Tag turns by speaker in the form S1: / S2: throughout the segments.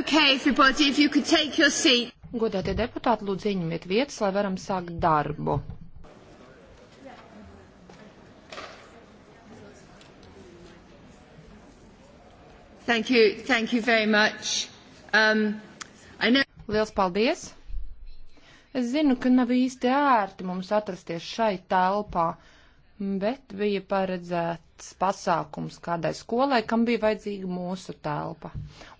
S1: Okay, everybody, if you could take your seat. Godātie deputāti, lūdzu ieņemiet vietas, lai varam sākt darbu. Thank you, thank you very much. Um, I know... Liels paldies! Es zinu, ka nav īsti ērti mums atrasties šai telpā. Uh, bet bija paredzēts pasākums kādai skolai, kam bija vajadzīga mūsu telpa.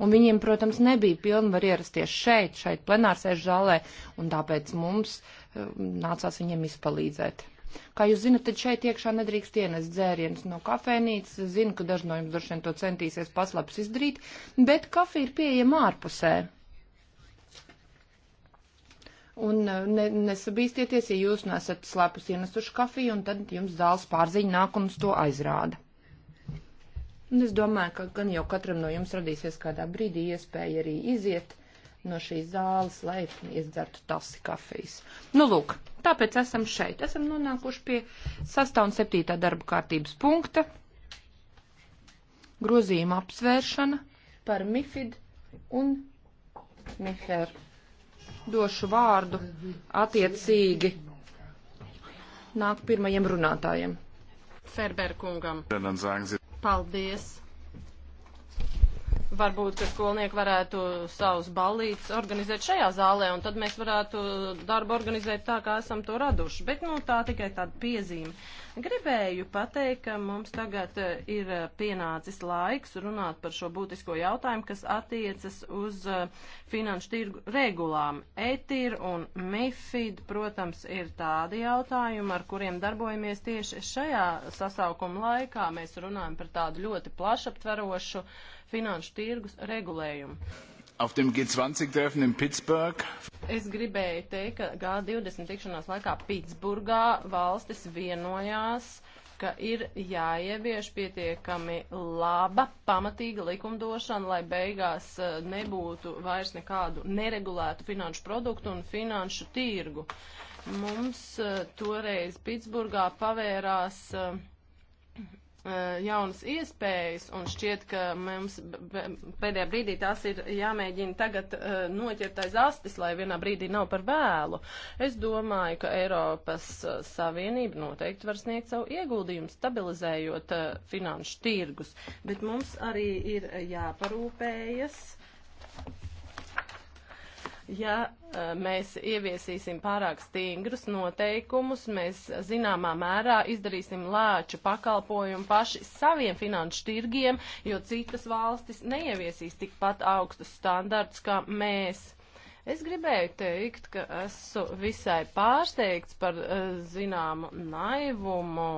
S1: Un viņiem, protams, nebija pilnvar ierasties šeit, šeit plenārsēžu zālē, un tāpēc mums eh, nācās viņiem izpalīdzēt. Kā jūs zinat, tad šeit iekšā nedrīkst ienest dzērienus no kafejnīcas. Zinu, ka daži no jums droši vien to centīsies paslapis izdarīt, bet kafija ir pieejama ārpusē. Un uh, ne, nesabīstieties, ja jūs nesat slēpus ienesuši kafiju, un tad jums zāles pārziņa nāk un uz to aizrāda. Un es domāju, ka gan jau katram no jums radīsies kādā brīdī iespēja arī iziet no šīs zāles, lai iedzertu tasi kafijas. Nu, lūk, tāpēc esam šeit. Esam nonākuši pie 6. un 7. darba kārtības punkta. Grozījuma apsvēršana par MIFID un MIFER došu vārdu attiecīgi nāk pirmajiem runātājiem.
S2: Ferberkungam. Paldies. Varbūt, ka skolnieki varētu savus ballītes organizēt šajā zālē, un tad mēs varētu darbu organizēt tā, kā esam to raduši. Bet, nu, tā tikai tāda piezīme. Gribēju pateikt, ka mums tagad eh, ir eh, pienācis laiks runāt par šo būtisko jautājumu, kas attiecas uz eh, finanšu tirgu regulām. ETIR un MIFID, e protams, ir tādi jautājumi, ar kuriem darbojamies tieši šajā sasaukuma laikā. Mēs runājam par tādu ļoti plašaptverošu. Uh, finanšu tirgus regulējumu.
S3: Auf dem G20-Treffen in Pittsburgh.
S2: Es gribēju teikt, ka G20 tikšanās laikā Pitsburgā valstis vienojās, ka ir jāievieš pietiekami laba, pamatīga likumdošana, lai beigās eh, nebūtu vairs nekādu neregulētu finanšu produktu un finanšu tirgu. Mums eh, toreiz Pitsburgā pavērās uh, Uh, jaunas iespējas, un šķiet, ka mums pēdējā brīdī tās ir jāmēģina tagad uh, noķert aiz astis, lai vienā brīdī nav par vēlu. Es domāju, ka Eiropas uh, Savienība noteikti var sniegt savu ieguldījumu, stabilizējot finanšu tirgus, bet mums arī ir jāparūpējas Ja e, mēs ieviesīsim pārāk stingrus noteikumus, mēs zināmā mērā izdarīsim lēču pakalpojumu paši saviem finanšu tirgiem, jo citas valstis neieviesīs tikpat augstus standartus kā mēs. Es gribēju teikt, ka esmu visai pārsteigts par e, zināmu naivumu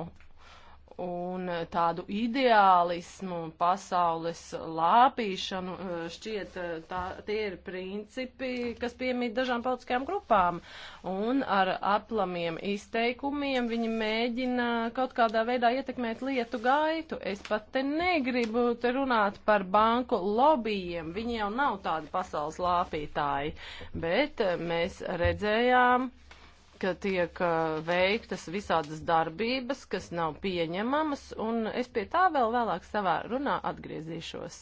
S2: un tādu ideālismu, pasaules lāpīšanu, eh, šķiet, eh, tā, tie ir principi, kas piemīt dažām politiskajām grupām. Un ar aplamiem izteikumiem viņi mēģina kaut kādā veidā ietekmēt lietu gaitu. Es pat te negribu te runāt par banku lobbyiem, viņi jau nav tādi pasaules lāpītāji, bet eh, mēs redzējām, ka tiek veiktas visādas darbības, kas nav pieņemamas, un es pie tā vēl vēlāk savā runā atgriezīšos.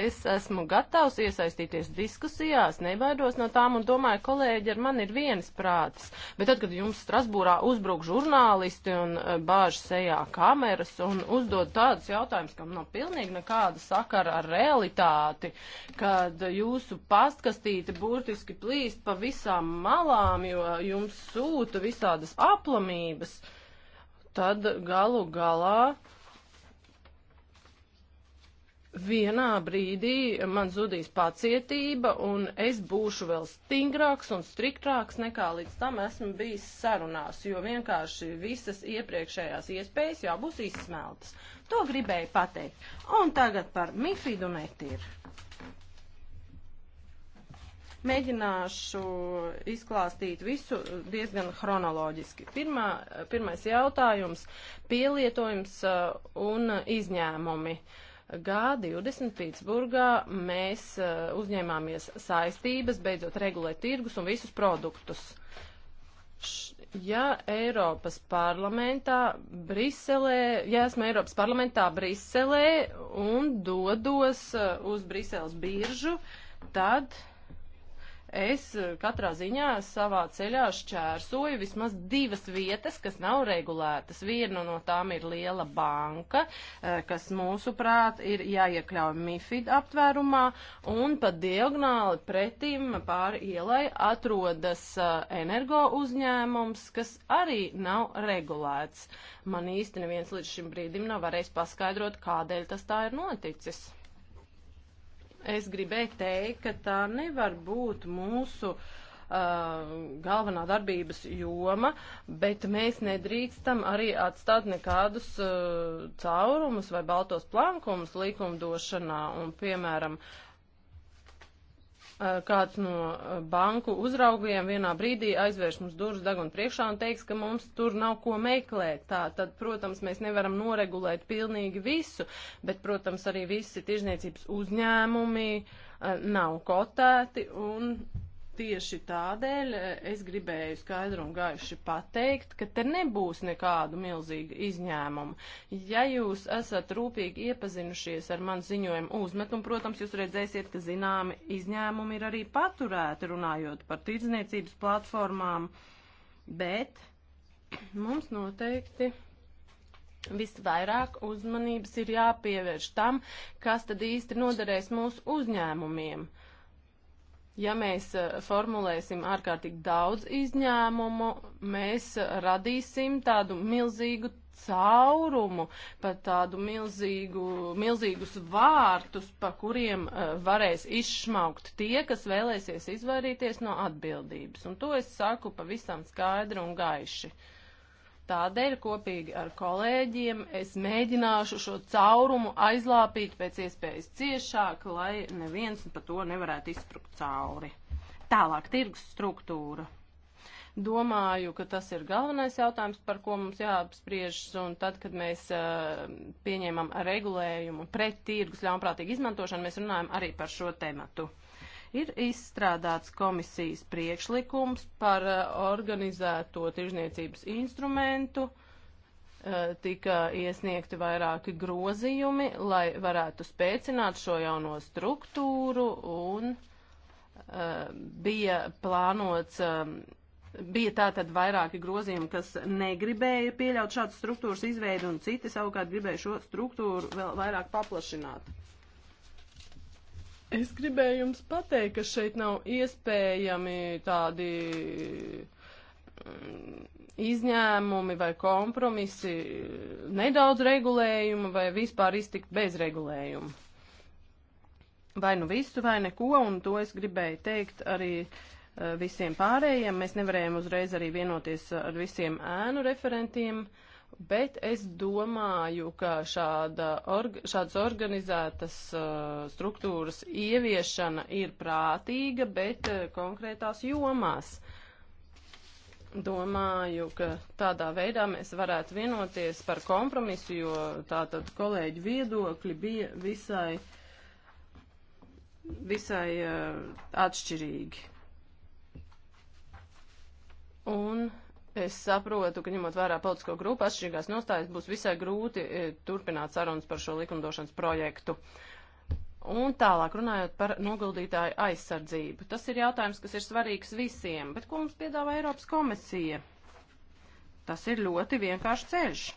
S2: Es esmu gatavs iesaistīties diskusijās, nebaidos no tām un domāju, kolēģi ar mani ir vienas prātas. Bet tad, kad jums Strasbūrā uzbruk žurnālisti un e, bāž sejā kameras un uzdod tādus jautājumus, kam nav pilnīgi nekāda sakara ar realitāti, kad jūsu pastkastīte burtiski plīst pa visām malām, jo jums sūta visādas aplamības, tad galu galā. Uh, vienā brīdī man zudīs pacietība un es būšu vēl stingrāks un striktāks nekā līdz tam esmu bijis sarunās, jo vienkārši visas iepriekšējās iespējas jau būs izsmeltas. To gribēju pateikt. Un tagad par Mifidu netīru. Mēģināšu izklāstīt visu diezgan chronoloģiski. Pirmā, pirmais jautājums - pielietojums uh, un izņēmumi. Uh, G20 Pitsburgā mēs eh, uzņēmāmies saistības, beidzot regulēt tirgus un visus produktus. Ja Eiropas parlamentā Briselē, ja esmu Eiropas parlamentā Briselē un dodos eh, uz Briseles biržu, tad uh, es eh, katrā ziņā savā ceļā šķērsoju vismaz divas vietas, kas nav regulētas. Viena no tām ir liela banka, eh, kas mūsuprāt ir jāiekļauj MIFID aptvērumā, un pat diagonāli pretim pāri ielai atrodas eh, energo uzņēmums, kas arī nav regulēts. Man īsti neviens līdz šim brīdim nav varējis paskaidrot, kādēļ tas tā ir noticis es gribēju teikt, ka tā nevar būt mūsu uh, galvenā darbības joma, bet mēs nedrīkstam arī atstāt nekādus uh, caurumus vai baltos plankumus likumdošanā. Un, piemēram, uh, Eh, kāds no eh, banku uzraugiem vienā brīdī aizvērš mums durvis deguna priekšā un teiks, ka mums tur nav ko meklēt. Tā tad, protams, mēs nevaram noregulēt pilnīgi visu, bet, protams, arī visi tirzniecības uzņēmumi eh, nav kotēti un Tieši tādēļ e, es gribēju skaidru un gaiši pateikt, ka te nebūs nekādu milzīgu izņēmumu. Ja jūs esat rūpīgi iepazinušies ar man ziņojumu uzmetumu, protams, jūs redzēsiet, ka zināmi izņēmumi ir arī paturēti runājot par tirdzniecības platformām, bet mums noteikti visvairāk uzmanības ir jāpievērš tam, kas tad īsti noderēs mūsu uzņēmumiem. Uh, Ja mēs e, formulēsim ārkārtīgi daudz izņēmumu, mēs e, radīsim tādu milzīgu caurumu, pat tādu milzīgu, milzīgus vārtus, pa kuriem uh, varēs izšmaukt tie, kas vēlēsies izvairīties no atbildības. Un to es saku pavisam skaidri un gaiši. Uh, Tādēļ kopīgi ar kolēģiem es mēģināšu šo caurumu aizlāpīt pēc iespējas ciešāk, lai neviens pa to nevarētu izsprukt cauri. Tālāk, tirgus struktūra. Domāju, ka tas ir galvenais jautājums, par ko mums jāapspriežas, un tad, kad mēs uh, pieņēmam regulējumu pret tirgus ļaunprātīgu izmantošanu, mēs runājam arī par šo tematu. Uh, Ir izstrādāts komisijas priekšlikums par eh, organizēto tirzniecības instrumentu, eh, tika iesniegti vairāki grozījumi, lai varētu spēcināt šo jauno struktūru un eh, bija plānots bija tātad vairāki grozījumi, kas negribēja pieļaut šādas struktūras izveidu, un citi savukārt gribēja šo struktūru vēl vairāk paplašināt. Es gribēju jums pateikt, ka šeit nav iespējami tādi mm, izņēmumi vai kompromisi, nedaudz regulējumu vai vispār iztikt bez regulējumu. Vai nu visu, vai neko, un to es gribēju teikt arī eh, visiem pārējiem. Mēs nevarējām uzreiz arī vienoties ar visiem ēnu referentiem. Uh, Bet es domāju, ka šāda orga, šādas organizētas uh, struktūras ieviešana ir prātīga, bet uh, konkrētās jomās. Domāju, ka tādā veidā mēs varētu vienoties par kompromisu, jo tātad kolēģi viedokļi bija visai, visai uh, atšķirīgi. Un Es saprotu, ka ņemot vērā politisko grupu atšķirīgās nostājas, būs visai grūti e, turpināt sarunas par šo likumdošanas projektu. Un tālāk runājot par noguldītāju aizsardzību. Tas ir jautājums, kas ir svarīgs visiem, bet ko mums piedāvā Eiropas komisija? Tas ir ļoti vienkāršs ceļš.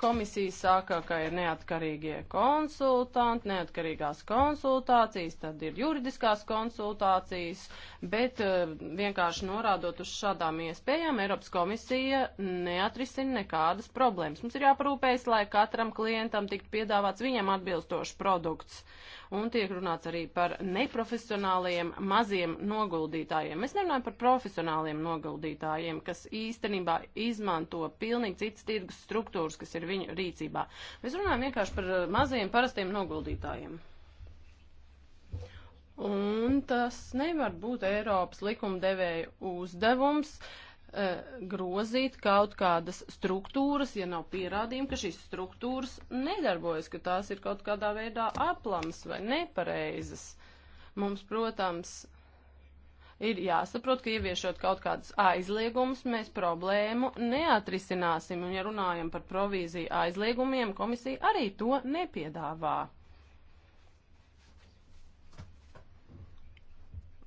S2: Komisija saka, ka ir neatkarīgie konsultanti, neatkarīgās konsultācijas, tad ir juridiskās konsultācijas, bet eh, vienkārši norādot uz šādām iespējām, Eiropas komisija neatrisina nekādas problēmas. Mums ir jāparūpējas, lai katram klientam tiktu piedāvāts viņam atbilstošs produkts un tiek runāts arī par neprofesionāliem maziem noguldītājiem. Mēs nerunājam par profesionāliem noguldītājiem, kas īstenībā izmanto pilnīgi citas tirgus struktūras, kas ir viņu rīcībā. Mēs runājam vienkārši par eh, maziem parastiem noguldītājiem. Un tas nevar būt Eiropas likumdevēja uzdevums uh, E, grozīt kaut kādas struktūras, ja nav pierādījumi, ka šīs struktūras nedarbojas, ka tās ir kaut kādā veidā aplams vai nepareizas. Mums, protams, ir jāsaprot, ka ieviešot kaut kādas aizliegumus, mēs problēmu neatrisināsim, un ja runājam par provīziju aizliegumiem, komisija arī to nepiedāvā.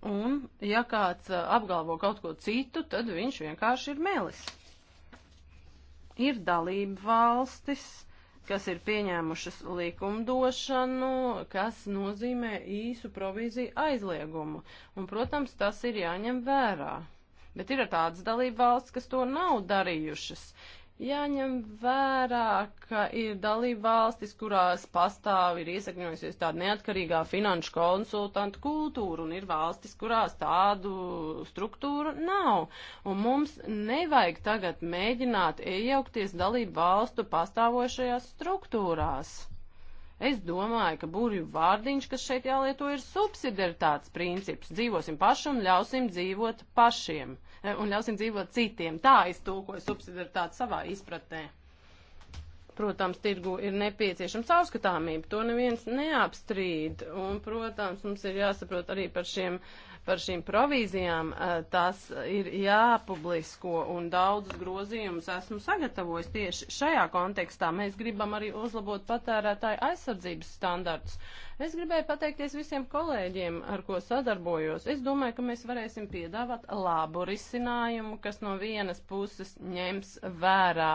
S2: Un, ja kāds apgalvo kaut ko citu, tad viņš vienkārši ir melis. Ir dalība valstis, kas ir pieņēmušas likumdošanu, kas nozīmē īsu provīziju aizliegumu. Un, protams, tas ir jāņem vērā. Bet ir tādas dalība valsts, kas to nav darījušas. Jāņem vērā, ka ir dalība valstis, kurās pastāv ir iesakņojusies tāda neatkarīgā finanšu konsultanta kultūra, un ir valstis, kurās tādu struktūru nav. Un mums nevajag tagad mēģināt iejaukties dalību valstu pastāvošajās struktūrās. Es domāju, ka burvju vārdiņš, kas šeit jālieto, ir subsidiaritātes princips. Dzīvosim paši un ļausim dzīvot pašiem. Uh, Eh, un ļausim dzīvot citiem. Tā es tulkoju subsidiaritāti savā izpratnē. Protams, tirgu ir nepieciešama caurskatāmība, to neviens neapstrīd. Un, protams, mums ir jāsaprot arī par šiem uh, par šīm provīzijām, eh, tās ir jāpublisko un daudz grozījumus esmu sagatavojis tieši šajā kontekstā. Mēs gribam arī uzlabot patērētāju aizsardzības standartus. Es gribēju pateikties visiem kolēģiem, ar ko sadarbojos. Es domāju, ka mēs varēsim piedāvāt labu risinājumu, kas no vienas puses ņems vērā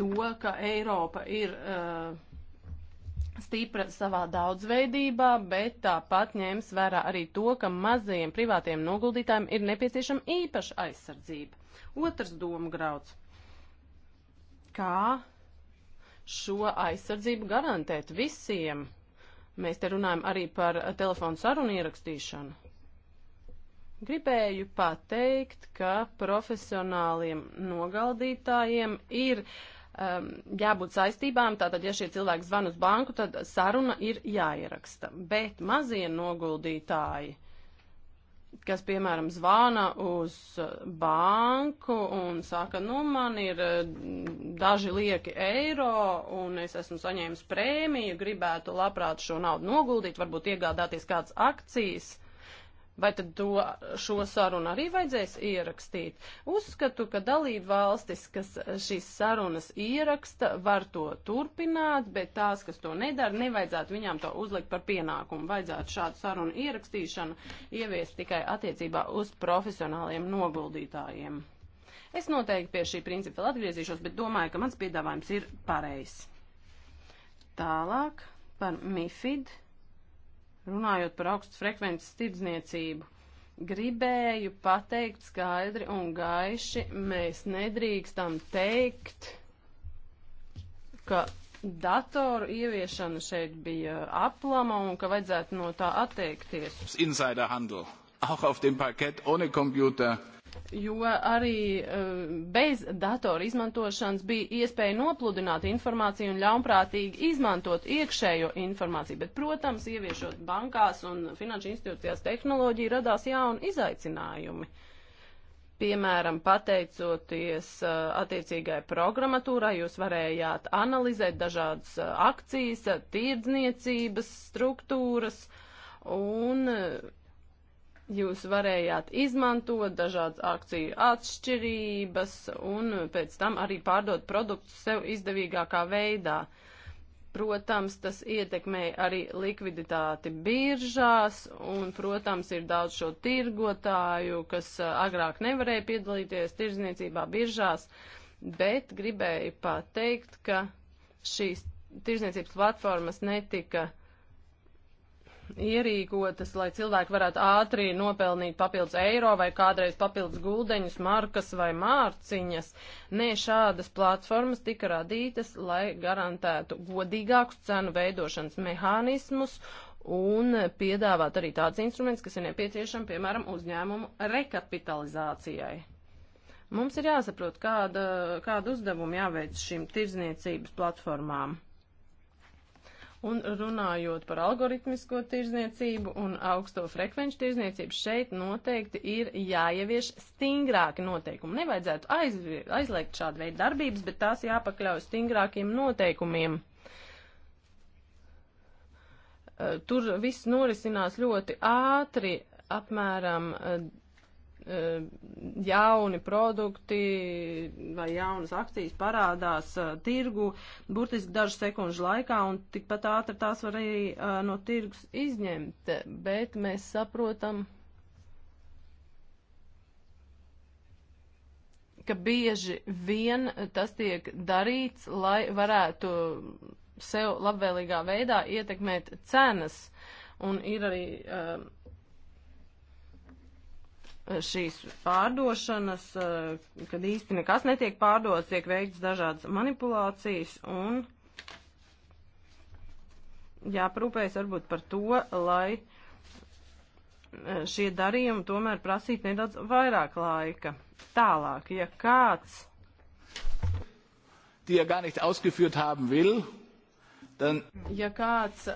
S2: to, ka Eiropa ir. Uh, stipra savā daudzveidībā, bet tāpat ņēmis vērā arī to, ka mazajiem privātiem noguldītājiem ir nepieciešama īpaša aizsardzība. Otrs doma grauds. Kā šo aizsardzību garantēt visiem? Mēs te runājam arī par telefonu sarunu ierakstīšanu. Gribēju pateikt, ka profesionāliem nogaldītājiem ir uh, um, jābūt saistībām. Tātad, ja šie cilvēki zvan uz banku, tad saruna ir jāieraksta. Bet mazie noguldītāji kas, piemēram, zvana uz banku un saka, nu, man ir mm, daži lieki eiro un es esmu saņēmis prēmiju, gribētu labprāt šo naudu noguldīt, varbūt iegādāties kādas akcijas. Vai tad to, šo sarunu arī vajadzēs ierakstīt? Uzskatu, ka dalība valstis, kas šīs sarunas ieraksta, var to turpināt, bet tās, kas to nedara, nevajadzētu viņām to uzlikt par pienākumu. Vajadzētu šādu sarunu ierakstīšanu ieviest tikai attiecībā uz profesionāliem noguldītājiem. Es noteikti pie šī principa vēl atgriezīšos, bet domāju, ka mans piedāvājums ir pareizs. Tālāk par MIFID Runājot par augstu frekvences tirdzniecību, gribēju pateikt skaidri un gaiši, mēs nedrīkstam teikt, ka datoru ieviešana šeit bija aplama un ka vajadzētu no tā atteikties.
S3: Insider handel, auch auf dem Parkett ohne Computer
S2: jo arī eh, bez datora izmantošanas bija iespēja nopludināt informāciju un ļaunprātīgi izmantot iekšējo informāciju. Bet, protams, ieviešot bankās un finanšu institūcijās tehnoloģiju, radās jauni izaicinājumi. Piemēram, pateicoties eh, attiecīgai programmatūrai, jūs varējāt analizēt dažādas eh, akcijas, tirdzniecības struktūras un jūs varējāt izmantot dažādas akciju atšķirības un pēc tam arī pārdot produktus sev izdevīgākā veidā. Protams, tas ietekmēja arī likviditāti biržās, un, protams, ir daudz šo tirgotāju, kas uh, agrāk nevarēja piedalīties tirzniecībā biržās, bet gribēju pateikt, ka šīs tirzniecības platformas netika uh, ierīkotas, lai cilvēki varētu ātri nopelnīt papildus eiro vai kādreiz papildus guldeņus, markas vai mārciņas. Nē, šādas platformas tika radītas, lai garantētu godīgākus cenu veidošanas mehānismus un piedāvāt arī tāds instruments, kas ir nepieciešams, piemēram, uzņēmumu rekapitalizācijai. Mums ir jāsaprot, kāda, kāda uzdevuma jāveic šīm tirzniecības platformām. Un runājot par algoritmisko tirzniecību un augsto frekvenču tirzniecību, šeit noteikti ir jāievieš stingrāki noteikumi. Nevajadzētu aiz, aizliegt šādu veidu darbības, bet tās jāpakļauj stingrākiem noteikumiem. Tur viss norisinās ļoti ātri, apmēram Eh, jauni produkti vai jaunas akcijas parādās eh, tirgu burtiski dažu sekundžu laikā un tikpat ātri tās var arī eh, no tirgus izņemt, bet mēs saprotam, ka bieži vien tas tiek darīts, lai varētu sev labvēlīgā veidā ietekmēt cenas. Un ir arī uh, šīs pārdošanas, eh, kad īsti nekas netiek pārdots, tiek veikts dažādas manipulācijas un jāprūpējas varbūt par to, lai eh, šie darījumi tomēr prasītu nedaudz vairāk laika. Tālāk, ja kāds. Die er gar nicht
S3: ausgeführt haben will, dann.
S2: Ja kāds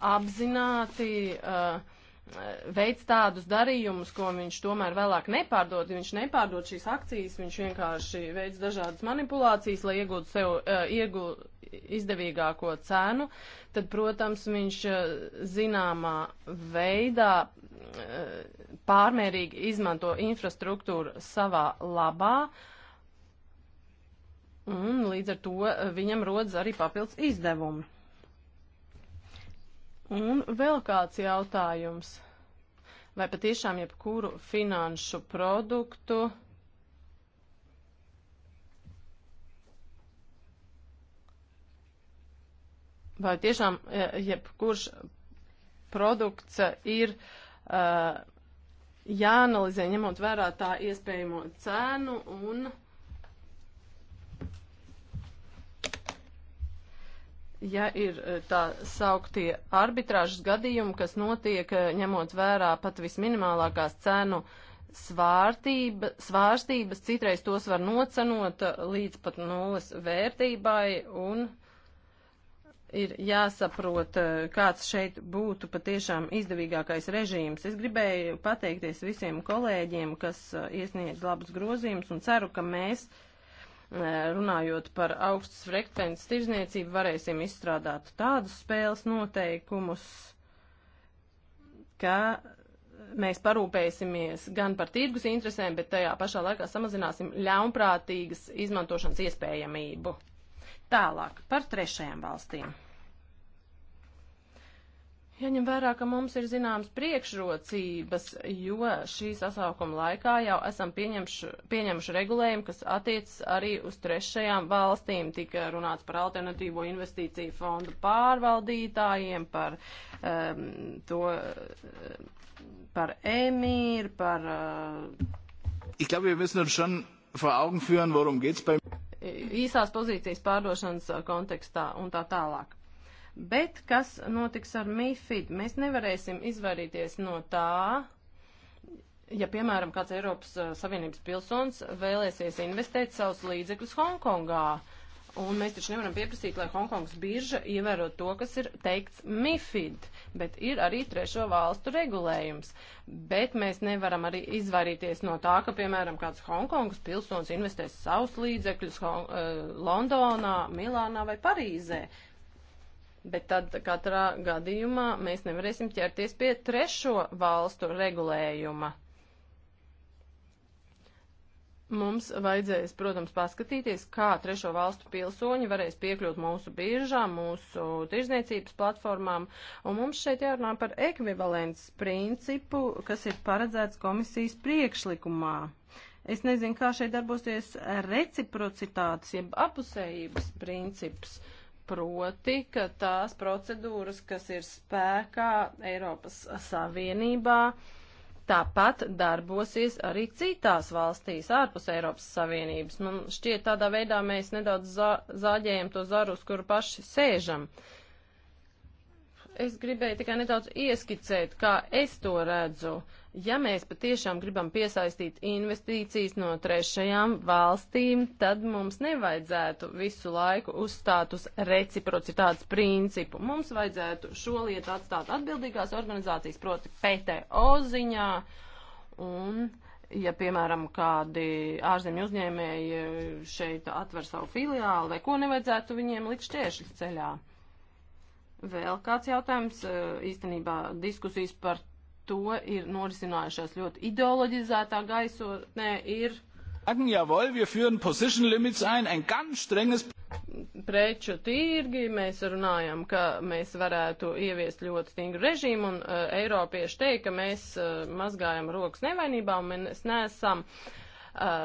S2: apzināti. Uh, veic tādus darījumus, ko viņš tomēr vēlāk nepārdod. Viņš nepārdod šīs akcijas, viņš vienkārši veic dažādas manipulācijas, lai iegūtu sev uh, iegu, izdevīgāko cenu, tad, protams, viņš uh, zināmā veidā uh, pārmērīgi izmanto infrastruktūru savā labā. Un līdz ar to viņam rodas arī papildus izdevumi. Un vēl kāds jautājums. Vai patiešām jebkuru finanšu produktu vai tiešām jebkurš produkts ir uh, jāanalizē ņemot vērā tā iespējamo cēnu un ja ir e, tā sauktie arbitrāžas gadījumi, kas notiek e, ņemot vērā pat visminimālākās cenu svārstība, svārstības, citreiz tos var nocenot e, līdz pat nulles vērtībai un ir jāsaprot, kāds šeit būtu patiešām izdevīgākais režīms. Es gribēju pateikties visiem kolēģiem, kas iesniedz labus grozījumus un ceru, ka mēs uh, runājot par augstas frekvences tirzniecību, varēsim izstrādāt tādus spēles noteikumus, ka mēs parūpēsimies gan par tirgus interesēm, bet tajā pašā laikā samazināsim ļaunprātīgas izmantošanas iespējamību. Tālāk par trešajām valstīm. Jaņem vērā, ka mums ir zināmas priekšrocības, jo šī sasaukuma laikā jau esam pieņemšu, pieņemšu regulējumu, kas attiecas arī uz trešajām valstīm. Tika runāts par alternatīvo investīciju fondu pārvaldītājiem, par um, to, par emīru, par. Uh,
S3: ich glaube, wir müssen uns schon vor Augen führen, worum geht's bei.
S2: Īsās pozīcijas pārdošanas kontekstā un tā tālāk. Bet kas notiks ar MIFID? Mēs nevarēsim izvairīties no tā, ja, piemēram, kāds Eiropas uh, Savienības pilsonis vēlēsies investēt savus līdzekļus Hongkongā. Un mēs taču nevaram pieprasīt, lai Hongkongas birža ievēro to, kas ir teikts MIFID, bet ir arī trešo valstu regulējums. Bet mēs nevaram arī izvairīties no tā, ka, piemēram, kāds Hongkongas pilsonis investēs savus līdzekļus Hon uh, Londonā, Milānā vai Parīzē. Uh, Bet tad katrā gadījumā mēs nevarēsim ķerties pie trešo valstu regulējuma. Mums vajadzēs, protams, paskatīties, kā trešo valstu pilsoņi varēs piekļūt mūsu biržām, mūsu tirzniecības platformām, un mums šeit jārunā par ekvivalents principu, kas ir paredzēts komisijas priekšlikumā. Es nezinu, kā šeit darbosies reciprocitātes, jeb apusējības princips. Uh, proti, ka tās procedūras, kas ir spēkā Eiropas Savienībā, tāpat darbosies arī citās valstīs ārpus Eiropas Savienības. Man nu, šķiet, tādā veidā mēs nedaudz zā, zāģējam to zaru, uz kuru paši sēžam. Es gribēju tikai nedaudz ieskicēt, kā es to redzu. Uh, Ja mēs patiešām gribam piesaistīt investīcijas no trešajām valstīm, tad mums nevajadzētu visu laiku uzstāt uz reciprocitātes principu. Mums vajadzētu šo lietu atstāt atbildīgās organizācijas, proti PTO ziņā. Un, ja, piemēram, kādi ārzemju uzņēmēji šeit atver savu filiāli vai ko, nevajadzētu viņiem likt šķēršļus ceļā. Vēl kāds jautājums, īstenībā diskusijas par to ir norisinājušās ļoti ideoloģizētā gaisotnē, ir.
S3: Jawohl, wir führen position limits ein, ein ganz strenges
S2: preču tirgi, mēs runājam, ka mēs varētu ieviest ļoti stingru režīmu, un uh, Eiropieši teica, ka mēs uh, mazgājam rokas nevainībā, un mēs neesam uh, e,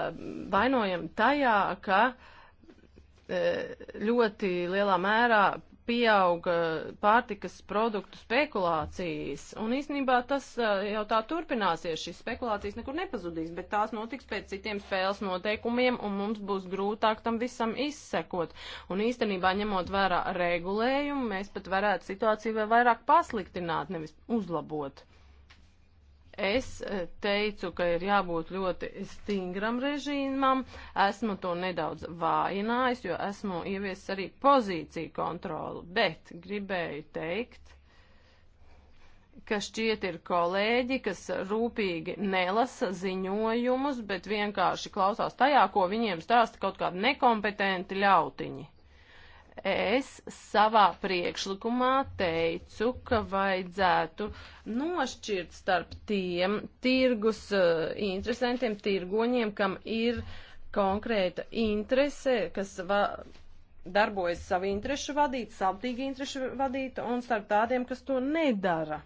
S2: vainojam tajā, ka uh, ļoti lielā mērā pieauga pārtikas produktu spekulācijas, un īstenībā tas jau tā turpināsies, šīs spekulācijas nekur nepazudīs, bet tās notiks pēc citiem spēles noteikumiem, un mums būs grūtāk tam visam izsekot. Un īstenībā, ņemot vērā regulējumu, mēs pat varētu situāciju vēl vairāk pasliktināt, nevis uzlabot. Es eh, teicu, ka ir jābūt ļoti stingram režīmam, esmu to nedaudz vājinājis, jo esmu ievies arī pozīciju kontroli, bet gribēju teikt, ka šķiet ir kolēģi, kas rūpīgi nelasa ziņojumus, bet vienkārši klausās tajā, ko viņiem stāsta kaut kādi nekompetenti ļautiņi. Es savā priekšlikumā teicu, ka vajadzētu nošķirt starp tiem tirgus eh, interesantiem, tirgoņiem, kam ir konkrēta interese, kas va, darbojas savu interesu vadīt, savtīgi interesu vadīt, un starp tādiem, kas to nedara.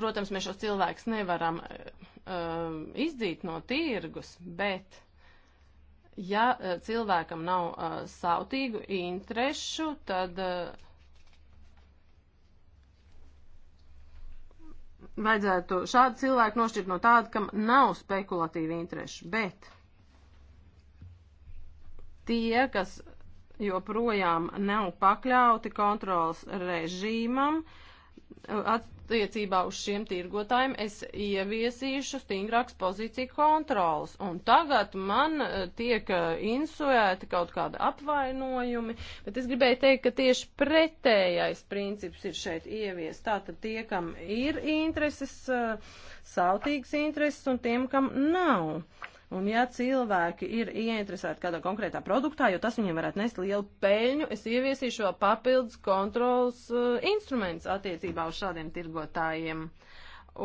S2: Protams, mēs šos cilvēkus nevaram uh, izdzīt no tirgus, bet Ja eh, cilvēkam nav uh, sautīgu interešu, tad uh, vajadzētu šādu cilvēku nošķirt no tāda, kam nav spekulatīva interešu. Bet tie, kas joprojām nav pakļauti kontrolas režīmam, uh, attiecībā uz šiem tirgotājiem es ieviesīšu stingrāks pozīciju kontrols. Un tagad man eh, tiek eh, insuēti kaut kādi apvainojumi, bet es gribēju teikt, ka tieši pretējais princips ir šeit ievies. Tātad tie, kam ir intereses, eh, sautīgas intereses un tiem, kam nav. Un ja cilvēki ir ieinteresēti kādā konkrētā produktā, jo tas viņiem varētu nest lielu peļņu, es ieviesīšu šo papildus kontrols uh, instruments attiecībā uz šādiem tirgotājiem.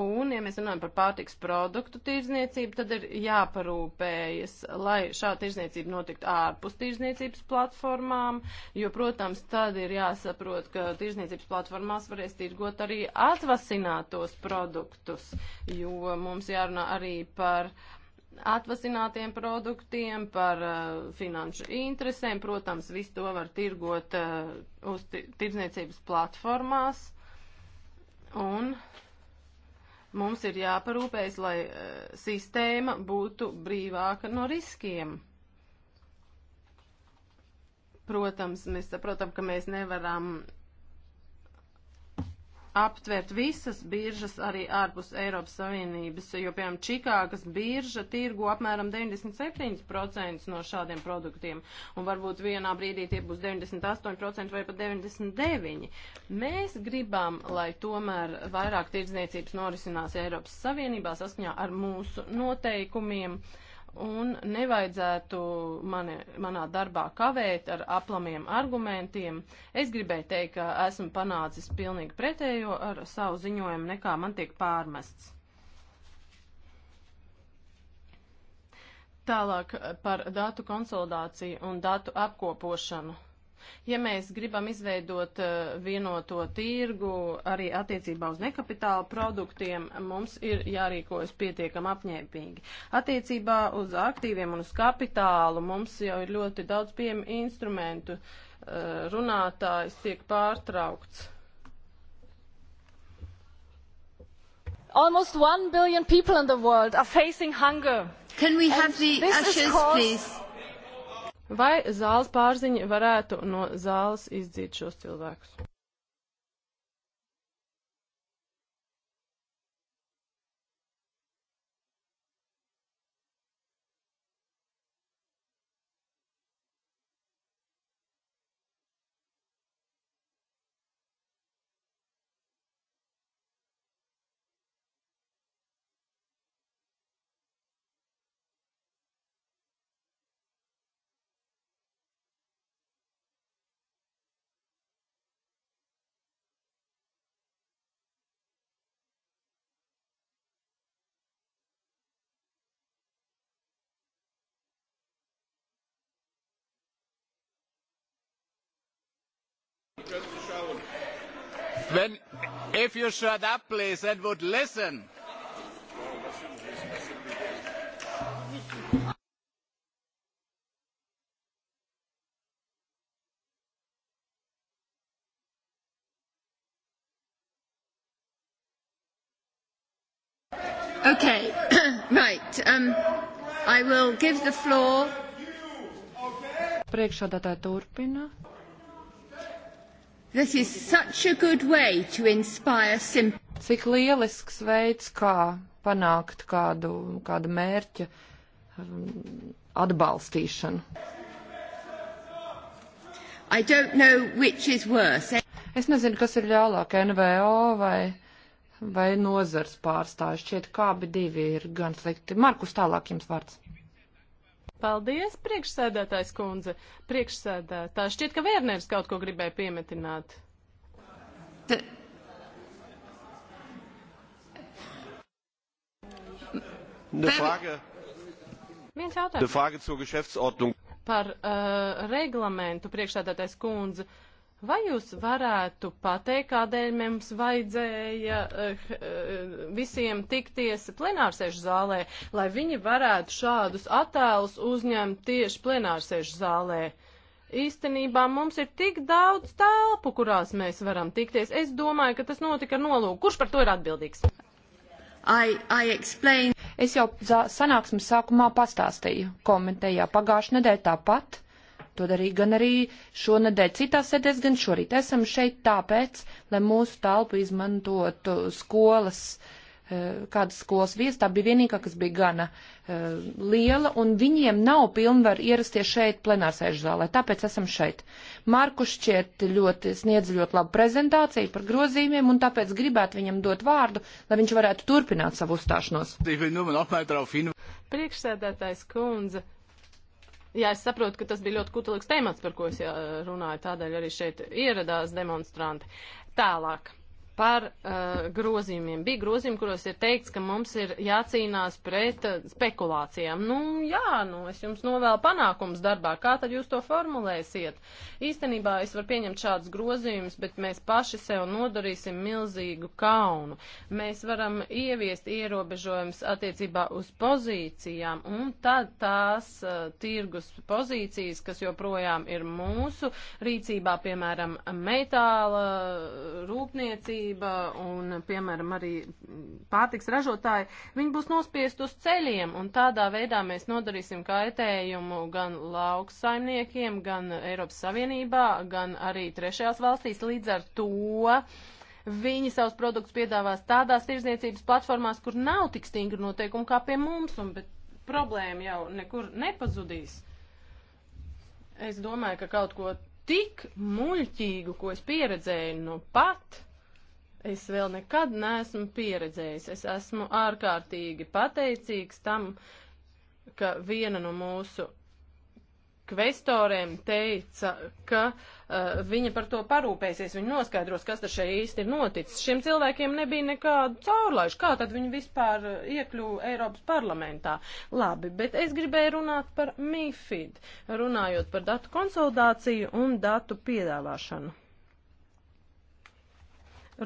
S2: Un, ja mēs runājam par pārtiks produktu tirzniecību, tad ir jāparūpējas, lai šā tirzniecība notiktu ārpus tirzniecības platformām, jo, protams, tad ir jāsaprot, ka tirzniecības platformās varēs tirgot arī atvasinātos produktus, jo mums jārunā arī par uh, atvasinātiem produktiem, par uh, finanšu interesēm. Protams, visu to var tirgot uh, uz tirdzniecības platformās. Un mums ir jāparūpējas, lai uh, sistēma būtu brīvāka no riskiem. Protams, mēs saprotam, ka mēs nevaram aptvert visas biržas arī ārpus Eiropas Savienības, jo, piemēram, Čikāgas birža tirgo apmēram 97% no šādiem produktiem, un varbūt vienā brīdī tie būs 98% vai pat 99%. Mēs gribam, lai tomēr vairāk tirdzniecības norisinās Eiropas Savienībā saskaņā ar mūsu noteikumiem. Uh, Un nevajadzētu mani, manā darbā kavēt ar aplamiem argumentiem. Es gribēju teikt, ka esmu panācis pilnīgi pretējo ar savu ziņojumu, nekā man tiek pārmests. Tālāk par datu konsolidāciju un datu apkopošanu. Ja mēs gribam izveidot eh, vienoto tirgu arī attiecībā uz nekapitāla produktiem, mums ir jārīkojas pietiekam apņēmīgi. Attiecībā uz aktīviem un uz kapitālu mums jau ir ļoti daudz pieejamu instrumentu. Eh, runātājs tiek pārtraukts. Almost 1 billion people in the world are facing hunger. Can we have and the ashes, called... please? Vai zāles pārziņa varētu no zāles izdzīt šos cilvēkus?
S4: When, if you shut up, please, and would listen.
S1: Okay, right. Um, I will give the floor. Priekšādātāja turpina. This is such a good way to inspire simple. Cik lielisks veids, kā panākt kādu, kādu mērķa um, atbalstīšanu. I don't know which is worse. Es nezinu, kas ir ļaunāk, NVO vai, vai nozars pārstāvis. Šķiet, kābi divi ir gan slikti. Markus, tālāk jums vārds.
S2: Paldies, priekšsēdētājs kundze. Priekšsēdētājs šķiet, ka Vērners kaut ko gribēja piemetināt. T
S3: Eine Frage.
S2: Viens jautājums. Eine
S3: Frage zur Geschäftsordnung.
S2: Par uh, reglamentu priekšsēdētājs kundze. Uh, Vai jūs varētu pateikt, kādēļ mums vajadzēja uh, uh, visiem tikties plenārsēžu zālē, lai viņi varētu šādus attēlus uzņemt tieši plenārsēžu zālē? Īstenībā mums ir tik daudz telpu, kurās mēs varam tikties. Es domāju, ka tas notika ar nolūku. Kurš par to ir atbildīgs? I, I explain... Es jau sanāksmes
S1: sākumā pastāstīju komentējā pagājušajā nedēļā tāpat To darīja gan arī šonadēļ citās sēdēs, gan šorīt. Esam šeit tāpēc, lai mūsu telpu izmantotu skolas, eh, kādas skolas vies. Tā bija vienīgā, kas bija gana eh, liela, un viņiem nav pilnvar ierasties šeit plenārsēžu zālē. Tāpēc esam šeit. Marku šķiet ļoti sniedz ļoti labu prezentāciju par grozījumiem, un tāpēc gribētu viņam dot vārdu, lai viņš varētu turpināt savu uzstāšanos.
S2: Priekšsēdētājs kundze Jā, es saprotu, ka tas bija ļoti kutelīgs temats, par ko es runāju, tādēļ arī šeit ieradās demonstranti. Tālāk par uh, grozījumiem. Bija grozījumi, kuros ir teikts, ka mums ir jācīnās pret uh, spekulācijām. Nu, jā, nu, es jums novēlu panākums darbā. Kā tad jūs to formulēsiet? Īstenībā es varu pieņemt šādus grozījumus, bet mēs paši sev nodarīsim milzīgu kaunu. Mēs varam ieviest ierobežojumus attiecībā uz pozīcijām, un tad tās uh, tirgus pozīcijas, kas joprojām ir mūsu rīcībā, piemēram, metāla rūpniecība, rūpniecība un, piemēram, arī pārtiks ražotāji, viņi būs nospiest uz ceļiem, un tādā veidā mēs nodarīsim kaitējumu gan lauksaimniekiem, gan Eiropas Savienībā, gan arī trešajās valstīs. Līdz ar to viņi savus produktus piedāvās tādās tirzniecības platformās, kur nav tik stingri noteikumi kā pie mums, un, bet problēma jau nekur nepazudīs. Es domāju, ka kaut ko tik muļķīgu, ko es pieredzēju nu pat, es vēl nekad neesmu pieredzējis. Es esmu ārkārtīgi pateicīgs tam, ka viena no mūsu kvestoriem teica, ka uh, viņa par to parūpēsies, viņa noskaidros, kas ar šeit īsti ir noticis. Šiem cilvēkiem nebija nekādu caurlaišu, kā tad viņi vispār uh, iekļuva Eiropas parlamentā. Labi, bet es gribēju runāt par MIFID, runājot par datu konsolidāciju un datu piedāvāšanu.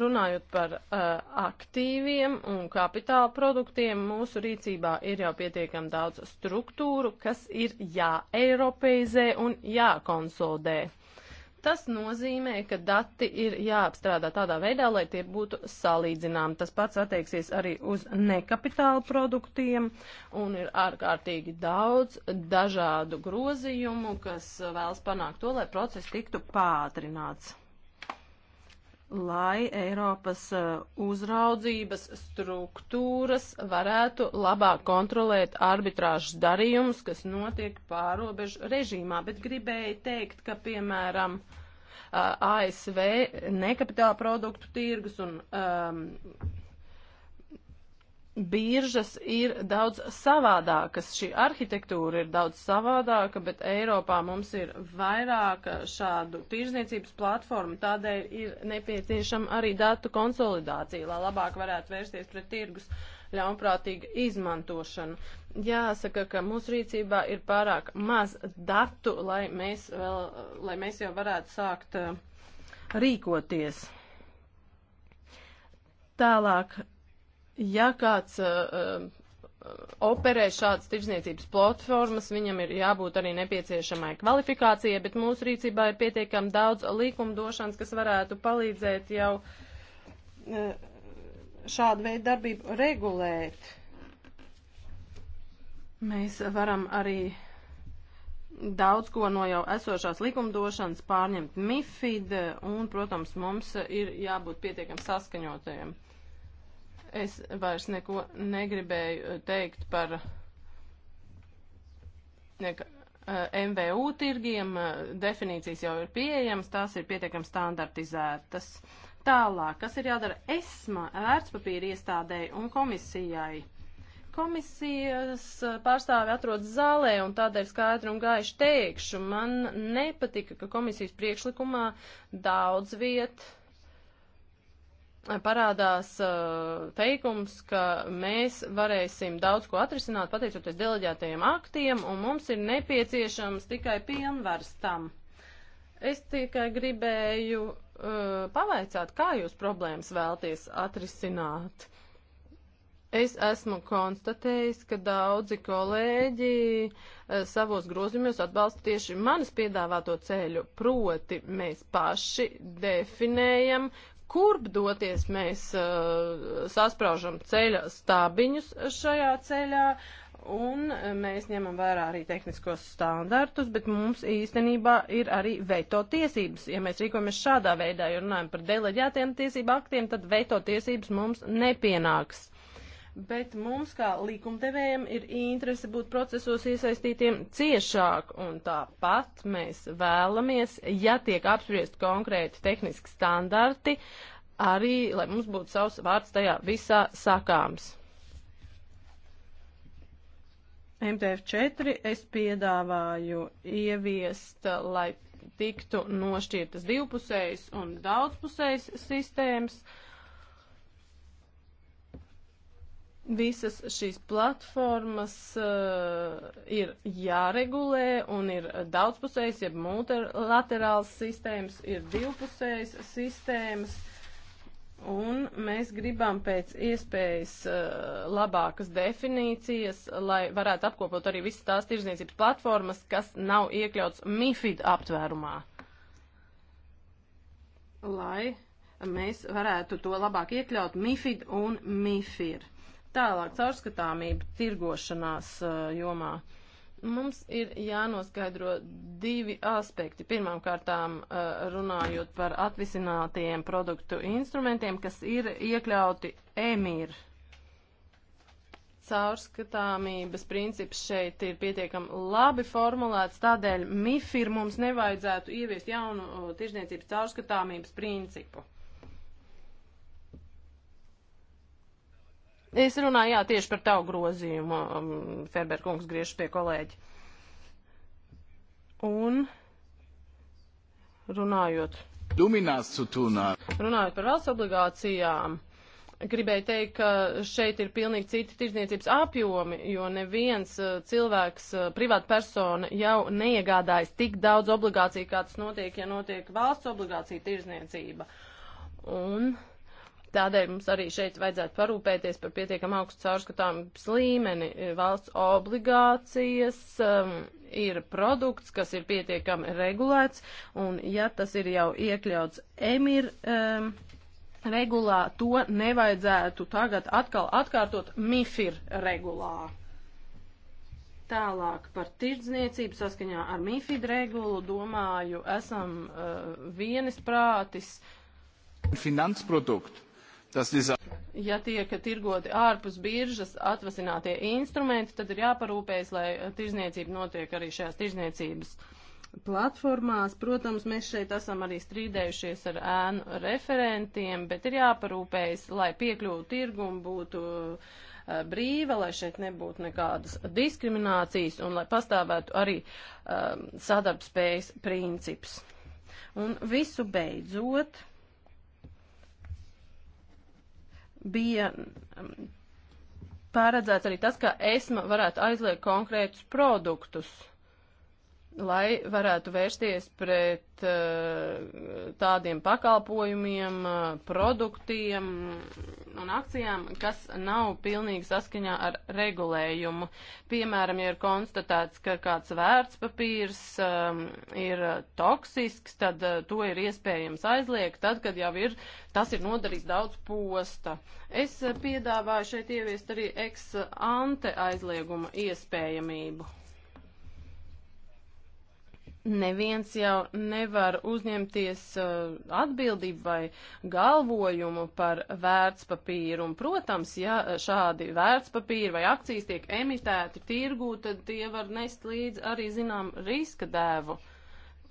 S2: Runājot par uh, aktīviem un kapitāla produktiem, mūsu rīcībā ir jau pietiekam daudz struktūru, kas ir jāeiropeizē un jākonsolidē. Tas nozīmē, ka dati ir jāapstrādā tādā veidā, lai tie būtu salīdzināmi. Tas pats attieksies arī uz nekapitāla produktiem un ir ārkārtīgi daudz dažādu grozījumu, kas eh, vēlas panākt to, lai process tiktu pātrināts lai Eiropas uh, uzraudzības struktūras varētu labāk kontrolēt arbitrāžas darījumus, kas notiek pārobežu režīmā. Bet gribēju teikt, ka, piemēram, uh, ASV nekapitāla produktu tirgus un um, Biržas ir daudz savādākas, šī arhitektūra ir daudz savādāka, bet Eiropā mums ir vairāk šādu tirzniecības platformu, tādēļ ir nepieciešama arī datu konsolidācija, lai labāk varētu vērsties pret tirgus ļaunprātīgu izmantošanu. Jāsaka, ka mūsu rīcībā ir pārāk maz datu, lai mēs, vēl, lai mēs jau varētu sākt uh, rīkoties. Tālāk Ja kāds uh, uh, operē šādas tirdzniecības platformas, viņam ir jābūt arī nepieciešamai kvalifikācijai, bet mūsu rīcībā ir pietiekami daudz likumdošanas, kas varētu palīdzēt jau uh, šādu veidu darbību regulēt. Mēs varam arī daudz ko no jau esošās likumdošanas pārņemt MIFID, un, protams, mums ir jābūt pietiekami saskaņotajiem. Es vairs neko negribēju eh, teikt par neka, eh, MVU tirgiem. Eh, definīcijas jau ir pieejamas, tās ir pietiekami standartizētas. Tālāk, kas ir jādara ESMA, vērtspapīra iestādēji un komisijai? komisijas pārstāvi atrodas zālē un tādēļ skaidri un gaiši teikšu, man nepatika, ka komisijas priekšlikumā daudz viet parādās uh, teikums, ka mēs varēsim daudz ko atrisināt pateicoties deleģētajiem aktiem, un mums ir nepieciešams tikai pienvars tam. Es tikai gribēju uh, pavaicāt, kā jūs problēmas vēlties atrisināt. Es esmu konstatējis, ka daudzi kolēģi e, savos grozījumos atbalsta tieši manis piedāvāto ceļu, proti mēs paši definējam, kurp doties mēs uh, saspraužam ceļa stābiņus šajā ceļā, un uh, mēs ņemam vērā arī tehniskos standartus, bet mums īstenībā ir arī veto tiesības. Ja mēs rīkojamies šādā veidā, ja runājam par deleģētiem tiesību aktiem, tad veto tiesības mums nepienāks bet mums kā likumdevējiem ir interese būt procesos iesaistītiem ciešāk, un tāpat mēs vēlamies, ja tiek apspriest konkrēti tehniski standarti, arī, lai mums būtu savs vārds tajā visā sakāms. MTF4 es piedāvāju ieviest, lai tiktu nošķirtas divpusējas un daudzpusējas sistēmas. Uh, Visas šīs platformas uh, ir jāregulē un ir daudzpusējas, jeb multilaterāls sistēmas, ir divpusējas sistēmas. Un mēs gribam pēc iespējas uh, labākas definīcijas, lai varētu apkopot arī visas tās tirzniecības platformas, kas nav iekļauts MIFID aptvērumā. Lai mēs varētu to labāk iekļaut MIFID un MIFIR. Tālāk caurskatāmība tirgošanās uh, jomā. Mums ir jānoskaidro divi aspekti. Pirmkārtām uh, runājot par atvisinātajiem produktu instrumentiem, kas ir iekļauti emīr. Caurskatāmības princips šeit ir pietiekami labi formulēts, tādēļ MIFIR mums nevajadzētu ieviest jaunu uh, tirzniecības caurskatāmības principu. Es runāju, jā, tieši par tavu grozījumu, um, Ferberkungs griež pie kolēģi. Un runājot. Luminās cutūnā. Runājot par valsts obligācijām, gribēju teikt, ka šeit ir pilnīgi citi tirdzniecības apjomi, jo neviens uh, cilvēks, uh, privāta persona jau neiegādājas tik daudz obligāciju, kā tas notiek, ja notiek valsts obligācija tirdzniecība. Un Tādēļ mums arī šeit vajadzētu parūpēties par pietiekam augstu caurskatāmības līmeni. Valsts obligācijas um, ir produkts, kas ir pietiekami regulēts, un ja tas ir jau iekļauts emir. Um, Regulā to nevajadzētu tagad atkal atkārtot MIFIR regulā. Tālāk par tirdzniecību saskaņā ar MIFID regulu domāju, esam uh, vienisprātis.
S3: Finansproduktu
S2: Ja tiek tirgoti ārpus biržas atvasinātie instrumenti, tad ir jāparūpējas, lai tirzniecība notiek arī šajās tirzniecības platformās. Protams, mēs šeit esam arī strīdējušies ar ēnu referentiem, bet ir jāparūpējas, lai piekļuvu tirgumu būtu uh, brīva, lai šeit nebūtu nekādas diskriminācijas un lai pastāvētu arī um, sadarbspējas princips. Un visu beidzot. bija um, paredzēts arī tas, ka ESMA varētu aizliegt konkrētus produktus lai varētu vērsties pret uh, tādiem pakalpojumiem, uh, produktiem un akcijām, kas nav pilnīgi saskaņā ar regulējumu. Piemēram, ja ir konstatēts, ka kāds vērtspapīrs uh, ir toksisks, tad to ir iespējams aizliegt, tad, kad jau ir, tas ir nodarījis daudz posta. Es piedāvāju šeit ieviest arī ex ante aizlieguma iespējamību neviens jau nevar uzņemties uh, atbildību vai galvojumu par vērtspapīru. Un, protams, ja šādi vērtspapīri vai akcijas tiek emitēti tirgū, tad tie var nest līdzi arī, zinām, riska dēvu.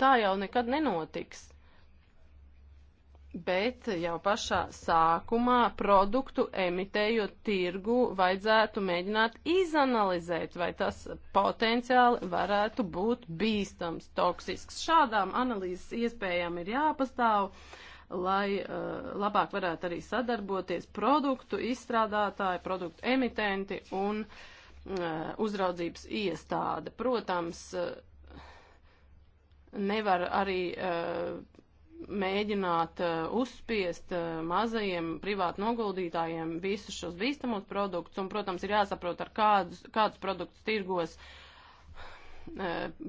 S2: Tā jau nekad nenotiks. Bet jau pašā sākumā produktu emitējot tirgu vajadzētu mēģināt izanalizēt, vai tas potenciāli varētu būt bīstams, toksisks. Šādām analīzes iespējām ir jāpastāv, lai uh, labāk varētu arī sadarboties produktu izstrādātāji, produktu emitenti un uh, uzraudzības iestāde. Protams, uh, nevar arī uh, mēģināt uh, uzspiest uh, mazajiem privātu noguldītājiem visus šos bīstamos produktus, un, protams, ir jāsaprot, ar kādus, kādus produktus tirgos uh, E,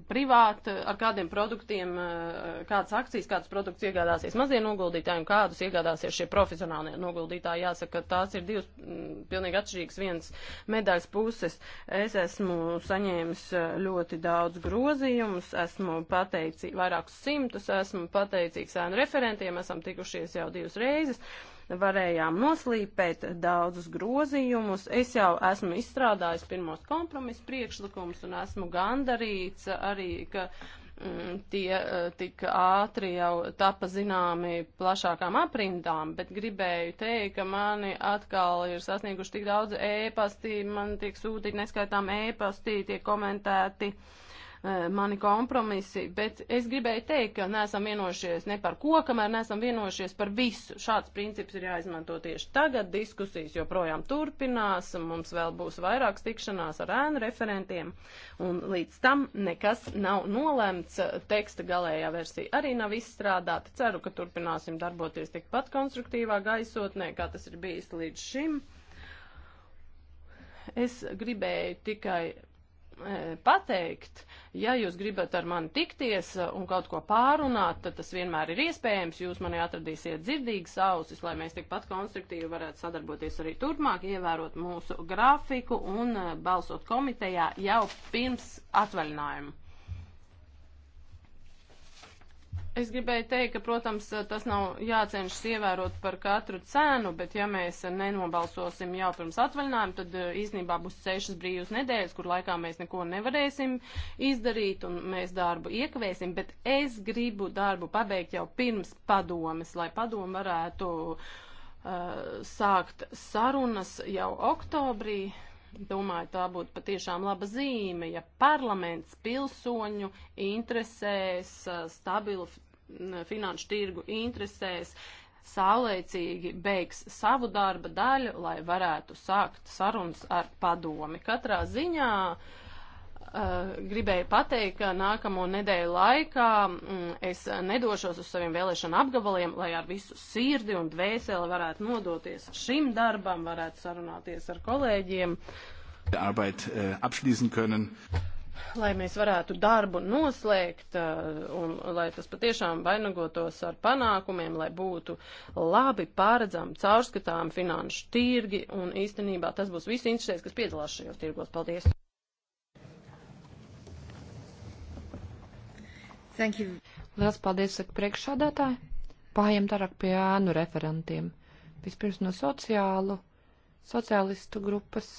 S2: privāti, e, ar kādiem produktiem, e, kādas akcijas, kādas produkts iegādāsies mazie noguldītāji un kādus iegādāsies šie profesionālie noguldītāji. Jāsaka, ka tās ir divas m, pilnīgi atšķirīgas vienas medaļas puses. Es esmu saņēmis ļoti daudz grozījumus, esmu pateicīgs vairākus simtus, esmu pateicīgs sēnu referentiem, esam tikušies jau divas reizes. Uh, varējām noslīpēt daudzus grozījumus. Es jau esmu izstrādājis pirmos kompromisu priekšlikumus un esmu gandarīts arī, ka mm, tie eh, tik ātri jau tapa zināmi plašākām aprindām, bet gribēju teikt, ka mani atkal ir sasnieguši tik daudz ēpastī, man tiek sūtīti neskaitām ēpastī, tiek komentēti. Uh, Eh, mani kompromisi, bet es gribēju teikt, ka neesam vienojušies ne par ko, kamēr neesam vienojušies par visu. Šāds princips ir jāizmanto tieši tagad. Diskusijas joprojām turpinās, mums vēl būs vairākas tikšanās ar ēnu referentiem, un līdz tam nekas nav nolēmts. Teksta galējā versija arī nav izstrādāta. Ceru, ka turpināsim darboties tikpat konstruktīvā gaisotnē, kā tas ir bijis līdz šim. Es gribēju tikai E, pateikt, ja jūs gribat ar mani tikties e, un kaut ko pārunāt, tad tas vienmēr ir iespējams. Jūs mani atradīsiet dzirdīgas ausis, lai mēs tikpat konstruktīvi varētu sadarboties arī turpmāk, ievērot mūsu grafiku un e, balsot komitejā jau pirms atvaļinājumu. Es gribēju teikt, ka, protams, tas nav jācenšas ievērot par katru cenu, bet ja mēs nenobalsosim jau pirms atvaļinājuma, tad eh, īsnībā būs sešas brīvas nedēļas, kur laikā mēs neko nevarēsim izdarīt un mēs darbu iekavēsim, bet es gribu darbu pabeigt jau pirms padomes, lai padomu varētu uh, sākt sarunas jau oktobrī. Domāju, tā būtu patiešām laba zīme, ja parlaments pilsoņu interesēs eh, stabilu finanšu tirgu interesēs saulēcīgi beigs savu darba daļu, lai varētu sākt sarunas ar padomi. Katrā ziņā uh, gribēju pateikt, ka nākamo nedēļu laikā mm, es nedošos uz saviem vēlēšanu apgabaliem, lai ar visu sirdi un dvēseli varētu nodoties šim darbam, varētu sarunāties ar kolēģiem.
S3: Arbeit, uh,
S2: lai mēs varētu darbu noslēgt eh, un lai tas patiešām vainagotos ar panākumiem, lai būtu labi pārredzami, caurskatām finanšu tirgi un īstenībā tas būs viss interesēs, kas piedalās šajos tirgos. Paldies!
S1: Thank you. Liels paldies, saka priekšādātāji. Pājam tarāk pie ēnu referentiem. Vispirms no sociālu, sociālistu grupas.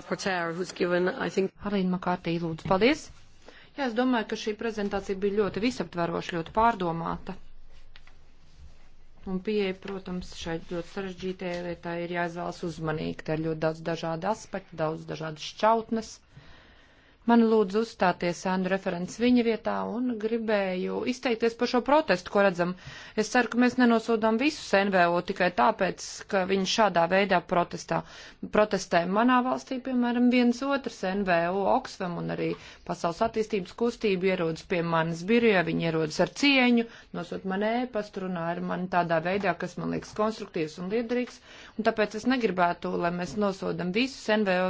S1: Arlīna Makārtī, lūdzu, paldies. Jā, es domāju, ka šī prezentācija bija ļoti visaptveroša, ļoti pārdomāta. Un pieeja, protams, šeit ļoti sarežģītajai lietai ir jāizvēlas uzmanīgi. Te ir ļoti daudz dažādu aspektu, daudz dažādas šķautnes. Uh, Man lūdzu uzstāties ēnu referents viņa vietā un gribēju izteikties par šo protestu, ko redzam. Es ceru, ka mēs nenosodām visus NVO tikai tāpēc, ka viņi šādā veidā protestā. protestē. Manā valstī, piemēram, viens otrs NVO Oxfam un arī Pasaules attīstības kustība ierodas pie manas biroja, viņi ierodas ar cieņu, nosot man ēpastu, runā ar mani tādā veidā, kas man liekas konstruktīvs un liederīgs, Un tāpēc es negribētu, lai mēs nosodam visus NVO,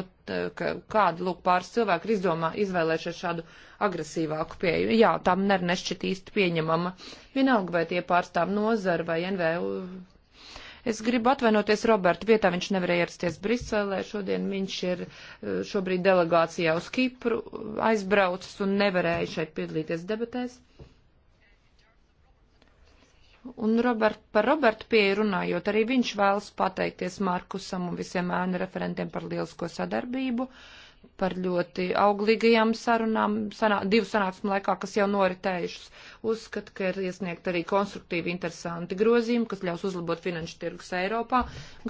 S1: ka kāda lūk pāris cilvēku izdomā izvēlēšies šādu agresīvāku pieju. Jā, tām ne, nešķiet īsti pieņemama. Vienalga, vai tie pārstāv nozara vai NVO. Es gribu atvainoties Robertu vietā, viņš nevarēja ierasties Briselē šodien, viņš ir eh, šobrīd delegācijā uz Kipru aizbraucis un nevarēja šeit piedalīties debatēs. Un Robert, par Robertu pieeju runājot, arī viņš vēlas pateikties Markusam un visiem ēnu referentiem par lielisko sadarbību. Uh, par ļoti auglīgajām sarunām sanā, divu sanāksmu laikā, kas jau noritējušas. Uzskat, ka ir iesniegt arī konstruktīvi interesanti grozījumi, kas ļaus uzlabot finanšu tirgus Eiropā.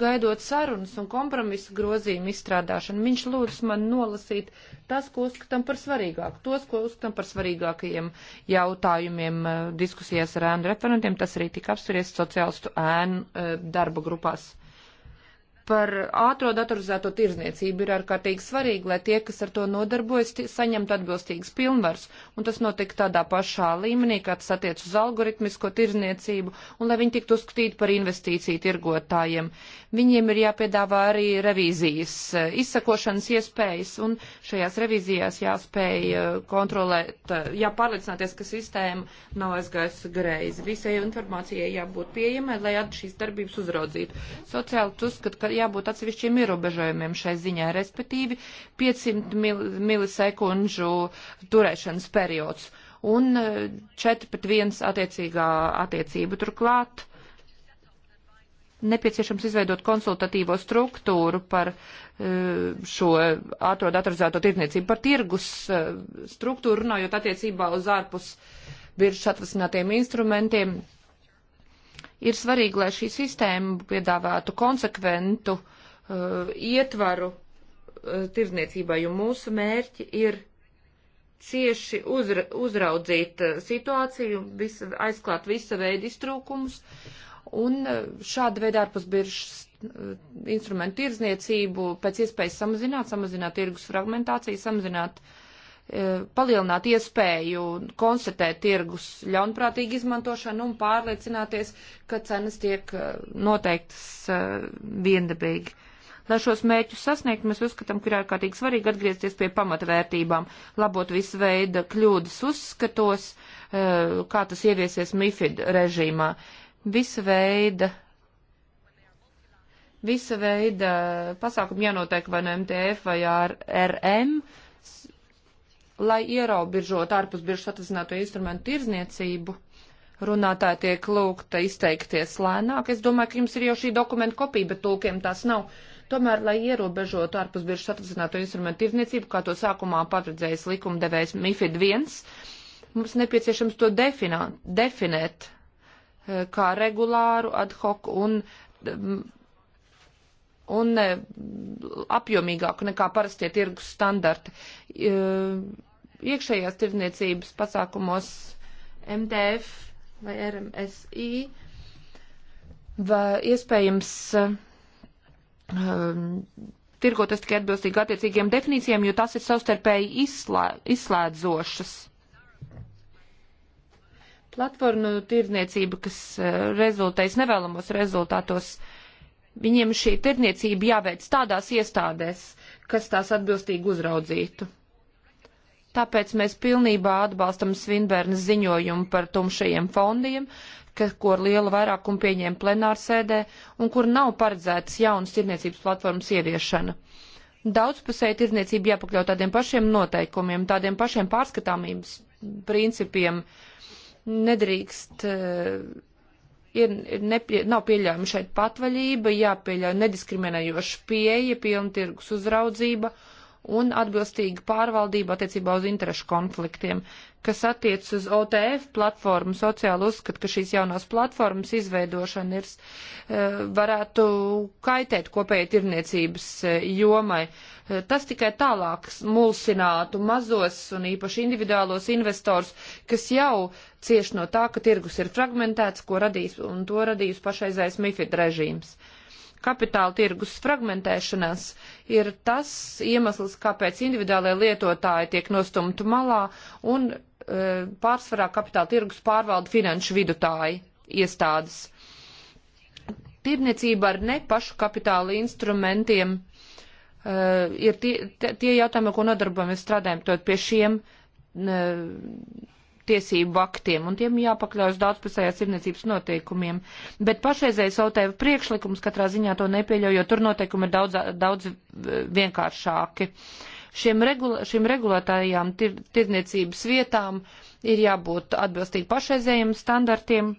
S1: Gaidot sarunas un kompromisu grozījumu izstrādāšanu, viņš lūdz man nolasīt tas, ko uzskatām par svarīgāk, tos, ko uzskatām par svarīgākajiem jautājumiem eh, diskusijās ar ēnu referentiem. Tas arī tika apspriests sociālistu ēnu eh, darba grupās par ātro datorizēto tirzniecību ir ārkārtīgi svarīgi, lai tie, kas ar to nodarbojas, saņemtu atbilstīgas pilnvars, un tas notika tādā pašā līmenī, kā tas attiec uz algoritmisko tirzniecību, un lai viņi tiktu uzskatīti par investīciju tirgotājiem. Viņiem ir jāpiedāvā arī revīzijas eh, izsakošanas iespējas, un šajās revīzijās jāspēj eh, kontrolēt, eh, jāpārliecināties, ka sistēma nav aizgājusi greizi. Visai informācijai jābūt pieejamai, lai šīs darbības uzraudzītu. Sociāli uzskat, ka jābūt atsevišķiem ierobežojumiem šai ziņā, respektīvi 500 mil milisekundžu turēšanas periods un 4 e, pret 1 attiecīgā attiecība turklāt. Nepieciešams izveidot konsultatīvo struktūru par e, šo atrodu atrasēto tirdzniecību, par tirgus e, struktūru runājot attiecībā uz ārpus biržas atvasinātiem instrumentiem Ir svarīgi, lai šī sistēma piedāvātu konsekventu uh, ietvaru uh, tirdzniecībai, jo mūsu mērķi ir cieši uzra, uzraudzīt uh, situāciju, visa, aizklāt visa veida iztrūkumus un uh, šāda veida ārpusbiržas uh, instrumentu tirdzniecību pēc iespējas samazināt, samazināt tirgus fragmentāciju, samazināt uh, E, palielināt iespēju konstatēt tirgus ļaunprātīgu izmantošanu un pārliecināties, ka cenas tiek e, noteiktas e, viendabīgi. Lai šos mērķus sasniegtu, mēs uzskatām, ka ir ārkārtīgi svarīgi atgriezties pie pamatvērtībām, labot visu veidu kļūdas uzskatos, kā tas ieviesies MIFID režīmā. Visa veida visa veida pasākumi jānotiek vai no MTF vai ar RM, lai ierobežot ārpus biežu satvizināto instrumentu tirzniecību. Runātāji tiek lūgta izteikties lēnāk. Es domāju, ka jums ir jau šī dokumenta kopija, bet tulkiem tās nav. Tomēr, lai ierobežotu ārpus biežu satvizināto instrumentu tirzniecību, kā to sākumā paredzējis likumdevējs MIFID 1, mums nepieciešams to definā, definēt eh, kā regulāru ad hoc un un apjomīgāku nekā parastie tirgus standarti. E, iekšējās tirdzniecības pasākumos MTF vai RMSI vai iespējams e, um, tirgoties tikai atbilstīgi attiecīgiem definīcijiem, jo tas ir savstarpēji izslē, izslēdzošas. Platformu tirdzniecība, kas e, rezultējas nevēlamos rezultātos, uh, Viņiem šī tirniecība jāveic tādās iestādēs, kas tās atbilstīgi uzraudzītu. Tāpēc mēs pilnībā atbalstam Svinbērnas ziņojumu par tumšajiem fondiem, ka, ko ar lielu vairākumu pieņēma plenārsēdē un kur nav paredzētas jaunas tirniecības platformas ieviešana. Daudzpusēja tirniecība jāpakļaut tādiem pašiem noteikumiem, tādiem pašiem pārskatāmības principiem. Nedrīkst uh, ir, ir nepie, nav pieļaujama šeit patvaļība, jāpieļauj nediskriminējoša pieeja, pilntirgus uzraudzība un atbilstīga pārvaldība attiecībā uz interešu konfliktiem, kas attiec uz OTF platformu, sociāli uzskat, ka šīs jaunās platformas izveidošana ir, eh, varētu kaitēt kopēji tirniecības eh, jomai. Eh, tas tikai tālāk mulsinātu mazos un īpaši individuālos investors, kas jau cieši no tā, ka tirgus ir fragmentēts, ko radīs un to radīs pašreizējais MIFID režīms kapitāla tirgus fragmentēšanās ir tas iemesls, kāpēc individuālajie lietotāji tiek nostumti malā un E, pārsvarā kapitāla tirgus pārvalda finanšu vidutāji iestādes. Tirniecība ar ne pašu kapitāla instrumentiem uh, ir tie, tie jautājumi, ko nodarbojamies strādājam pie šiem uh, tiesību aktiem, un tiem jāpakļaujas daudzpusējās tirniecības noteikumiem. Bet pašreizējais OTV priekšlikums katrā ziņā to nepieļauj, jo tur noteikumi ir daudz, daudz vienkāršāki. Uh, šiem regula, šīm regulētājām tir, tirniecības vietām ir jābūt atbilstīgi pašreizējiem standartiem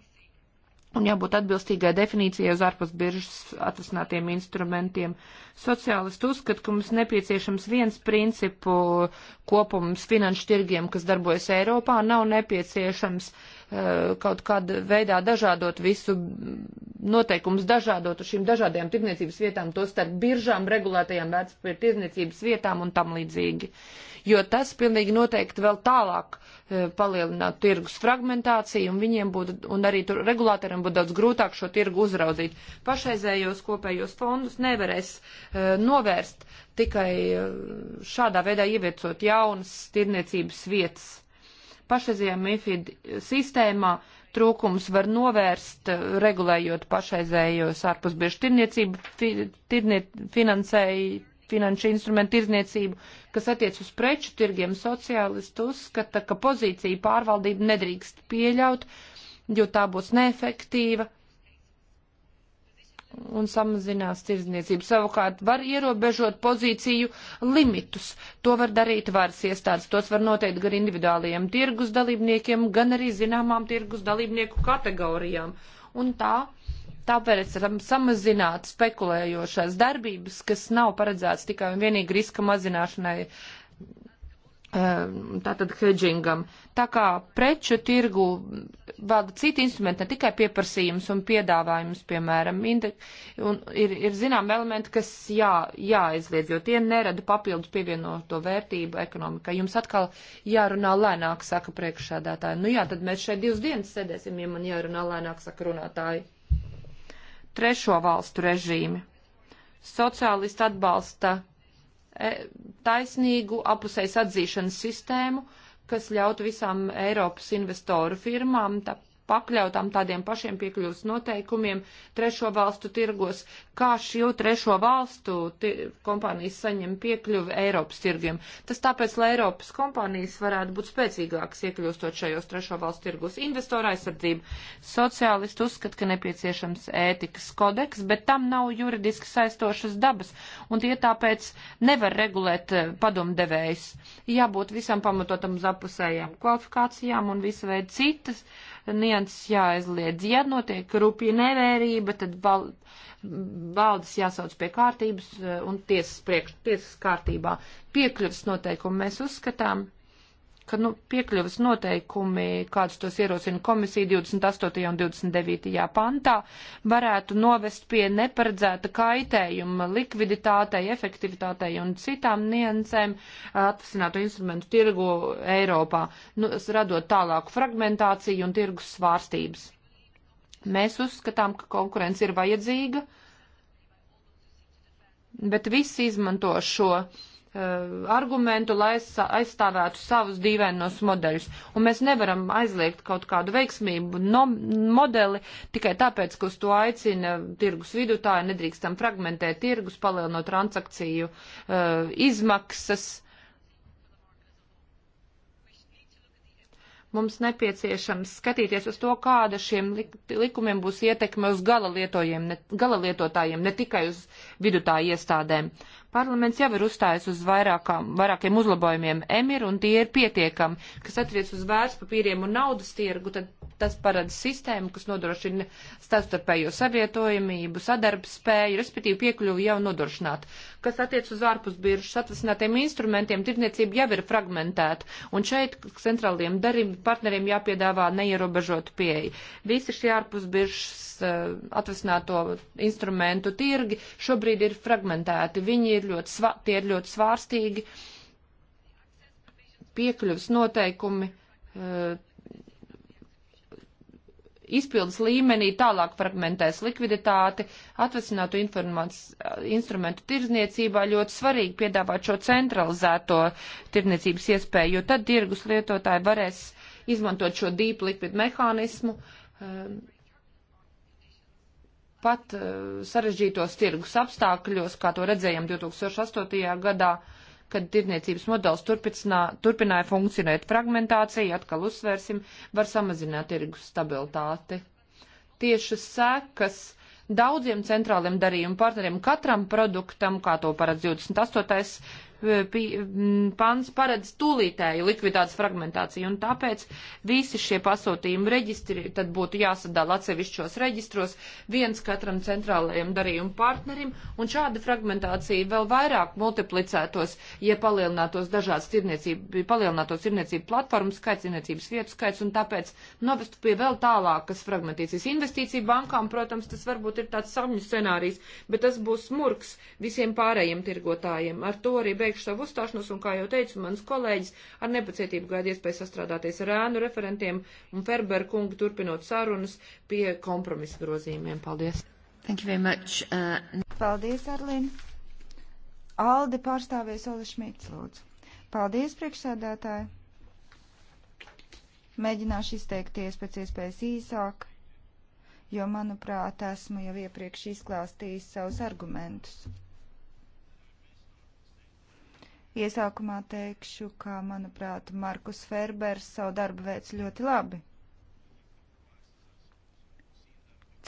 S1: un jābūt atbilstīgai definīcijai uz ārpus biržas atrasinātiem instrumentiem. Sociālisti uzskat, ka mums nepieciešams viens principu kopums finanšu tirgiem, kas darbojas Eiropā, nav nepieciešams uh, Eh, kaut kādā veidā dažādot visu noteikumus, dažādot uz šīm dažādajām tirdzniecības vietām, to starp biržām, regulētajām vērtspapīra tirdzniecības vietām un tam līdzīgi. Jo tas pilnīgi noteikti vēl tālāk eh, palielinātu tirgus fragmentāciju un viņiem būtu, un arī tur regulātoriem būtu daudz grūtāk šo tirgu uzraudzīt. Pašreizējos kopējos fondus nevarēs eh, novērst tikai šādā veidā ieviecot jaunas tirdzniecības vietas pašreizajā MIFID sistēmā trūkums var novērst, eh, regulējot pašreizējos ārpusbiežu tirniecību, fi, tirniet, finansēju, finanšu instrumentu tirzniecību, kas attiec uz preču tirgiem, sociālisti uzskata, ka pozīciju pārvaldību nedrīkst pieļaut, jo tā būs neefektīva un samazinās tirdzniecību. Savukārt var ierobežot pozīciju limitus. To var darīt varas iestādes. Tos var noteikt gan individuāliem tirgus dalībniekiem, gan arī zināmām tirgus dalībnieku kategorijām. Un tā, tāpēc varam samazināt spekulējošās darbības, kas nav paredzēts tikai un vienīgi riska mazināšanai Ehm, tātad hedžingam. Tā kā preču tirgu valda citi instrumenti, ne tikai pieprasījums un piedāvājums, piemēram, un ir, ir zinām elementi, kas jā, jāizliedz, jo tie nerada papildus pievienoto vērtību ekonomikai. Jums atkal jārunā lēnāk, saka priekšsēdētāji. Nu jā, tad mēs šeit divas dienas sēdēsim, ja man jārunā lēnāk, saka runātāji. Trešo valstu režīmi. Sociālisti atbalsta E, taisnīgu apusējas atzīšanas sistēmu, kas ļautu visām Eiropas investoru firmām, tā, pakļautām tādiem pašiem piekļuvas noteikumiem trešo valstu tirgos, kā šo trešo valstu kompānijas saņem piekļuvi Eiropas tirgiem. Tas tāpēc, lai Eiropas kompānijas varētu būt spēcīgākas iekļūstot šajos trešo valstu tirgos. Investora aizsardzība. Sociālisti uzskata, ka nepieciešams ētikas kodeks, bet tam nav juridiski saistošas dabas, un tie tāpēc nevar regulēt eh, padomdevējs. Jābūt visam pamatotam uz apusējām kvalifikācijām un visu veidu citas. Uh, nianses jāaizliedz. Ja notiek rupja nevērība, tad bal, baldas jāsauc pie kārtības eh, un tiesas, priekš, tiesas kārtībā. Piekļuvas noteikumu mēs uzskatām ka nu, piekļuvas noteikumi, kādus tos ierosina komisija 28. un 29. pantā, varētu novest pie neparedzēta kaitējuma likviditātei, efektivitātei un citām niansēm atvasināto instrumentu tirgu Eiropā, nu, radot tālāku fragmentāciju un tirgus svārstības. Mēs uzskatām, ka konkurence ir vajadzīga, bet visi izmanto šo uh, Eh, argumentu, lai aizstāvētu savus dīvainos modeļus. Un mēs nevaram aizliegt kaut kādu veiksmību no modeli tikai tāpēc, ka uz to aicina tirgus vidutāji, nedrīkstam fragmentēt tirgus, palielinot transakciju uh, izmaksas. Mums nepieciešams skatīties uz to, kāda šiem likumiem būs ietekme uz gala, ne, gala lietotājiem, ne tikai uz vidutāju iestādēm. Parlaments jau ir uzstājis uz vairākām, vairākiem uzlabojumiem emir, un tie ir pietiekami, kas attiec uz vērtspapīriem un naudas tirgu, tad Tas paredz sistēmu, kas nodrošina starptautējo savietojamību, sadarbspēju, respektīvi piekļuvi jau nodrošināt. Kas attiec uz ārpus biržas atvasinātiem instrumentiem, tirdzniecība jau ir fragmentēta, un šeit centrāliem darību partneriem jāpiedāvā neierobežotu pieeja. Visi šie ārpus biržas eh, atvasināto instrumentu tirgi šobrīd ir fragmentēti. Viņi ir ļoti, svā, tie ir ļoti svārstīgi piekļuvas noteikumi eh, izpildes līmenī tālāk fragmentēs likviditāti, atvesinātu instrumentu tirzniecībā ļoti svarīgi piedāvāt šo centralizēto tirzniecības iespēju, jo tad tirgus lietotāji varēs izmantot šo deep liquid mehānismu um, pat uh, sarežģītos tirgus apstākļos, kā to redzējām 2008. gadā kad tirniecības modelis turpināja funkcionēt. Fragmentācija, atkal uzsvērsim, var samazināt tirgus stabilitāti. Tieši sekas daudziem centrāliem darījumu partneriem, katram produktam, kā to paredz 28 pants paredz tūlītēju likvidācijas fragmentāciju, un tāpēc visi šie pasūtījumu reģistri tad būtu jāsadala atsevišķos reģistros, viens katram centrālajiem darījumu partnerim, un šāda fragmentācija vēl vairāk multiplicētos, ja palielinātos dažādas tirniecība, palielinātos tirniecību platformu skaits, tirniecības vietu skaits, un tāpēc novestu pie vēl tālākas fragmentācijas. Investīciju bankām, protams, tas varbūt ir tāds samņu scenārijs, bet tas būs smurks visiem pārējiem tirgotājiem. Ar to arī beidz beigšu savu uzstāšanos un, kā jau teicu, mans kolēģis ar nepacietību gaida iespēju sastrādāties ar ēnu referentiem un Ferber kungu turpinot sarunas pie kompromisa grozījumiem. Paldies! Thank you very much. Uh... Paldies, Arlīna!
S3: Aldi pārstāvies Ole Šmīts, lūdzu. Paldies, priekšsēdētāji! Mēģināšu izteikties pēc iespējas īsāk jo, manuprāt, esmu jau iepriekš izklāstījis savus argumentus. Iesākumā teikšu, ka, manuprāt, Markus Ferbers savu darbu veic ļoti labi.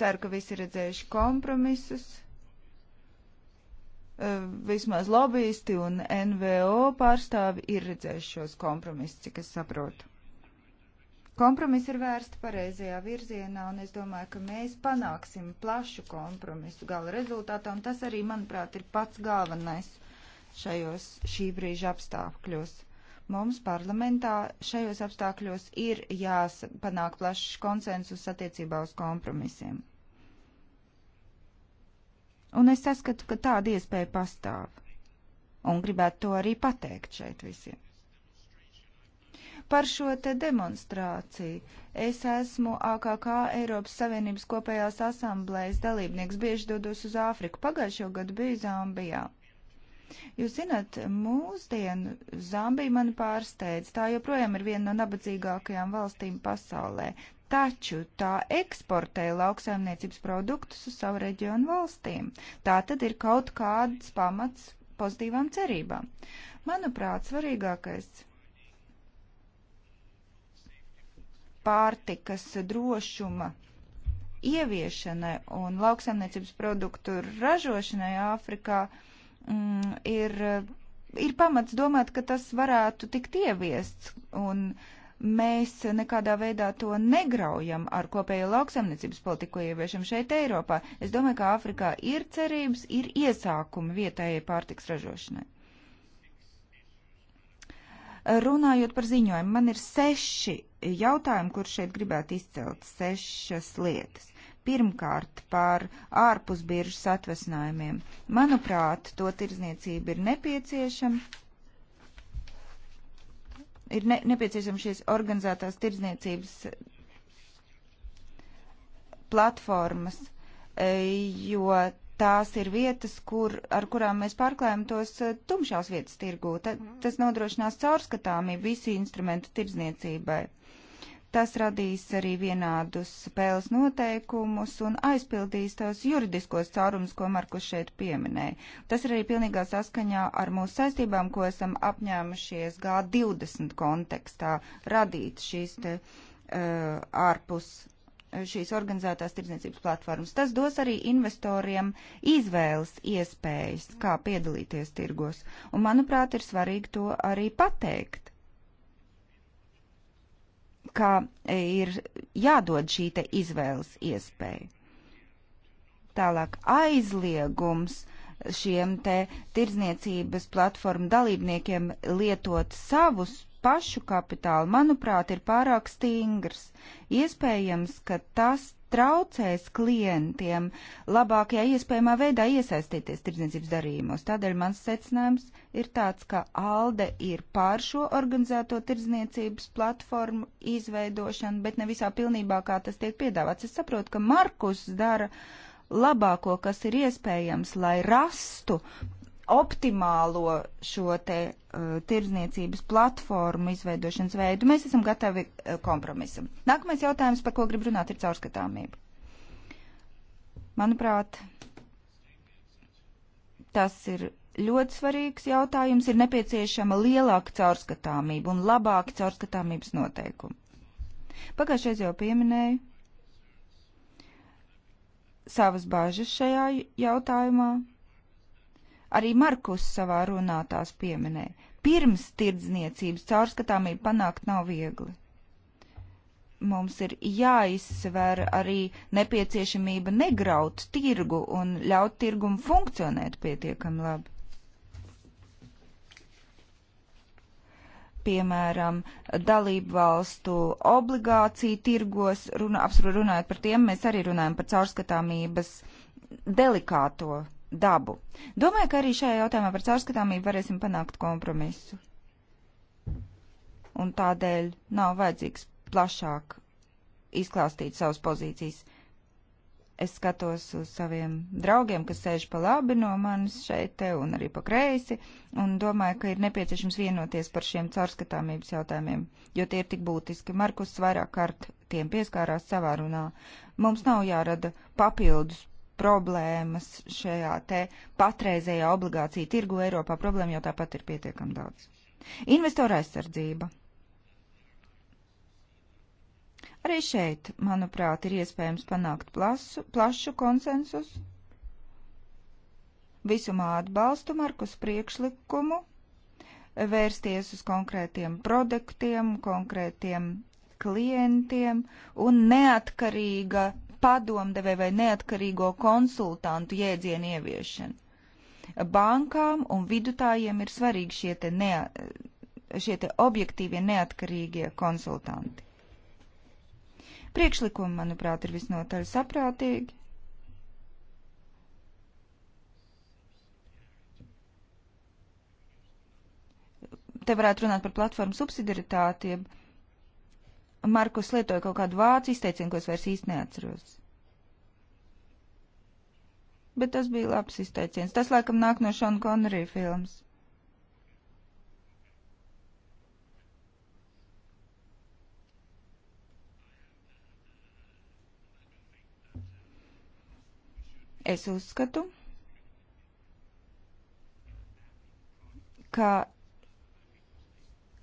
S3: Ceru, ka visi redzējuši kompromisus. E, vismaz lobbyisti un NVO pārstāvi ir redzējuši šos kompromisus, cik es saprotu. Kompromiss ir vērsts pareizajā virzienā, un es domāju, ka mēs panāksim plašu kompromisu gala rezultātā, un tas arī, manuprāt, ir pats galvenais šajos šī brīža apstākļos. Mums parlamentā šajos apstākļos ir jāpanāk plašs konsensus attiecībā uz kompromisiem. Un es saskatu, ka tāda iespēja pastāv. Un gribētu to arī pateikt šeit visiem. Par šo te demonstrāciju. Es esmu AKK Eiropas Savienības kopējās asamblējas dalībnieks, bieži dodos uz Āfriku. Pagājušo gadu biju Zambijā. Jūs zināt, mūsdienu Zambija mani pārsteidz. Tā joprojām ir viena no nabadzīgākajām valstīm pasaulē. Taču tā eksportē lauksaimniecības produktus uz savu reģionu valstīm. Tā tad ir kaut kāds pamats pozitīvām cerībām. Manuprāt, svarīgākais pārtikas drošuma ieviešanai un lauksaimniecības produktu ražošanai Āfrikā uh, mm, ir, eh, ir pamats domāt, ka tas varētu tikt ieviests. Un, Mēs nekādā veidā to negraujam ar kopējo lauksaimniecības politiku, ko ieviešam šeit Eiropā. Es domāju, ka Āfrikā ir cerības, ir iesākumi vietējai pārtiks ražošanai. Runājot par ziņojumu, man ir seši jautājumi, kur šeit gribētu izcelt sešas lietas. Pirmkārt, par ārpusbiežas atvesinājumiem. Manuprāt, to tirzniecība ir nepieciešama. Ir ne, nepieciešama šīs organizētās tirdzniecības platformas, jo tās ir vietas, kur, ar kurām mēs pārklājam tos eh, tumšās vietas tirgū. Ta, tas nodrošinās caurskatāmību visu instrumentu tirdzniecībai. Tas radīs arī vienādus spēles noteikumus un aizpildīs tos juridiskos caurumus, ko Markus šeit pieminēja. Tas ir arī pilnīgā saskaņā ar mūsu saistībām, ko esam apņēmušies G20 kontekstā radīt šīs te uh, ārpus eh, šīs organizētās tirdzniecības platformas. Tas dos arī investoriem izvēles iespējas, kā piedalīties tirgos. Un, manuprāt, ir svarīgi to arī pateikt ka ir jādod šī te izvēles iespēja. Tālāk aizliegums šiem te tirdzniecības platformu dalībniekiem lietot savus pašu kapitālu, manuprāt, ir pārāk stingrs. Iespējams, ka tas traucēs klientiem labākajā iespējamā veidā iesaistīties tirdzniecības darījumos. Tādēļ mans secinājums ir tāds, ka ALDE ir pār šo organizēto tirdzniecības platformu izveidošanu, bet ne visā pilnībā, kā tas tiek piedāvāts. Es saprotu, ka Markus dara labāko, kas ir iespējams, lai rastu optimālo šo te uh, eh, tirzniecības platformu izveidošanas veidu. Mēs esam gatavi uh, kompromisam. Nākamais jautājums, par ko grib runāt, ir caurskatāmība. Manuprāt, tas ir ļoti svarīgs jautājums. Ir nepieciešama lielāka caurskatāmība un labāka caurskatāmības noteikumi. Pagājušais jau pieminēju savas bāžas šajā jautājumā. Arī Markus savā runā tās pieminēja pirms tirdzniecības caurskatāmību panākt nav viegli. Mums ir jāizsver arī nepieciešamība negraut tirgu un ļaut tirgumu funkcionēt pietiekami labi. piemēram, dalību valstu obligāciju tirgos, runa, apsvaru runājot par tiem, mēs arī runājam par caurskatāmības delikāto dabu. Domāju, ka arī šajā jautājumā par caurskatāmību varēsim panākt kompromisu. Un tādēļ nav vajadzīgs plašāk izklāstīt savas pozīcijas. Es skatos uz saviem draugiem, kas sēž pa labi no manis šeit te un arī pa kreisi, un domāju, ka ir nepieciešams vienoties par šiem caurskatāmības jautājumiem, jo tie ir tik būtiski. Markus vairāk kārt tiem pieskārās savā runā. Mums nav jārada papildus problēmas šajā te patreizējā obligācija tirgu Eiropā. Problēma jau tāpat ir pietiekam daudz. Investora aizsardzība. Arī šeit, manuprāt, ir iespējams panākt plasu, plašu konsensus. Visumā atbalstu Markus priekšlikumu vērsties uz konkrētiem produktiem, konkrētiem klientiem un neatkarīga padomdevē vai neatkarīgo konsultantu jēdzienu ieviešana. Bankām un vidutājiem ir svarīgi šie te, ne, šie te objektīvie neatkarīgie konsultanti. Priekšlikumi, manuprāt, ir visnotaļ saprātīgi. Te varētu runāt par platformu subsidiaritātiem. Ja Markus lietoja kaut kādu vācu izteicienu, ko es vairs īsti neatceros. Bet tas bija labs izteiciens. Tas, laikam, nāk no Šona Konorija filmas. Es uzskatu, ka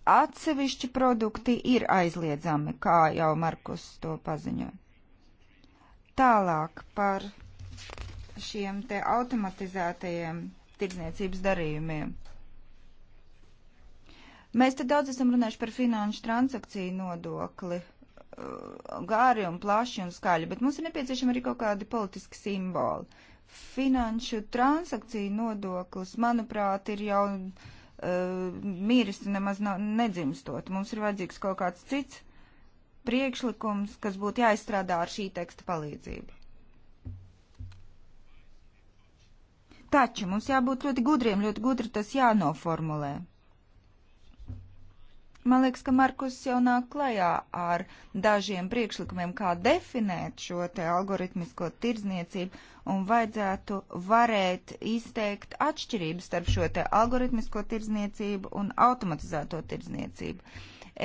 S3: atsevišķi produkti ir aizliedzami, kā jau Markus to paziņoja. Tālāk par šiem te automatizētajiem tirdzniecības darījumiem. Mēs te daudz esam runājuši par finanšu transakciju nodokli, uh, gāri un plaši un skaļi, bet mums ir nepieciešama arī kaut kādi politiski simboli. Finanšu transakciju nodoklis, manuprāt, ir jau Eh, miris nemaz nav nedzimstot. Mums ir vajadzīgs kaut kāds cits priekšlikums, kas būtu jāizstrādā ar šī teksta palīdzību. Taču mums jābūt ļoti gudriem, ļoti gudri tas jānoformulē. Man liekas, ka Markus jau nāk klajā ar dažiem priekšlikumiem, kā definēt šo te algoritmisko tirdzniecību, un vajadzētu varēt izteikt atšķirības starp šo te algoritmisko tirdzniecību un automatizēto tirdzniecību.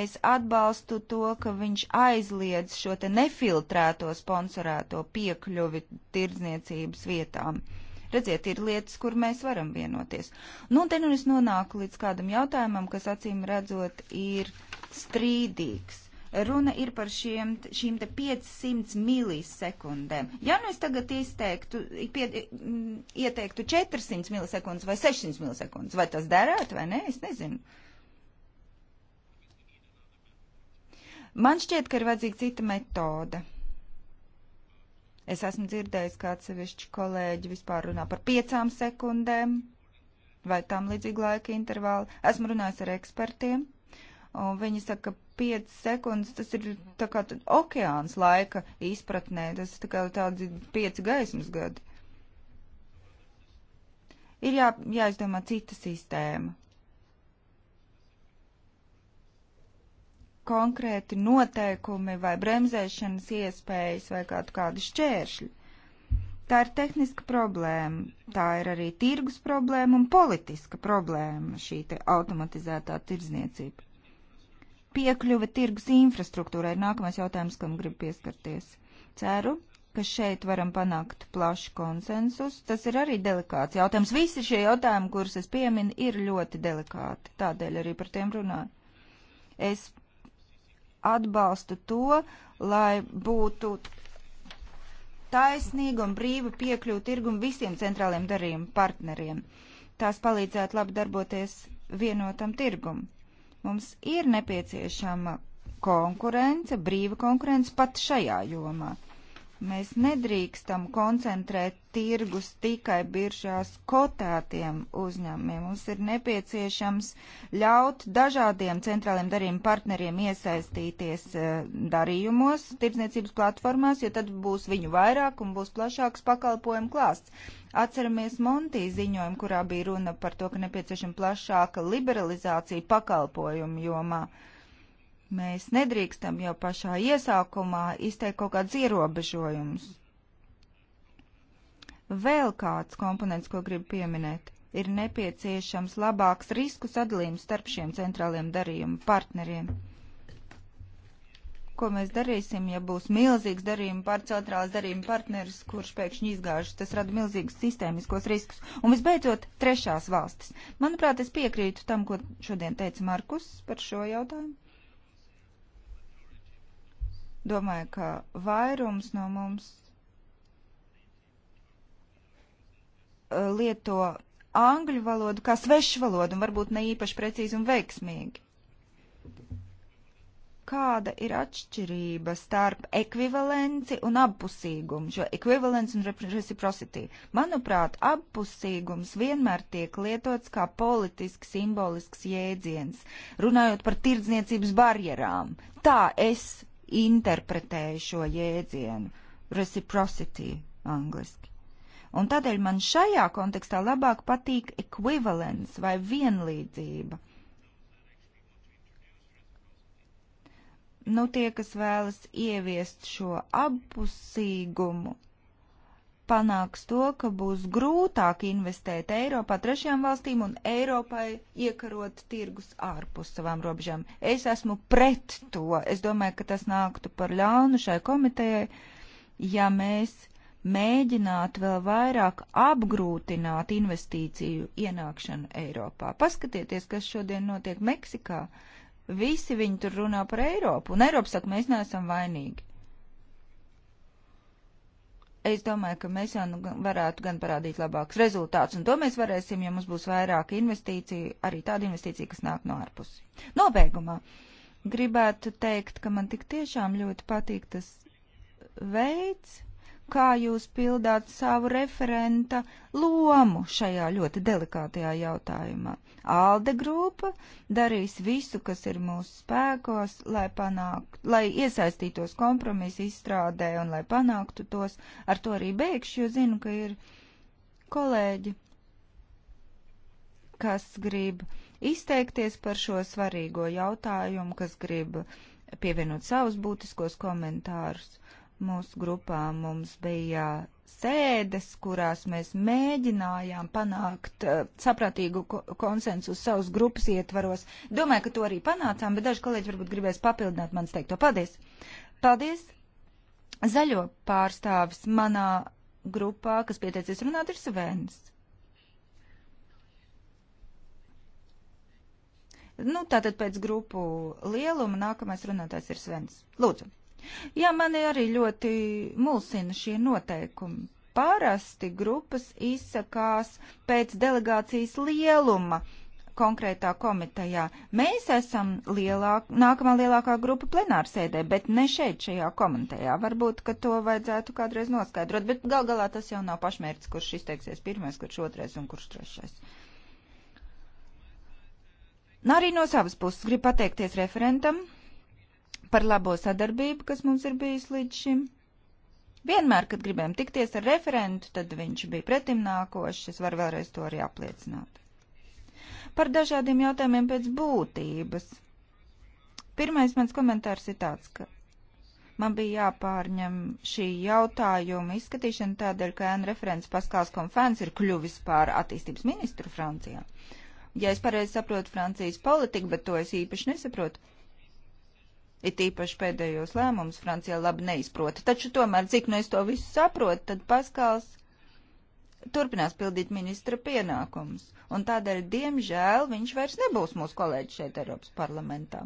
S3: Es atbalstu to, ka viņš aizliedz šo te nefiltrēto sponsorēto piekļuvi tirdzniecības vietām. Uh, Redziet, ir lietas, kur mēs varam vienoties. Nu, un te nu es nonāku līdz kādam jautājumam, kas acīm redzot ir strīdīgs. Runa ir par šiem, šīm te 500 milisekundēm. Ja nu es tagad izteiktu, pie, mm, ieteiktu 400 milisekundes vai 600 milisekundes, vai tas derētu vai nē, es nezinu. Man šķiet, ka ir vajadzīga cita metode. Es esmu dzirdējis, ka atsevišķi kolēģi vispār runā par piecām sekundēm vai tam līdzīgu laika intervālu. Esmu runājis ar ekspertiem, un viņi saka, ka piecas sekundes tas ir tā kā okeāns laika izpratnē, tas ir tā kā tādi pieci gaismas gadi. Ir jā, jāizdomā cita sistēma. konkrēti noteikumi vai bremzēšanas iespējas vai kādu kādu šķēršļu. Tā ir tehniska problēma, tā ir arī tirgus problēma un politiska problēma šī te automatizētā tirdzniecība. Piekļuve tirgus infrastruktūrai ir nākamais jautājums, kam gribu pieskarties. Ceru, ka šeit varam panākt plašu konsensus. Tas ir arī delikāts jautājums. Visi šie jautājumi, kurus es pieminu, ir ļoti delikāti. Tādēļ arī par tiem runāju. Es atbalstu to, lai būtu taisnīga un brīva piekļuva tirgumu visiem centrāliem darījumu partneriem. Tās palīdzētu labi darboties vienotam tirgumu. Mums ir nepieciešama konkurence, brīva konkurence pat šajā jomā. Mēs nedrīkstam koncentrēt tirgus tikai biržās kotētiem uzņēmumiem. Mums ir nepieciešams ļaut dažādiem centrāliem darījuma partneriem iesaistīties eh, darījumos, tirdzniecības platformās, jo tad būs viņu vairāk un būs plašāks pakalpojumu klāsts. Atceramies Montī ziņojumu, kurā bija runa par to, ka nepieciešama plašāka liberalizācija pakalpojumu jomā. Jo Mēs nedrīkstam jau pašā iesākumā izteikt kaut kādus ierobežojumus. Vēl kāds komponents, ko gribu pieminēt, ir nepieciešams labāks risku sadalījums starp šiem centrāliem darījumu partneriem. Ko mēs darīsim, ja būs milzīgs darījuma par centrālās darījuma partneris, kurš pēkšņi izgāžas, tas rada milzīgus sistēmiskos riskus. Un visbeidzot, trešās valstis. Manuprāt, es piekrītu tam, ko šodien teica Markus par šo jautājumu Domāju, ka vairums no mums eh, lieto angļu valodu kā svešu valodu un varbūt ne īpaši precīzi un veiksmīgi. Kāda ir atšķirība starp ekvivalenci un abpusīgumu, šo ekvivalenci un reciprocity? Manuprāt, abpusīgums vienmēr tiek lietots kā politiski simbolisks jēdziens, runājot par tirdzniecības barjerām. Tā es interpretēju šo jēdzienu - reciprocity angliski. Un tādēļ man šajā kontekstā labāk patīk ekvivalents vai vienlīdzība. Nu, tie, kas vēlas ieviest šo apusīgumu, panāks to, ka būs grūtāk investēt Eiropā trešajām valstīm un Eiropai iekarot tirgus ārpus savām robežām. Es esmu pret to. Es domāju, ka tas nāktu par ļaunu šai komitejai, ja mēs mēģinātu vēl vairāk apgrūtināt investīciju ienākšanu Eiropā. Paskatieties, kas šodien notiek Meksikā. Visi viņi tur runā par Eiropu, un Eiropa saka, mēs neesam vainīgi es domāju, ka mēs jau nu varētu gan parādīt labākus rezultātus, un to mēs varēsim, ja mums būs vairāk investīciju, arī tāda investīcija, kas nāk no ārpus. Nobeigumā gribētu teikt, ka man tik tiešām ļoti patīk tas veids, kā jūs pildāt savu referenta lomu šajā ļoti delikātajā jautājumā. Alde grupa darīs visu, kas ir mūsu spēkos, lai, panāk, lai iesaistītos kompromisu izstrādē un lai panāktu tos. Ar to arī beigšu, jo zinu, ka ir kolēģi, kas grib izteikties par šo svarīgo jautājumu, kas grib pievienot savus būtiskos komentārus mūsu grupā mums bija sēdes, kurās mēs mēģinājām panākt uh, saprātīgu ko konsensu savas grupas ietvaros. Domāju, ka to arī panācām, bet daži kolēģi varbūt gribēs papildināt manis teikto. Paldies! Paldies! Zaļo pārstāvis manā grupā, kas pieteicies runāt, ir Svēns. Nu, tātad pēc grupu lieluma nākamais runātājs ir Svens. Lūdzu! Jā, mani arī ļoti mulsina šie noteikumi. Parasti grupas izsakās pēc delegācijas lieluma konkrētā komitejā. Mēs esam lielāk, nākamā lielākā grupa plenārsēdē, bet ne šeit, šajā komitejā. Varbūt, ka to vajadzētu kādreiz noskaidrot, bet gal galā tas jau nav pašmērķis, kurš izteiksies pirmais, kurš otrais un kurš trešais. Nu, arī no savas puses gribu pateikties referentam par labo sadarbību, kas mums ir bijis līdz šim. Vienmēr, kad gribējām tikties ar referentu, tad viņš bija pretimnākošs, es varu vēlreiz to arī apliecināt. Par dažādiem jautājumiem pēc būtības. Pirmais mans komentārs ir tāds, ka man bija jāpārņem šī jautājuma izskatīšana tādēļ, ka N referents Paskāls Konfēns ir kļuvis par attīstības ministru Francijā. Ja es pareizi saprotu Francijas politiku, bet to es īpaši nesaprotu, It īpaši pēdējos lēmumus Francijā labi neizprota. Taču tomēr, cik nu es to visu saprotu, tad Paskāls turpinās pildīt ministra pienākumus. Un tādēļ, diemžēl, viņš vairs nebūs mūsu kolēģis šeit Eiropas parlamentā.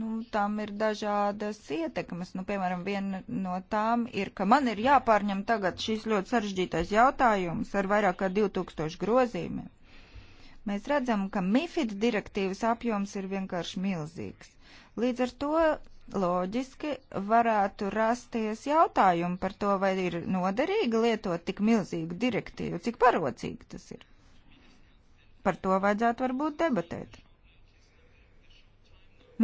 S3: Nu, tam ir dažādas ietekmes. Nu, piemēram, viena no tām ir, ka man ir jāpārņem tagad šis ļoti sarežģītais jautājums ar vairāk kā 2000 grozīmēm. Mēs redzam, ka MIFID direktīvas apjoms ir vienkārši milzīgs. Līdz ar to loģiski varētu rasties jautājumi par to, vai ir noderīgi lietot tik milzīgu direktīvu, cik parocīgi tas ir. Par to vajadzētu varbūt debatēt.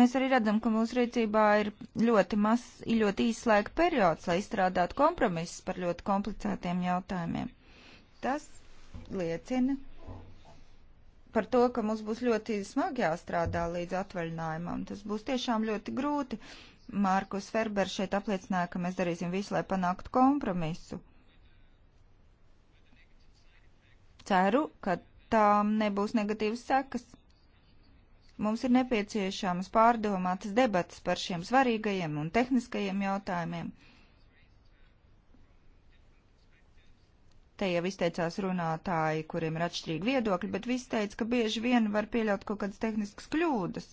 S3: Mēs arī redzam, ka mūsu rīcībā ir ļoti maz, ļoti īsts laika periods, lai izstrādātu kompromisus par ļoti komplicētiem jautājumiem. Tas liecina par to, ka mums būs ļoti smagi jāstrādā līdz atvaļinājumam. Tas būs tiešām ļoti grūti. Mārkus Ferber šeit apliecināja, ka mēs darīsim visu, lai panāktu kompromisu. Ceru, ka tām nebūs negatīvas sekas. Mums ir nepieciešamas pārdomātas debatas par šiem svarīgajiem un tehniskajiem jautājumiem. Te jau izteicās runātāji, kuriem ir atšķirīgi viedokļi, bet viss teica, ka bieži vien var pieļaut kaut kādas tehniskas kļūdas.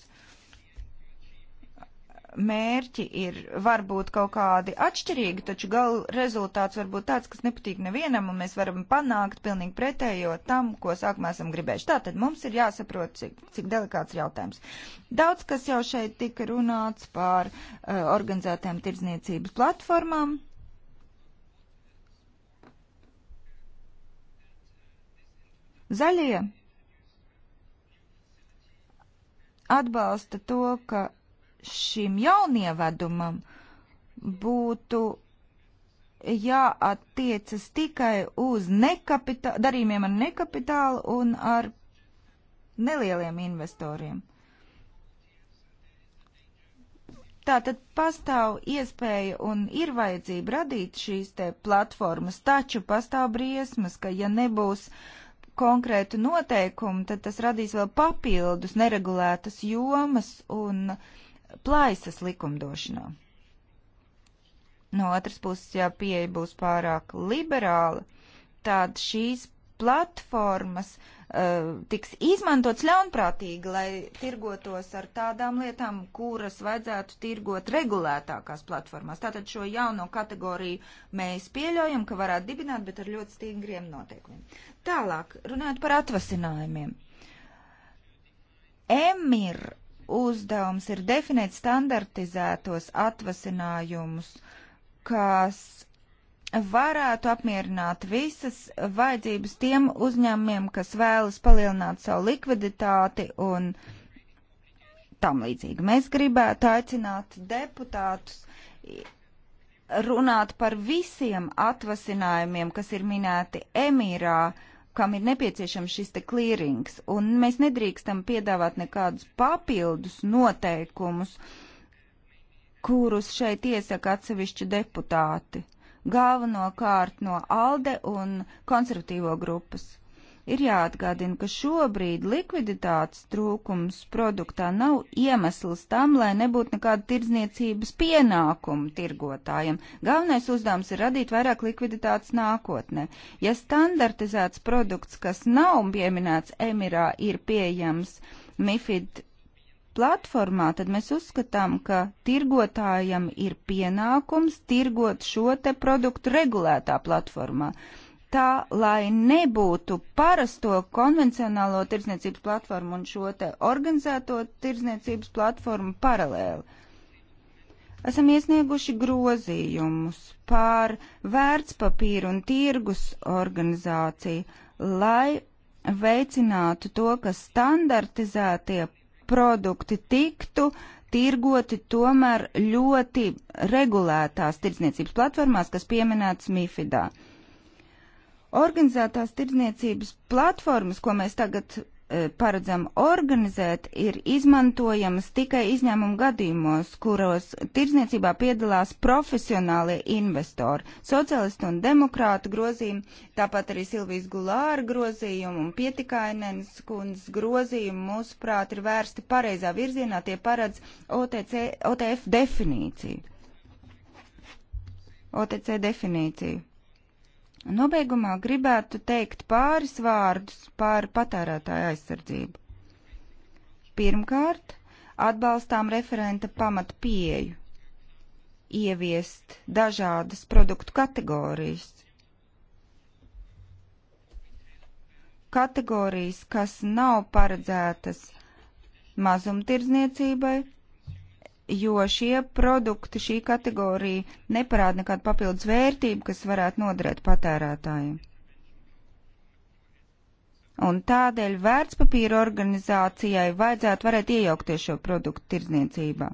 S3: Mērķi ir varbūt kaut kādi atšķirīgi, taču gal rezultāts var būt tāds, kas nepatīk nevienam, un mēs varam panākt pilnīgi pretējo tam, ko sākumā esam gribējuši. Tātad mums ir jāsaprot, cik, cik delikāts jautājums. Daudz, kas jau šeit tika runāts par uh, eh, organizētām tirdzniecības platformām Zaļie atbalsta to, ka šim jaunievedumam būtu jāattiecas tikai uz darījumiem ar nekapitālu un ar nelieliem investoriem. Tātad pastāv iespēja un ir vajadzība radīt šīs te platformas, taču pastāv briesmas, ka ja nebūs konkrētu noteikumu, tad tas radīs vēl papildus neregulētas jomas un plaisas likumdošanā. No otras puses, ja pieeja būs pārāk liberāla, tad šīs platformas uh, tiks izmantots ļaunprātīgi, lai tirgotos ar tādām lietām, kuras vajadzētu tirgot regulētākās platformās. Tātad šo jauno kategoriju mēs pieļaujam, ka varētu dibināt, bet ar ļoti stingriem noteikumiem. Tālāk, runājot par atvasinājumiem. Emir uzdevums ir definēt standartizētos atvasinājumus, kas varētu apmierināt visas vajadzības tiem uzņēmumiem, kas vēlas palielināt savu likviditāti un tam līdzīgi. Mēs gribētu aicināt deputātus runāt par visiem atvasinājumiem, kas ir minēti emīrā, kam ir nepieciešams šis te klīrings, un mēs nedrīkstam piedāvāt nekādus papildus noteikumus, kurus šeit iesaka atsevišķi deputāti galvenokārt no ALDE un konservatīvo grupas. Ir jāatgādina, ka šobrīd likviditātes trūkums produktā nav iemesls tam, lai nebūtu nekāda tirdzniecības pienākuma tirgotājiem. Galvenais uzdevums ir radīt vairāk likviditātes nākotnē. Ja standartizēts produkts, kas nav pieminēts emirā, ir pieejams MIFID platformā, tad mēs uzskatām, ka tirgotājam ir pienākums tirgot šo te produktu regulētā platformā. Tā, lai nebūtu parasto konvencionālo tirdzniecības platformu un šo te organizēto tirdzniecības platformu paralēli. Esam iesnieguši grozījumus pār vērtspapīru un tirgus organizāciju, lai veicinātu to, ka standartizētie produkti tiktu tirgoti tomēr ļoti regulētās tirdzniecības platformās, kas pieminētas MIFIDā. Organizētās tirdzniecības platformas, ko mēs tagad paredzam organizēt, ir izmantojamas tikai izņēmuma gadījumos, kuros tirdzniecībā piedalās profesionālie investori. Socialistu un demokrātu grozījumi, tāpat arī Silvijas Gulāra grozījumi un Pietikainens kundzes grozījumi, mūsuprāt, ir vērsti pareizā virzienā, tie paredz OTC, OTF definīciju. OTC definīciju. Nobeigumā gribētu teikt pāris vārdus par patērētāju aizsardzību. Pirmkārt, atbalstām referenta pamata pieju ieviest dažādas produktu kategorijas. Kategorijas, kas nav paredzētas mazumtirdzniecībai, jo šie produkti, šī kategorija neparāda nekādu papildus vērtību, kas varētu noderēt patērētājiem. Un tādēļ vērtspapīra organizācijai vajadzētu varēt iejaukties šo produktu tirdzniecībā.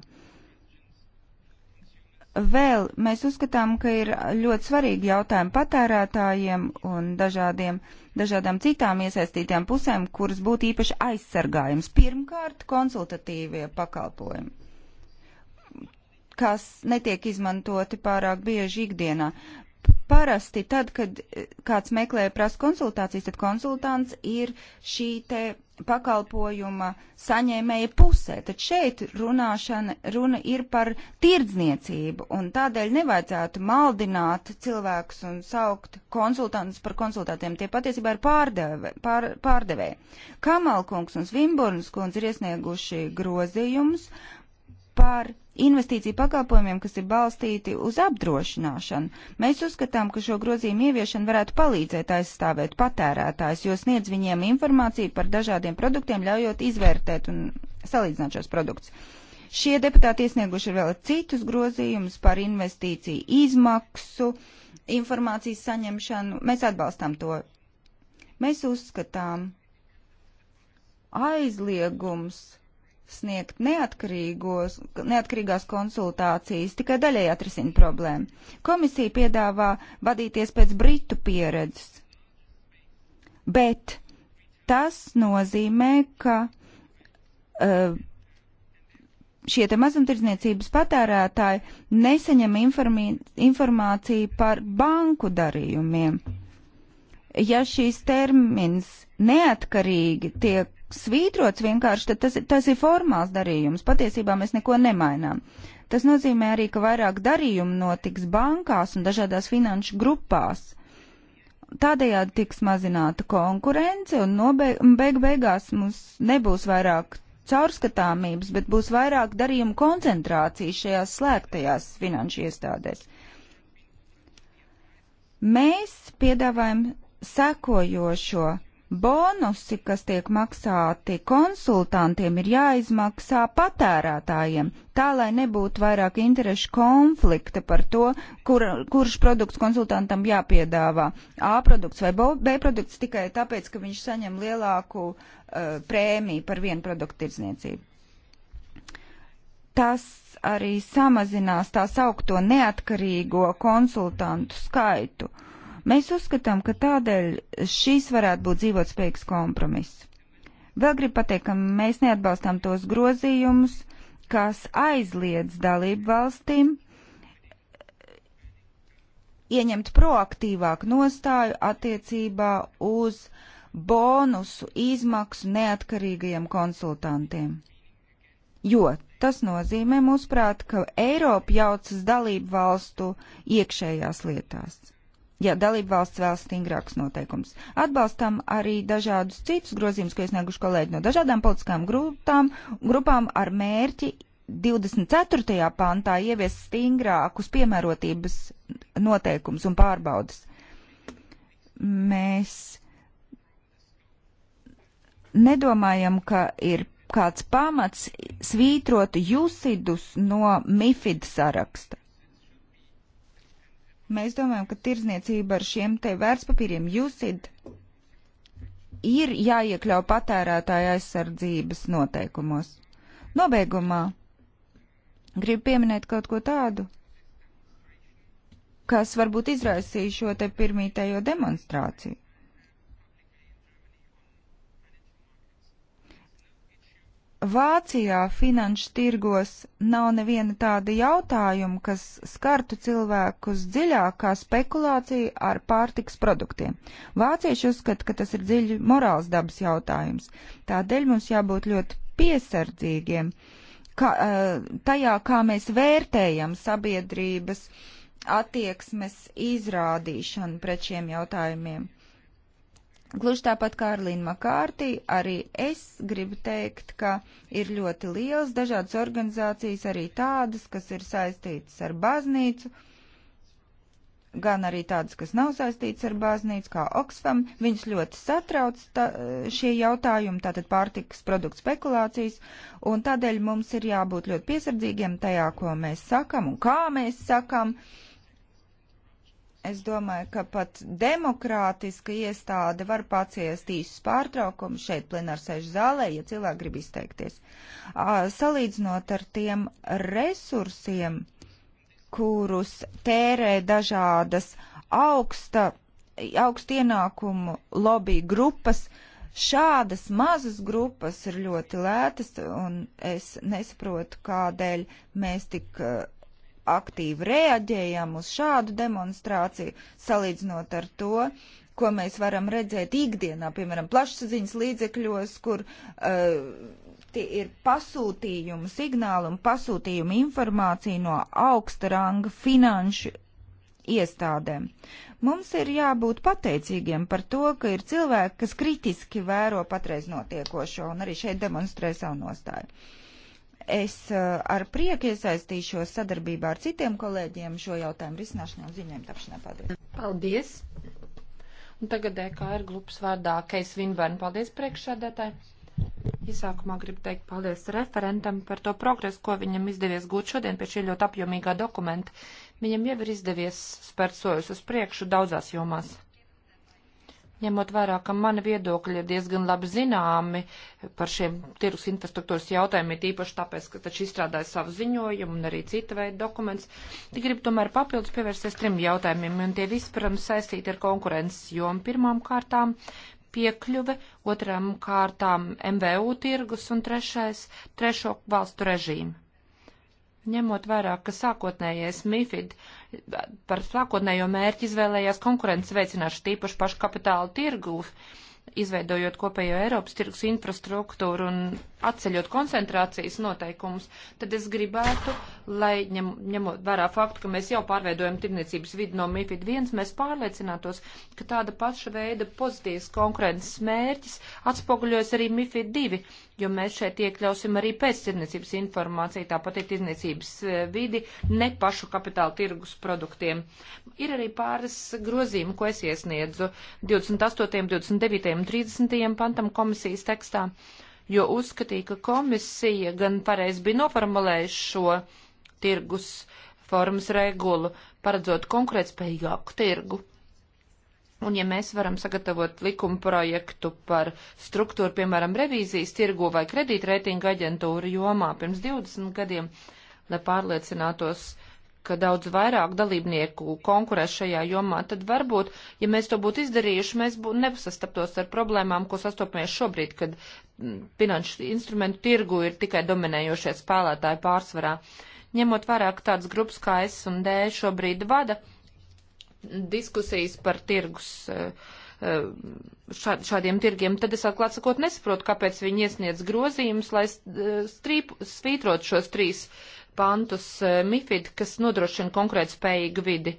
S3: Vēl mēs uzskatām, ka ir ļoti svarīgi jautājumi patērētājiem un dažādiem, dažādām citām iesaistītām pusēm, kuras būtu īpaši aizsargājums. Pirmkārt, konsultatīvie pakalpojumi kas netiek izmantoti pārāk bieži ikdienā. Parasti tad, kad eh, kāds meklē prasa konsultācijas, tad konsultants ir šī te pakalpojuma saņēmēja pusē. Tad šeit runāšana, runa ir par tirdzniecību, un tādēļ nevajadzētu maldināt cilvēkus un saukt konsultantus par konsultantiem. Tie patiesībā ir pārdeve, pār, pārdevēji. Kamalkungs un Svimburns kundze ir iesnieguši grozījumus par investīciju pakalpojumiem, kas ir balstīti uz apdrošināšanu. Mēs uzskatām, ka šo grozījumu ieviešana varētu palīdzēt aizstāvēt patērētājs, jo sniedz viņiem informāciju par dažādiem produktiem, ļaujot izvērtēt un salīdzināt šos produktus. Šie deputāti iesnieguši vēl citus grozījumus par investīciju izmaksu, informācijas saņemšanu. Mēs atbalstām to. Mēs uzskatām aizliegums sniegt neatkarīgās konsultācijas tikai daļēji atrisina problēmu. Komisija piedāvā vadīties pēc britu pieredzes, bet tas nozīmē, ka uh, šie te mazumtirdzniecības patērētāji nesaņem informāciju par banku darījumiem. Ja šīs termins neatkarīgi tiek svītrots vienkārši, tad tas, tas ir formāls darījums. Patiesībā mēs neko nemainām. Tas nozīmē arī, ka vairāk darījumu notiks bankās un dažādās finanšu grupās. Tādējādi tiks mazināta konkurence un nobeig, beig beigās mums nebūs vairāk caurskatāmības, bet būs vairāk darījumu koncentrācijas šajās slēgtajās finanšu iestādēs. Mēs piedāvājam sekojošo bonusi, kas tiek maksāti konsultantiem, ir jāizmaksā patērētājiem, tā lai nebūtu vairāk interešu konflikta par to, kur, kurš produkts konsultantam jāpiedāvā. A produkts vai B produkts tikai tāpēc, ka viņš saņem lielāku uh, prēmiju par vienu produktu tirdzniecību. Tas arī samazinās tā saukto neatkarīgo konsultantu skaitu. Uh, Mēs uzskatām, ka tādēļ šīs varētu būt dzīvotspējīgs kompromiss. Vēl gribu pateikt, ka mēs neatbalstām tos grozījumus, kas aizliedz dalību valstīm ieņemt proaktīvāku nostāju attiecībā uz bonusu izmaksu neatkarīgajiem konsultantiem. Jo tas nozīmē, mūsuprāt, ka Eiropa jaucas dalību valstu iekšējās lietās ja dalība valsts vēl stingrākus noteikumus. Atbalstam arī dažādus citus grozījumus, ko iesnieguši kolēģi no dažādām politiskām grupām, grupām ar mērķi 24. pantā ievies stingrākus piemērotības noteikumus un pārbaudas. Mēs nedomājam, ka ir kāds pamats svītrot Jusidus no Mifid saraksta. Mēs domājam, ka tirzniecība ar šiem te vērtspapīriem jūsid ir jāiekļau patērētāja aizsardzības noteikumos. Nobeigumā gribu pieminēt kaut ko tādu, kas varbūt izraisīja šo te pirmītējo demonstrāciju. Vācijā finanšu tirgos nav neviena tāda jautājuma, kas skartu cilvēkus dziļāk kā spekulācija ar pārtiks produktiem. Vācieši uzskata, ka tas ir dziļi morāls dabas jautājums. Tādēļ mums jābūt ļoti piesardzīgiem kā, eh, tajā, kā mēs vērtējam sabiedrības attieksmes izrādīšanu pret šiem jautājumiem Gluži tāpat kā Arlīna Makārtī, arī es gribu teikt, ka ir ļoti liels dažādas organizācijas, arī tādas, kas ir saistītas ar baznīcu, gan arī tādas, kas nav saistītas ar baznīcu, kā Oxfam. Viņus ļoti satrauc tā, šie jautājumi, tātad pārtikas produktu spekulācijas, un tādēļ mums ir jābūt ļoti piesardzīgiem tajā, ko mēs sakam un kā mēs sakam. Uh, Es domāju, ka pat demokrātiska iestāde var paciest īsus pārtraukumus šeit plenārsēžu zālē, ja cilvēki grib izteikties. Salīdzinot ar tiem resursiem, kurus tērē dažādas augsta, augsta ienākumu lobby grupas, šādas mazas grupas ir ļoti lētas, un es nesaprotu, kādēļ mēs tik uh, aktīvi reaģējam uz šādu demonstrāciju, salīdzinot ar to, ko mēs varam redzēt ikdienā, piemēram, plašsaziņas līdzekļos, kur uh, ir pasūtījumu signāli un pasūtījumu informācija no augsta ranga finanšu iestādēm. Mums ir jābūt pateicīgiem par to, ka ir cilvēki, kas kritiski vēro patreiz notiekošo un arī šeit demonstrē savu nostāju. Uh, Es eh, ar prieku iesaistīšos sadarbībā ar citiem kolēģiem šo jautājumu risināšanā un ziņojumu tapšanā. Paldies! Paldies!
S1: Un tagad EKR grupas vārdā Keis Vinbērn. Paldies priekšsēdētāji! Iesākumā gribu teikt paldies referentam par to progresu, ko viņam izdevies gūt šodien pie šī ļoti apjomīgā dokumenta. Viņam jau ir izdevies spērt soļus uz priekšu daudzās jomās. Ņemot vērā, ka mani viedokļi ir diezgan labi zināmi par šiem tirgus infrastruktūras jautājumiem, tīpaši tāpēc, ka taču izstrādāja savu ziņojumu un arī cita veida dokuments, tik gribu tomēr papildus pievērsties trim jautājumiem, un tie visi, protams, saistīti ar konkurences jomu pirmām kārtām piekļuve, otrām kārtām MVU tirgus un trešais trešo valstu režīmu ņemot vērā, ka sākotnējais MIFID par sākotnējo mērķi izvēlējās konkurences veicināšanu tīpaši pašu kapitāla tirgus izveidojot kopējo Eiropas tirgus infrastruktūru un atceļot koncentrācijas noteikumus, tad es gribētu, lai ņem, ņemot vērā faktu, ka mēs jau pārveidojam tirniecības vidi no MIFID 1, mēs pārliecinātos, ka tāda paša veida pozitīvas konkurences mērķis atspoguļojas arī MIFID 2, jo mēs šeit iekļausim arī pēctirniecības informāciju, tāpat ir tirniecības e, vidi, ne pašu kapitāla tirgus produktiem. Ir arī pāris grozījumi, ko es iesniedzu 28. 29 un 30. pantam komisijas tekstā, jo uzskatīja, ka komisija gan pareizi bija noformulējusi šo tirgus formas regulu, paredzot konkurētspējīgāku tirgu. Un ja mēs varam sagatavot likuma projektu par struktūru, piemēram, revīzijas tirgu vai kredītreitinga aģentūru jomā pirms 20 gadiem, lai pārliecinātos, uh, ka daudz vairāk dalībnieku konkurē šajā jomā, tad varbūt, ja mēs to būtu izdarījuši, mēs būtu nepasastaptos ar problēmām, ko sastopamies šobrīd, kad mm, finanšu instrumentu tirgu ir tikai dominējošie spēlētāji pārsvarā. Ņemot vairāk tādas grupas kā S un D šobrīd vada diskusijas par tirgus. Uh, šādiem tirgiem, tad es atklāt sakot nesaprotu, kāpēc viņi iesniedz grozījumus, lai eh, strīp, svītrot šos trīs pantus eh, MIFID, kas nodrošina konkrēt spējīgu vidi.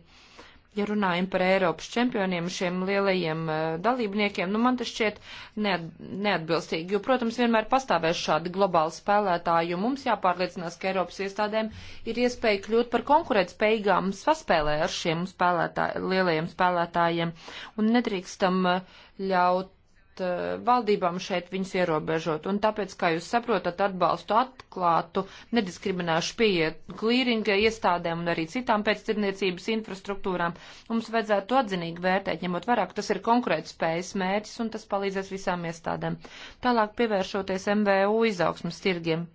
S1: Ja runājam par Eiropas čempioniem, šiem lielajiem eh, dalībniekiem, nu man tas šķiet neat, neatbilstīgi, jo, protams, vienmēr pastāvēs šādi globāli spēlētāji, jo mums jāpārliecinās, ka Eiropas iestādēm ir iespēja kļūt par konkurētspējīgām saspēlē ar šiem spēlētā, lielajiem spēlētājiem, un nedrīkstam eh, ļaut ļaut uh, eh, valdībām šeit viņus ierobežot. Un tāpēc, kā jūs saprotat, atbalstu atklātu, nediskriminēšu pieeja klīringa iestādēm un arī citām pēctirniecības infrastruktūrām. Mums vajadzētu atzinīgi vērtēt, ņemot vairāk, tas ir konkrēts spējas mērķis un tas palīdzēs visām iestādēm. Tālāk pievēršoties MVU izaugsmas tirgiem.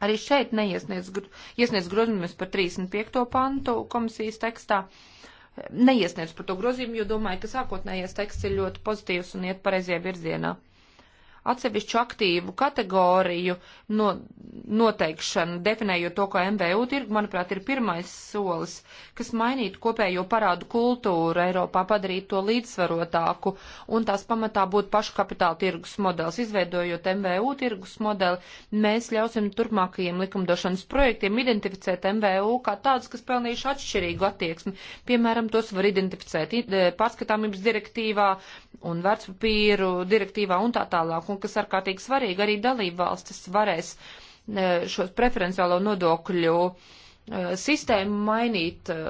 S1: Arī šeit neiesniedz iesniedz grozījumus par 35. pantu komisijas tekstā. Uh, neiesniedz par to grozījumu, jo domāju, ka sākotnējais teksts ir ļoti pozitīvs un iet pareizajā virzienā atsevišķu aktīvu kategoriju no, noteikšanu, definējot to, kā MVU tirgu, manuprāt, ir pirmais solis, kas mainītu kopējo parādu kultūru Eiropā, padarītu to līdzsvarotāku, un tās pamatā būtu pašu kapitāla tirgus modelis. Izveidojot MVU tirgus modeli, mēs ļausim turpmākajiem likumdošanas projektiem identificēt MVU kā tādus, kas pelnījuši atšķirīgu attieksmi. Piemēram, tos var identificēt e, pārskatāmības direktīvā, un vērtspapīru direktīvā un tā tālāk, un kas ārkārtīgi svarīgi, arī dalībvalstis varēs e, šos preferenciālo nodokļu e, sistēmu mainīt e,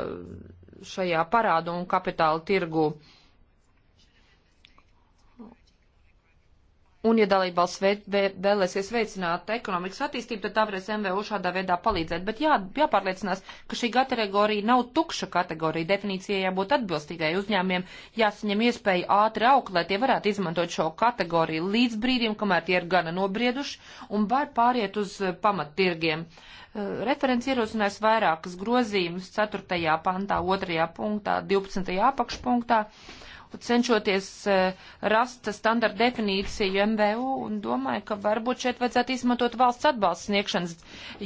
S1: šajā parādu un kapitāla tirgu uh, Un, ja dalībvalsts vēlēsies veicināt ekonomikas attīstību, tad tā varēs MVU šādā veidā palīdzēt. Bet jā, jāpārliecinās, ka šī kategorija nav tukša kategorija. Definīcijai jābūt atbilstīgai uzņēmiem, jāsaņem iespēja ātri augt, lai tie varētu izmantot šo kategoriju līdz brīdim, kamēr tie ir gana nobrieduši un var pāriet uz eh, pamattirgiem. Eh, referents ierosinājis vairākas grozījumus 4. pantā, 2. punktā, 12. apakšpunktā. Uh, cenšoties e, rast standarta definīciju MVU un domāju, ka varbūt šeit vajadzētu izmantot valsts atbalsts sniegšanas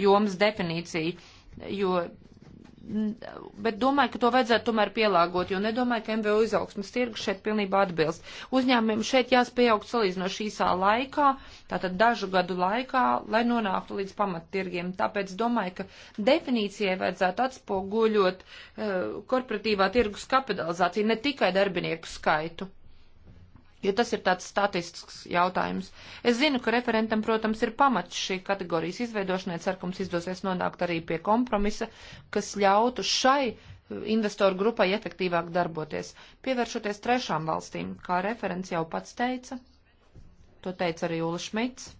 S1: jomas definīciju, jo bet domāju, ka to vajadzētu tomēr pielāgot, jo nedomāju, ka MVU izaugsmas tirgus šeit pilnībā atbilst. Uzņēmumiem šeit jāspējaukt salīdzinoši īsā laikā, tātad dažu gadu laikā, lai nonāktu līdz pamattirgiem. Tāpēc domāju, ka definīcijai vajadzētu atspoguļot uh, korporatīvā tirgus kapitalizāciju, ne tikai darbinieku skaitu jo tas ir tāds statistisks jautājums. Es zinu, ka referentam, protams, ir pamats šī kategorijas izveidošanai, ceru, ka mums izdosies nonākt arī pie kompromisa, kas ļautu šai investoru grupai efektīvāk darboties, pievēršoties trešām valstīm, kā referents jau pats teica, to teica arī Ula Šmits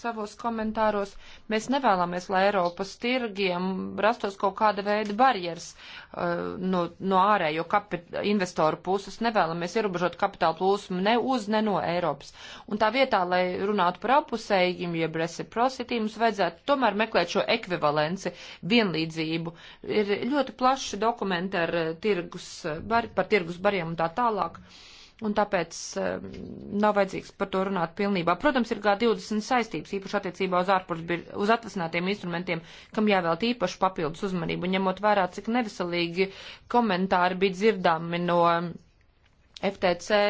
S1: savos komentāros. Mēs nevēlamies, lai Eiropas tirgiem rastos kaut kāda veida barjeras uh, no, no ārējo investoru puses. Nevēlamies ierobežot kapitāla plūsmu ne uz, ne no Eiropas. Un tā vietā, lai runātu par apusējiem, jeb reciprocity, mums vajadzētu tomēr meklēt šo ekvivalenci, vienlīdzību. Ir ļoti plaši dokumenti ar uh, tirgus, uh, bar, par tirgus bariem un tā tālāk. Uh, un tāpēc eh, nav vajadzīgs par to runāt pilnībā. Protams, ir G20 saistības, īpaši attiecībā uz ārpus, uz atvasinātiem instrumentiem, kam jāvēlt īpaši papildus uzmanību, ņemot vērā, cik neveselīgi komentāri bija dzirdami no FTC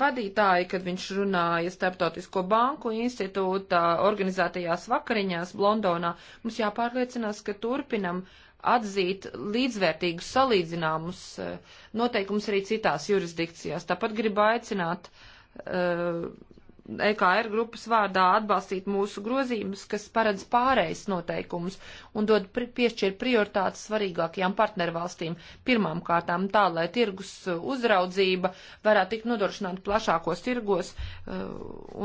S1: vadītāji, kad viņš runāja Starptautisko banku institūta organizētajās vakariņās Londonā, mums jāpārliecinās, ka turpinam atzīt līdzvērtīgus salīdzināmus eh, noteikumus arī citās jurisdikcijās. Tāpat gribu aicināt uh, EKR grupas vārdā atbalstīt mūsu grozījumus, kas paredz pārējais noteikumus un dod pri piešķir prioritātes svarīgākajām partnervalstīm. Pirmām kārtām tā, lai tirgus uzraudzība varētu tikt nodrošināta plašākos tirgos uh,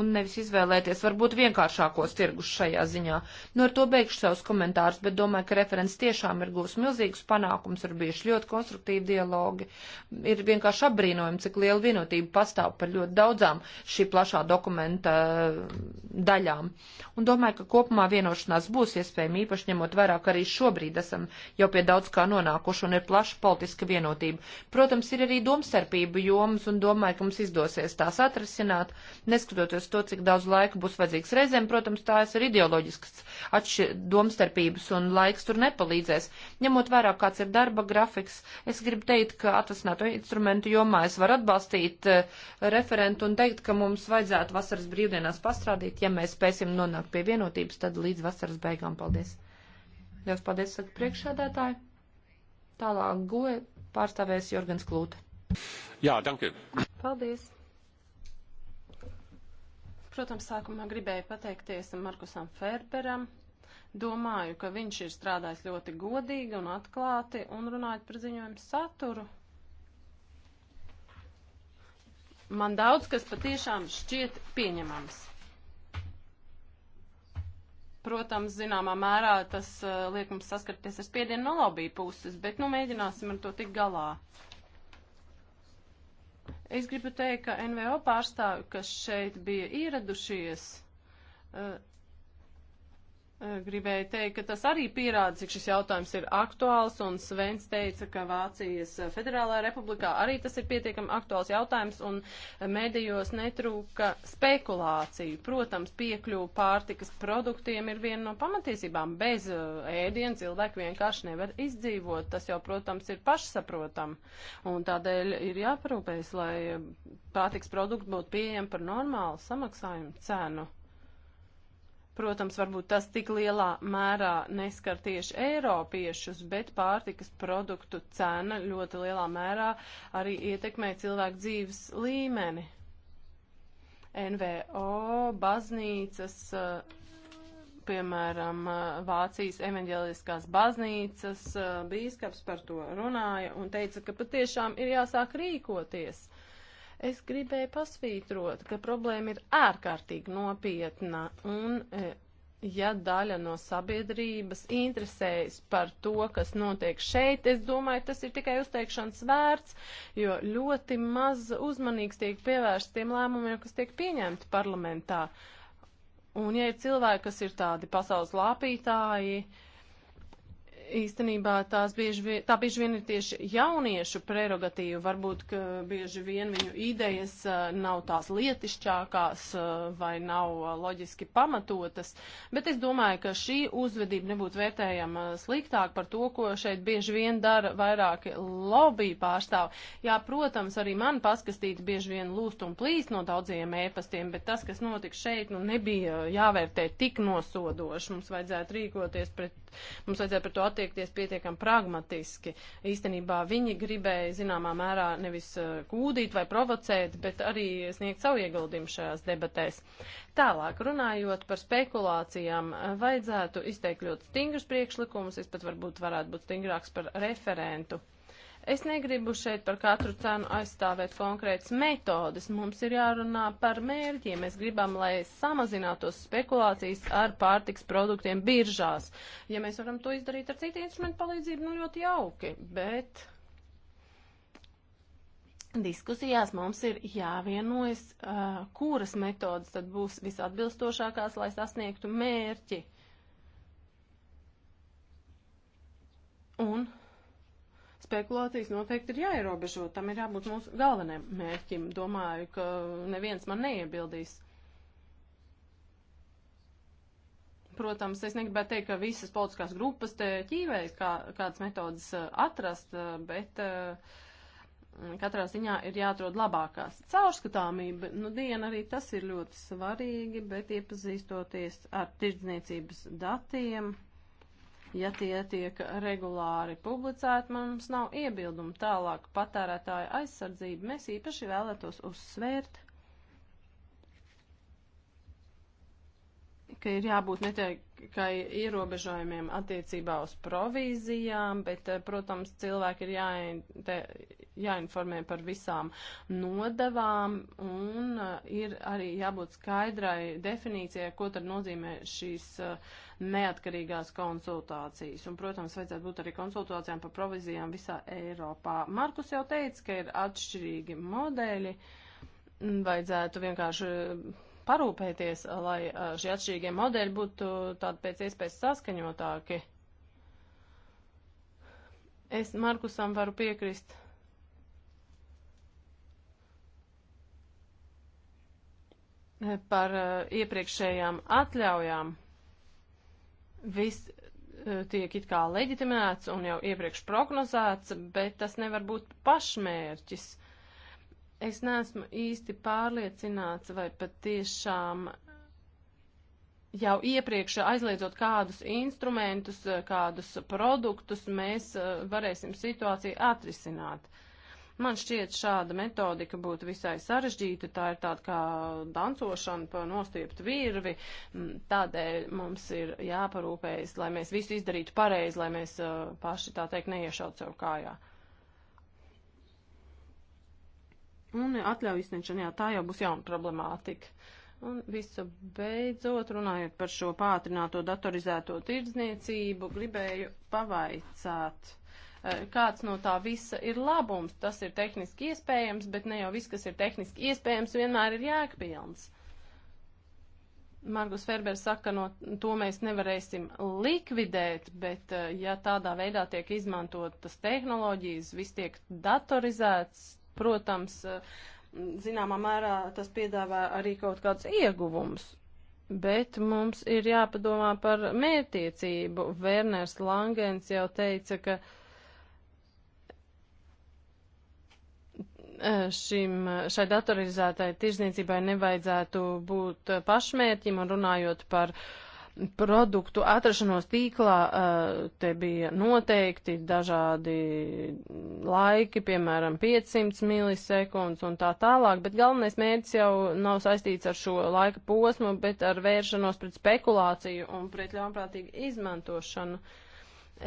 S1: un nevis izvēlēties varbūt vienkāršākos tirgus šajā ziņā. Nu, ar to beigšu savus komentārus, bet domāju, ka referents tiešām ir gūs milzīgus panākums, ir bijuši ļoti konstruktīvi dialogi. Ir vienkārši apbrīnojami, cik liela vienotība pastāv par ļoti daudzām šī plašā dokumenta dokumenta daļām. Un domāju, ka kopumā vienošanās būs iespējama īpaši ņemot vērā, ka arī šobrīd esam jau pie daudz kā nonākuši un ir plaša politiska vienotība. Protams, ir arī domstarpība jomas un domāju, ka mums izdosies tās atrasināt, neskatoties to, cik daudz laika būs vajadzīgs. Reizēm, protams, tās ir ideoloģiskas domstarpības un laiks tur nepalīdzēs. Ņemot vērā, kāds ir darba grafiks, es gribu teikt, ka atrasināto instrumentu jomā es varu atbalstīt eh, referentu un teikt, ka mums vajadzētu vasaras brīvdienās pastrādīt. Ja mēs spēsim nonākt pie vienotības, tad līdz vasaras beigām paldies. Liels paldies, saka priekšsēdētāji. Tālāk goja pārstāvēs Jorgens Klūte.
S4: Jā, danke.
S2: Paldies. Protams, sākumā gribēju pateikties Markusam Ferberam. Domāju, ka viņš ir strādājis ļoti godīgi un atklāti un runājot par ziņojumu saturu man daudz kas patiešām šķiet pieņemams. Protams, zināmā mērā tas uh, liek mums saskarties ar spiedienu no lobby puses, bet nu mēģināsim ar to tik galā. Es gribu teikt, ka NVO pārstāvi, kas šeit bija ieradušies, uh, Gribēju teikt, ka tas arī pierāda, cik šis jautājums ir aktuāls, un Svens teica, ka Vācijas Federālajā republikā arī tas ir pietiekami aktuāls jautājums, un medijos netrūka spekulāciju. Protams, piekļuvu pārtikas produktiem ir viena no pamatiesībām. Bez ēdienu cilvēki vienkārši nevar izdzīvot. Tas jau, protams, ir pašsaprotam, un tādēļ ir jāparūpējas, lai pārtikas produkti būtu pieejami par normālu samaksājumu cenu. Protams, varbūt tas tik lielā mērā neskar tieši eiropiešus, bet pārtikas produktu cena ļoti lielā mērā arī ietekmē cilvēku dzīves līmeni. NVO, baznīcas, eh, piemēram, eh, Vācijas evaņģēliskās baznīcas, eh, bīskaps par to runāja un teica, ka patiešām ir jāsāk rīkoties. Es gribēju pasvītrot, ka problēma ir ārkārtīgi nopietna un e, ja daļa no sabiedrības interesējas par to, kas notiek šeit, es domāju, tas ir tikai uzteikšanas vērts, jo ļoti maz uzmanīgs tiek pievērsts tiem lēmumiem, kas tiek pieņemti parlamentā. Un ja ir cilvēki, kas ir tādi pasaules lāpītāji, uh, īstenībā tās bieži vien, tā bieži vien ir tieši jauniešu prerogatīva. Varbūt, ka bieži vien viņu idejas nav tās lietišķākās vai nav loģiski pamatotas, bet es domāju, ka šī uzvedība nebūtu vērtējama sliktāk par to, ko šeit bieži vien dara vairāki lobby pārstāvi. Jā, protams, arī man paskastīt bieži vien lūst un plīst no daudziem ēpastiem, bet tas, kas notika šeit, nu nebija jāvērtē tik nosodoši. Mums vajadzētu rīkoties pret, mums vajadzētu pret to attiekties attiekties pietiekam pragmatiski. Īstenībā viņi gribēja zināmā mērā nevis eh, kūdīt vai provocēt, bet arī sniegt savu ieguldījumu šajās debatēs. Tālāk, runājot par spekulācijām, eh, vajadzētu izteikt ļoti stingrus priekšlikumus, es pat varbūt varētu būt stingrāks par referentu. Es negribu šeit par katru cenu aizstāvēt konkrētas metodes. Mums ir jārunā par mērķiem. Mēs gribam, lai samazinātos spekulācijas ar pārtiks produktiem biržās. Ja mēs varam to izdarīt ar citu instrumentu palīdzību, nu ļoti jauki, bet diskusijās mums ir jāvienojas, uh, kuras metodas tad būs visatbilstošākās, lai sasniegtu mērķi. Un spekulācijas noteikti ir jāierobežo. Tam ir jābūt mūsu galvenajam mērķim. Domāju, ka neviens man neiebildīs. Protams, es negribētu teikt, ka visas politiskās grupas te ķīvējas kā, kādas metodas eh, atrast, eh, bet eh, katrā ziņā ir jāatrod labākās. Caurskatāmība, nu diena arī tas ir ļoti svarīgi, bet iepazīstoties ar tirdzniecības datiem Ja tie tiek regulāri publicēti, mums nav iebildumu tālāk patērētāju aizsardzību. Mēs īpaši vēlētos uzsvērt, ka ir jābūt ne tikai ierobežojumiem attiecībā uz provīzijām, bet, eh, protams, cilvēki ir jāin, te, jāinformē par visām nodavām un eh, ir arī jābūt skaidrai definīcijai, ko tad nozīmē šīs uh, neatkarīgās konsultācijas. Un, protams, vajadzētu būt arī konsultācijām par provizijām visā Eiropā. Markus jau teica, ka ir atšķirīgi modeļi. Vajadzētu vienkārši parūpēties, lai šie atšķirīgie modeļi būtu tādi pēc iespējas saskaņotāki. Es Markusam varu piekrist. Par iepriekšējām atļaujām viss e, tiek it kā leģitimēts un jau iepriekš prognozēts, bet tas nevar būt pašmērķis. Es neesmu īsti pārliecināts, vai pat tiešām jau iepriekš aizliedzot kādus instrumentus, e, kādus produktus, mēs e, varēsim situāciju atrisināt. Uh, Man šķiet, šāda metodika būtu visai sarežģīta, tā ir tāda kā dancošana pa nostieptu virvi, mm, tādēļ mums ir jāparūpējas, lai mēs visu izdarītu pareizi, lai mēs uh, paši, tā teikt, neiešaut sev kājā. un atļauju izsniegšana, jā, tā jau būs jauna problemātika. Un visu beidzot, runājot par šo pātrināto datorizēto tirdzniecību, gribēju pavaicāt. Eh, kāds no tā visa ir labums. Tas ir tehniski iespējams, bet ne jau viss, kas ir tehniski iespējams, vienmēr ir jēgpilns. Margus Ferbers saka, no to mēs nevarēsim likvidēt, bet eh, ja tādā veidā tiek izmantotas tehnoloģijas, viss tiek datorizēts, protams, eh, zināmā mērā tas piedāvā arī kaut kāds ieguvums. Bet mums ir jāpadomā par mērtiecību. Werners Langens jau teica, ka uh, Eh, šim, šai datorizētai tirzniecībai nevajadzētu būt pašmērķim un runājot par produktu atrašanos tīklā, eh, te bija noteikti dažādi laiki, piemēram, 500 milisekundes un tā tālāk, bet galvenais mērķis jau nav saistīts ar šo laika posmu, bet ar vēršanos pret spekulāciju un pret ļaunprātīgu izmantošanu.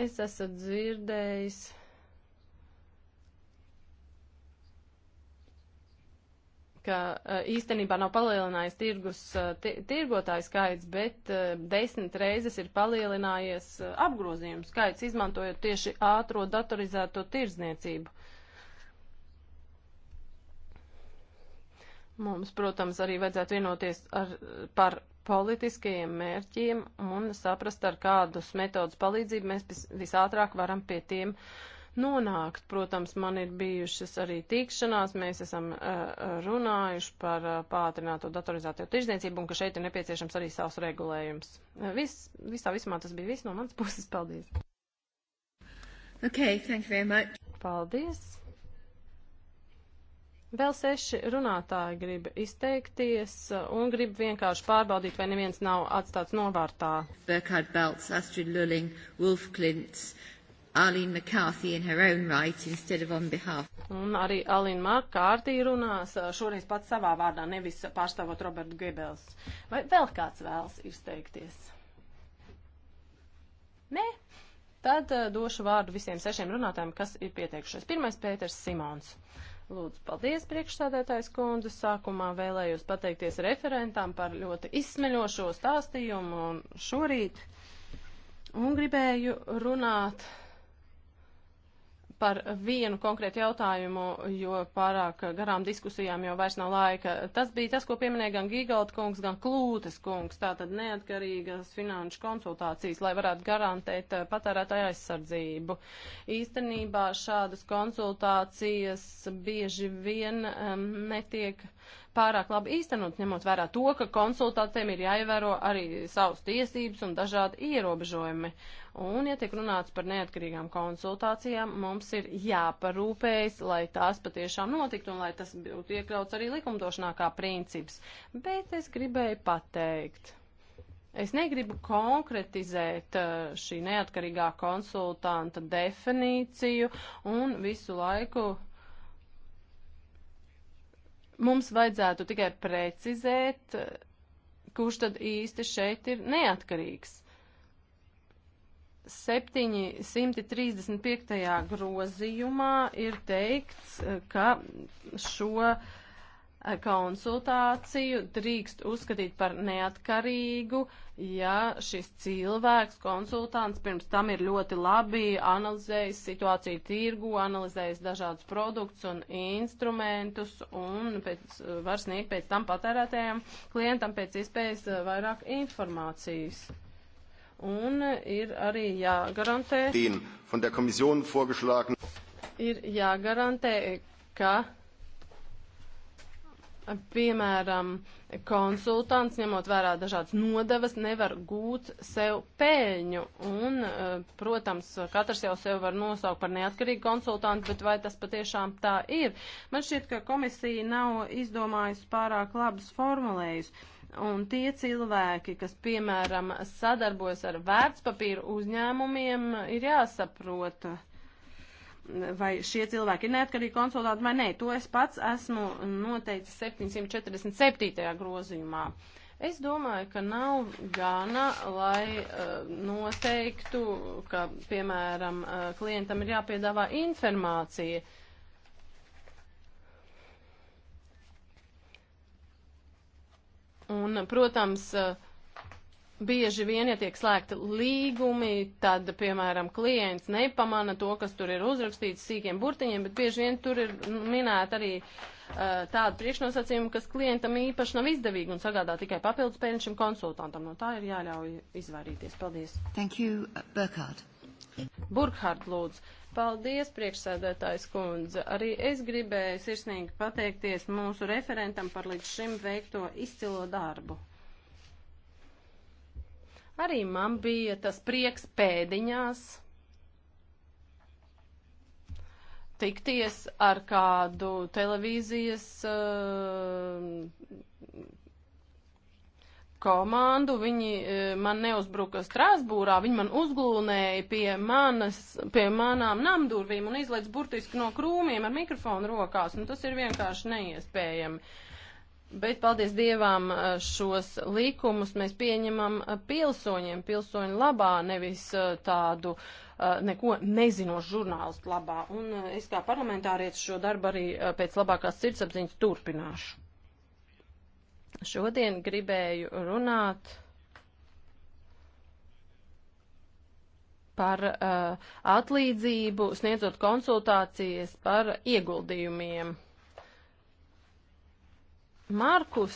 S2: Es esmu dzirdējis ka eh, īstenībā nav palielinājis tirgus eh, tirgotāju skaits, bet eh, desmit reizes ir palielinājies apgrozījums skaits, izmantojot tieši ātro datorizēto tirdzniecību. Mums, protams, arī vajadzētu vienoties ar, par politiskajiem mērķiem un saprast, ar kādus metodus palīdzību mēs visātrāk varam pie tiem uh, nonākt. Protams, man ir bijušas arī tikšanās, mēs esam uh, runājuši par uh, pātrināto datorizēto tirdzniecību un ka šeit ir nepieciešams arī savs regulējums. Uh, vis, visā vismā tas bija viss no manas puses. Paldies! Okay, thank you very much. Paldies! Vēl seši runātāji grib izteikties uh, un grib vienkārši pārbaudīt, vai neviens nav atstāts novārtā. Burkhard Belts, Astrid Lulling, Wolf Klints, Arlene McCarthy in her own right instead of on behalf. Un arī Alina Makārtī runās uh, šoreiz pats savā vārdā, nevis pārstāvot Robertu Gebels. Vai vēl kāds vēlas izteikties? Nē? Tad uh, došu vārdu visiem sešiem runātājiem, kas ir pieteikušies. Pirmais Pēters Simons. Lūdzu, paldies priekšstādētājs kundze. Sākumā vēlējos pateikties referentām par ļoti izsmeļošo stāstījumu un šorīt. Un gribēju runāt par vienu konkrētu jautājumu, jo pārāk garām diskusijām jau vairs nav laika. Tas bija tas, ko pieminēja gan Gigalda kungs, gan Klūtes kungs, tātad neatkarīgas finanšu konsultācijas, lai varētu garantēt eh, patērētāju aizsardzību. Īstenībā šādas konsultācijas bieži vien um, netiek pārāk labi īstenot, ņemot vērā to, ka konsultācijām ir jāievēro arī savas tiesības un dažādi ierobežojumi. Un, ja tiek runāts par neatkarīgām konsultācijām, mums ir jāparūpējas, lai tās patiešām notiktu un lai tas būtu iekļauts arī likumdošanā kā princips. Bet es gribēju pateikt. Es negribu konkretizēt uh, šī neatkarīgā konsultanta definīciju un visu laiku Mums vajadzētu tikai precizēt, eh, kurš tad īsti šeit ir neatkarīgs. 735. grozījumā ir teikts, eh, ka šo uh, konsultāciju drīkst uzskatīt par neatkarīgu, ja šis cilvēks, konsultants, pirms tam ir ļoti labi analizējis situāciju tirgu, analizējis dažādus produktus un instrumentus un pēc, var sniegt pēc tam patērētējiem klientam pēc iespējas vairāk informācijas. Un ir arī jāgarantē. Den von der Kommission vorgeschlagen. Ir jāgarantē, ka piemēram, konsultants, ņemot vērā dažādas nodevas, nevar gūt sev pēļņu. Un, eh, protams, katrs jau sevi var nosaukt par neatkarīgu konsultantu, bet vai tas patiešām tā ir? Man šķiet, ka komisija nav izdomājusi pārāk labus formulējus. Un tie cilvēki, kas, piemēram, sadarbojas ar vērtspapīru uzņēmumiem, ir jāsaprota vai šie cilvēki ir neatkarīgi konsultāti vai nē. To es pats esmu noteicis 747. grozījumā. Es domāju, ka nav gana, lai uh, noteiktu, ka, piemēram, uh, klientam ir jāpiedāvā informācija. Un, protams, uh, Bieži vien, ja tiek slēgta līgumi, tad, piemēram, klients nepamana to, kas tur ir uzrakstīts sīkiem burtiņiem, bet bieži vien tur ir minēta arī uh, tāda priekšnosacījuma, kas klientam īpaši nav izdevīga un sagādā tikai papildus pēļņu šim konsultantam. No tā ir jāļauj izvairīties. Paldies.
S3: Thank you, Burkhard.
S2: Burkhard, lūdzu. Paldies, priekšsēdētājs kundze. Arī es gribēju sirsnīgi pateikties mūsu referentam par līdz šim veikto izcilo darbu. Arī man bija tas prieks pēdiņās tikties ar kādu televīzijas uh, komandu, viņi eh, man neuzbruka Strāsbūrā, viņi man uzglūnēja pie, manas, pie manām namdurvīm un izlaiž burtiski no krūmiem ar mikrofonu rokās, un nu, tas ir vienkārši neiespējami. Bet, paldies Dievam, eh, šos likumus mēs pieņemam eh, pilsoņiem, pilsoņu labā, nevis eh, tādu neko nezinošu žurnālistu labā. Un es kā parlamentārietis šo darbu arī pēc labākās sirdsapziņas turpināšu. Šodien gribēju runāt par uh, atlīdzību, sniedzot konsultācijas par ieguldījumiem. Markus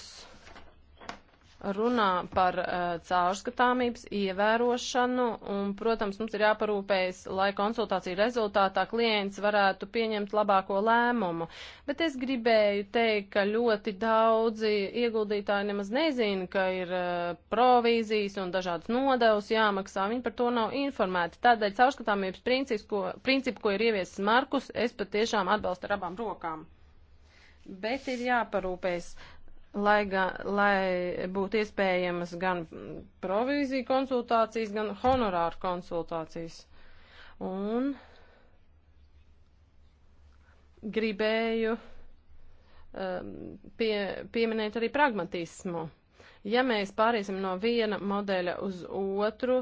S2: runā par uh, caurskatāmības ievērošanu, un, protams, mums ir jāparūpējas, lai konsultāciju rezultātā klients varētu pieņemt labāko lēmumu. Bet es gribēju teikt, ka ļoti daudzi ieguldītāji nemaz nezina, ka ir uh, provīzijas un dažādas nodevas jāmaksā. Viņi par to nav informēti. Tādēļ caurskatāmības principu, ko, principu, ko ir ieviesis Markus, es patiešām atbalstu ar abām rokām bet ir jāparūpēs, lai, ga, lai būtu iespējamas gan provīzija konsultācijas, gan honorāru konsultācijas. Un gribēju um, pie, pieminēt arī pragmatismu. Ja mēs pāriesim no viena modeļa uz otru,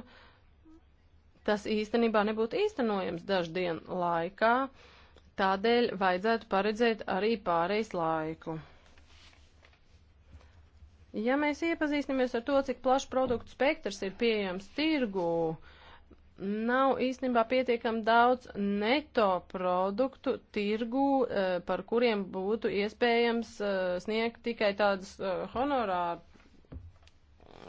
S2: tas īstenībā nebūtu īstenojams dažu dienu laikā. Uh, Tādēļ vajadzētu paredzēt arī pārejas laiku. Ja mēs iepazīstamies ar to, cik plašs produktu spektrs ir pieejams tirgū, nav īstenībā pietiekami daudz neto produktu tirgū, eh, par kuriem būtu iespējams eh, sniegt tikai tādas eh, honorāru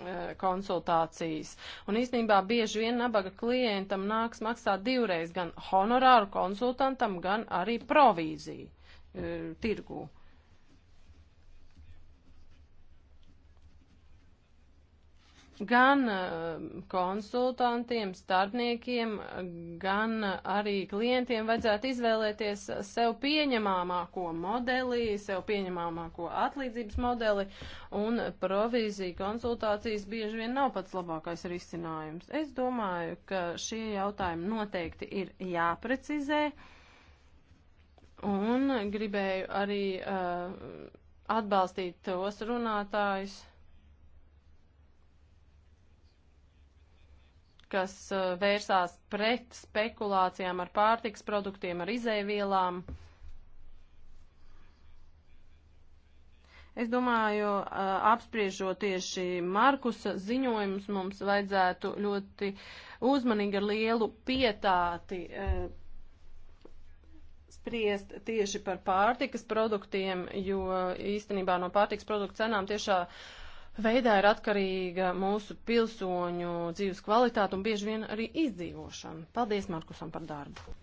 S2: Eh, konsultācijas. Un īstenībā bieži vien nabaga klientam nāks maksāt divreiz gan honorāru konsultantam, gan arī provīziju eh, tirgū. gan eh, konsultantiem, starpniekiem, gan arī klientiem vajadzētu izvēlēties sev pieņemamāko modeli, sev pieņemamāko atlīdzības modeli, un provīzija konsultācijas bieži vien nav pats labākais risinājums. Es domāju, ka šie jautājumi noteikti ir jāprecizē, un gribēju arī uh, atbalstīt tos runātājus kas eh, vērsās pret spekulācijām ar pārtiks produktiem, ar izēvielām. Es domāju, eh, apspriežot tieši Markusa ziņojumus, mums vajadzētu ļoti uzmanīgi ar lielu pietāti eh, spriest tieši par pārtikas produktiem, jo īstenībā no pārtikas produktu cenām tiešā uh, veidā ir atkarīga mūsu pilsoņu dzīves kvalitāte un bieži vien arī izdzīvošana. Paldies Markusam par darbu.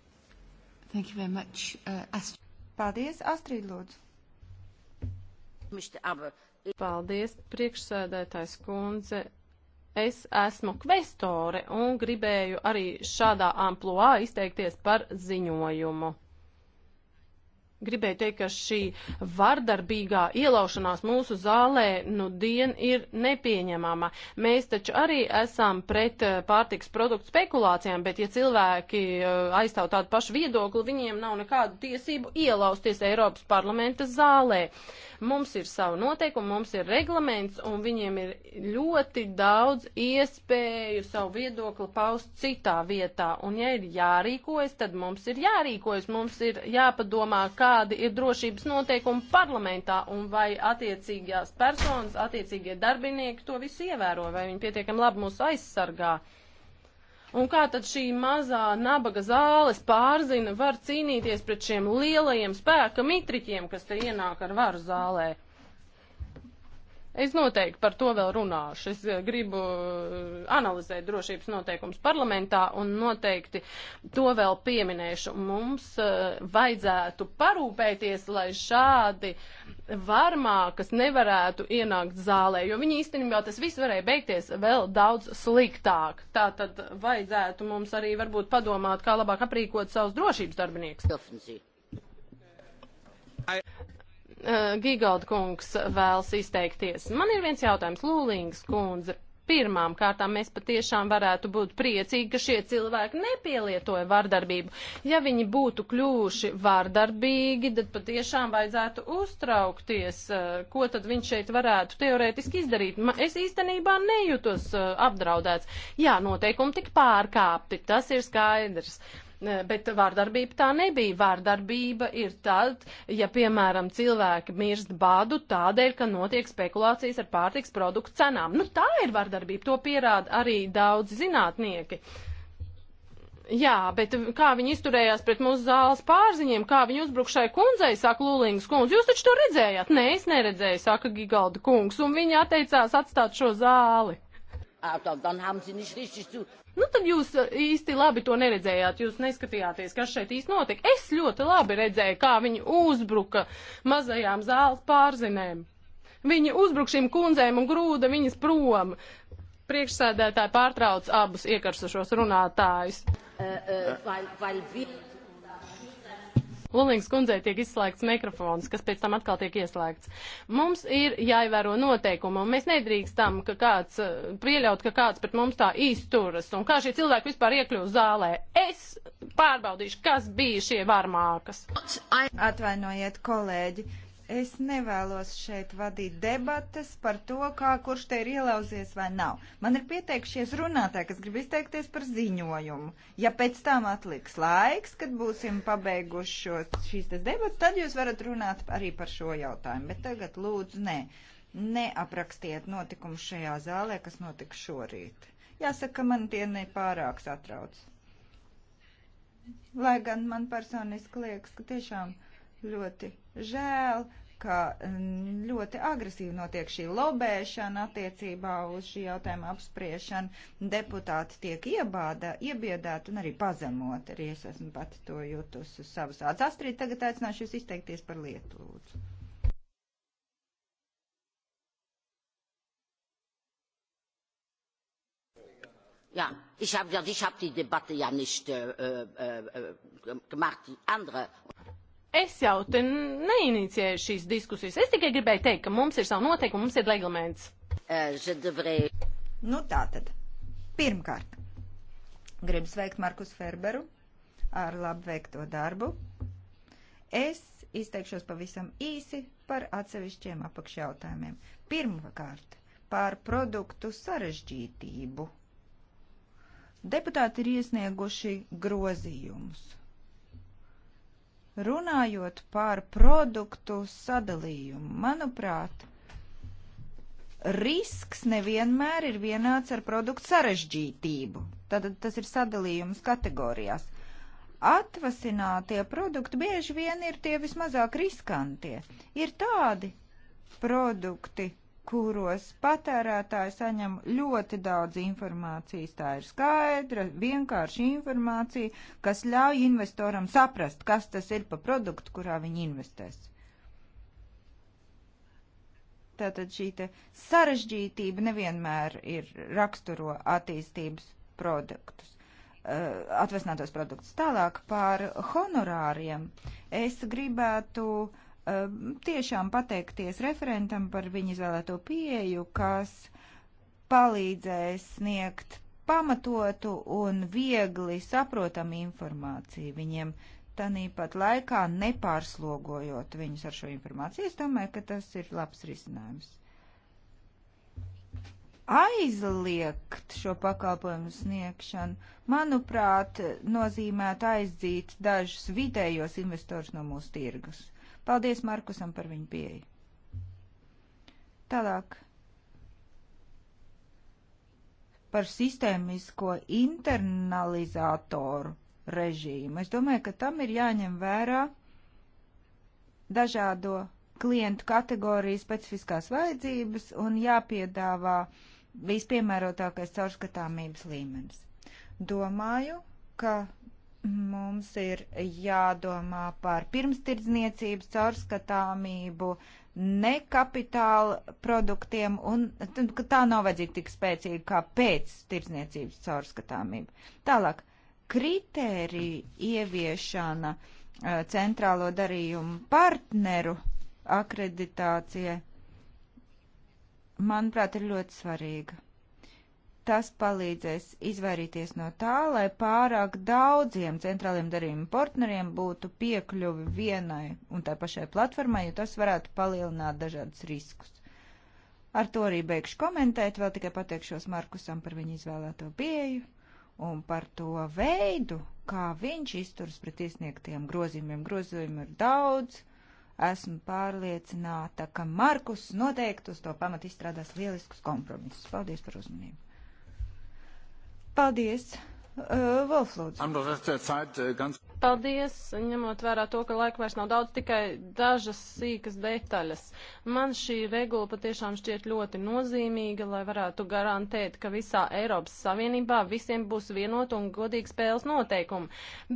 S2: Thank you very much. Uh, Astrid. Paldies, Astrid Lūdzu. Paldies, priekšsēdētājs kundze. Es esmu kvestore un gribēju arī šādā amploā izteikties par ziņojumu. Gribēju teikt, ka šī vardarbīgā ielaušanās mūsu zālē nu dien ir nepieņemama. Mēs taču arī esam pret eh, pārtiks produktu spekulācijām, bet ja cilvēki eh, aizstāv tādu pašu viedokli, viņiem nav nekādu tiesību ielausties Eiropas parlamenta zālē. Uh, Mums ir savu noteikumu, mums ir reglaments, un viņiem ir ļoti daudz iespēju savu viedokli paust citā vietā. Un ja ir jārīkojas, tad mums ir jārīkojas, mums ir jāpadomā, kādi ir drošības noteikumi parlamentā, un vai attiecīgās personas, attiecīgie darbinieki to visu ievēro, vai viņi pietiekami labi mūs aizsargā. Un kā tad šī mazā nabaga zāles pārzina var cīnīties pret šiem lielajiem spēka mitriķiem, kas te ienāk ar varu zālē? Es noteikti par to vēl runāšu. Es eh, gribu eh, analizēt drošības noteikums parlamentā un noteikti to vēl pieminēšu. Mums eh, vajadzētu parūpēties, lai šādi varmākas nevarētu ienākt zālē, jo viņi īstenībā tas viss varēja beigties vēl daudz sliktāk. Tā tad vajadzētu mums arī varbūt padomāt, kā labāk aprīkot savus drošības darbiniekus. I... Eh, Gigalda kungs vēlas izteikties. Man ir viens jautājums, Lūlīngas kundze. Pirmām kārtām mēs patiešām varētu būt priecīgi, ka šie cilvēki nepielietoja vardarbību. Ja viņi būtu kļuvuši vardarbīgi, tad patiešām vajadzētu uztraukties, eh, ko tad viņš šeit varētu teorētiski izdarīt. Es īstenībā nejūtos eh, apdraudēts. Jā, noteikumi tik pārkāpti, tas ir skaidrs. Uh, bet vārdarbība tā nebija. Vārdarbība ir tad, ja, piemēram, cilvēki mirst badu tādēļ, ka notiek spekulācijas ar pārtiks produktu cenām. Nu, tā ir vārdarbība, to pierāda arī daudz zinātnieki. Jā, bet kā viņi izturējās pret mūsu zāles pārziņiem, kā viņi uzbruka šai kundzei, saka Lulīngas kundze, jūs taču to redzējāt? Nē, es neredzēju, saka Gigalda kungs, un viņi atteicās atstāt šo zāli. Ah, nu, tad jūs eh, īsti labi to neredzējāt, jūs neskatījāties, kas šeit īsti notika. Es ļoti labi redzēju, kā viņi uzbruka mazajām zāles pārzinēm. Viņi uzbruka šīm kundzēm un grūda viņas prom. Priekšsēdētāji pārtrauc abus iekarsušos runātājus. Uh, uh, vai, vai... Ulings kundzei tiek izslēgts mikrofons, kas pēc tam atkal tiek ieslēgts. Mums ir jāievēro noteikumi, un mēs nedrīkstam, ka kāds eh, pieļaut, ka kāds pret mums tā izturas, un kā šie cilvēki vispār iekļūst zālē. Es pārbaudīšu, kas bija šie varmākas.
S3: Atvainojiet, kolēģi Es nevēlos šeit vadīt debates par to, kā kurš te ir ielauzies vai nav. Man ir pieteikšies runātāji, kas grib izteikties par ziņojumu. Ja pēc tam atliks laiks, kad būsim pabeiguši šo, šīs debatas, tad jūs varat runāt arī par šo jautājumu. Bet tagad lūdzu, nē, neaprakstiet notikumu šajā zālē, kas notika šorīt. Jāsaka, man tie nepārāk satrauc. Lai gan man personiski liekas, ka tiešām Ļoti žēl, ka ļoti agresīvi notiek šī lobēšana attiecībā uz šī jautājuma apspriešanu. Deputāti tiek iebāda, iebiedēti un arī pazemot. Arī es esmu pati to jutusi uz savas ādas. Astrid, tagad aicināšu jūs izteikties par lietu, lūdzu.
S2: Ja, ich habe ja, ich hab die Debatte ja nicht äh, äh, äh gemacht, die andere. Es jau te neinicēju šīs diskusijas. Es tikai gribēju teikt, ka mums ir savu noteikumu, mums ir reglaments. Nu tā tad. Pirmkārt, gribu sveikt Markus Ferberu ar
S3: labveikto darbu. Es izteikšos pavisam īsi par atsevišķiem apakšjautājumiem. Pirmkārt, par produktu sarežģītību. Deputāti ir iesnieguši grozījumus Runājot par produktu sadalījumu, manuprāt, risks nevienmēr ir vienāds ar produktu sarežģītību. Tad tas ir sadalījums kategorijās. Atvasinātie produkti bieži vien ir tie vismazāk riskantie. Ir tādi produkti, kuros patērētāji saņem ļoti daudz informācijas. Tā ir skaidra, vienkārša informācija, kas ļauj investoram saprast, kas tas ir pa produktu, kurā viņi investēs. Tātad šī te sarežģītība nevienmēr ir raksturo attīstības produktus, uh, atvesinātos produktus. Tālāk par honorāriem. Es gribētu uh, Um, tiešām pateikties referentam par viņa izvēlēto pieeju, kas palīdzēs sniegt pamatotu un viegli saprotamu informāciju viņiem, tanīpat laikā nepārslogojot viņus ar šo informāciju. Es domāju, ka tas ir labs risinājums. Aizliegt šo pakalpojumu sniegšanu, manuprāt, nozīmētu aizdzīt dažus vidējos investorus no mūsu tirgus. Uh, Paldies Markusam par viņu pieeju. Tālāk par sistēmisko internalizatoru režīmu. Es domāju, ka tam ir jāņem vērā dažādo klientu kategoriju specifiskās vajadzības un jāpiedāvā vispiemērotākais caurskatāmības līmenis. Domāju, ka mums ir jādomā par pirmstirdzniecības caurskatāmību, ne kapitāla produktiem, un tā nav vajadzīga tik spēcīga kā pēc tirdzniecības caurskatāmība. Tālāk, kritērija ieviešana centrālo darījumu partneru akreditācijai, manuprāt, ir ļoti svarīga. Tas palīdzēs izvairīties no tā, lai pārāk daudziem centrāliem darījuma partneriem būtu piekļuvi vienai un tai pašai platformai, jo tas varētu palielināt dažādus riskus. Ar to arī beigšu komentēt, vēl tikai pateikšos Markusam par viņa izvēlēto pieeju un par to veidu, kā viņš izturas pret iesniegtiem grozījumiem. Grozījumi ir daudz. Esmu pārliecināta, ka Markus noteikti uz to pamatu izstrādās lieliskus kompromisus. Paldies par uzmanību! Paldies! Valf, э,
S4: lūdzu. Äh,
S2: Paldies, ņemot vērā to, ka laika vairs nav daudz, tikai dažas sīkas detaļas. Man šī regula patiešām šķiet ļoti nozīmīga, lai varētu garantēt, ka visā Eiropas Savienībā visiem būs vienot un godīgi spēles noteikumi.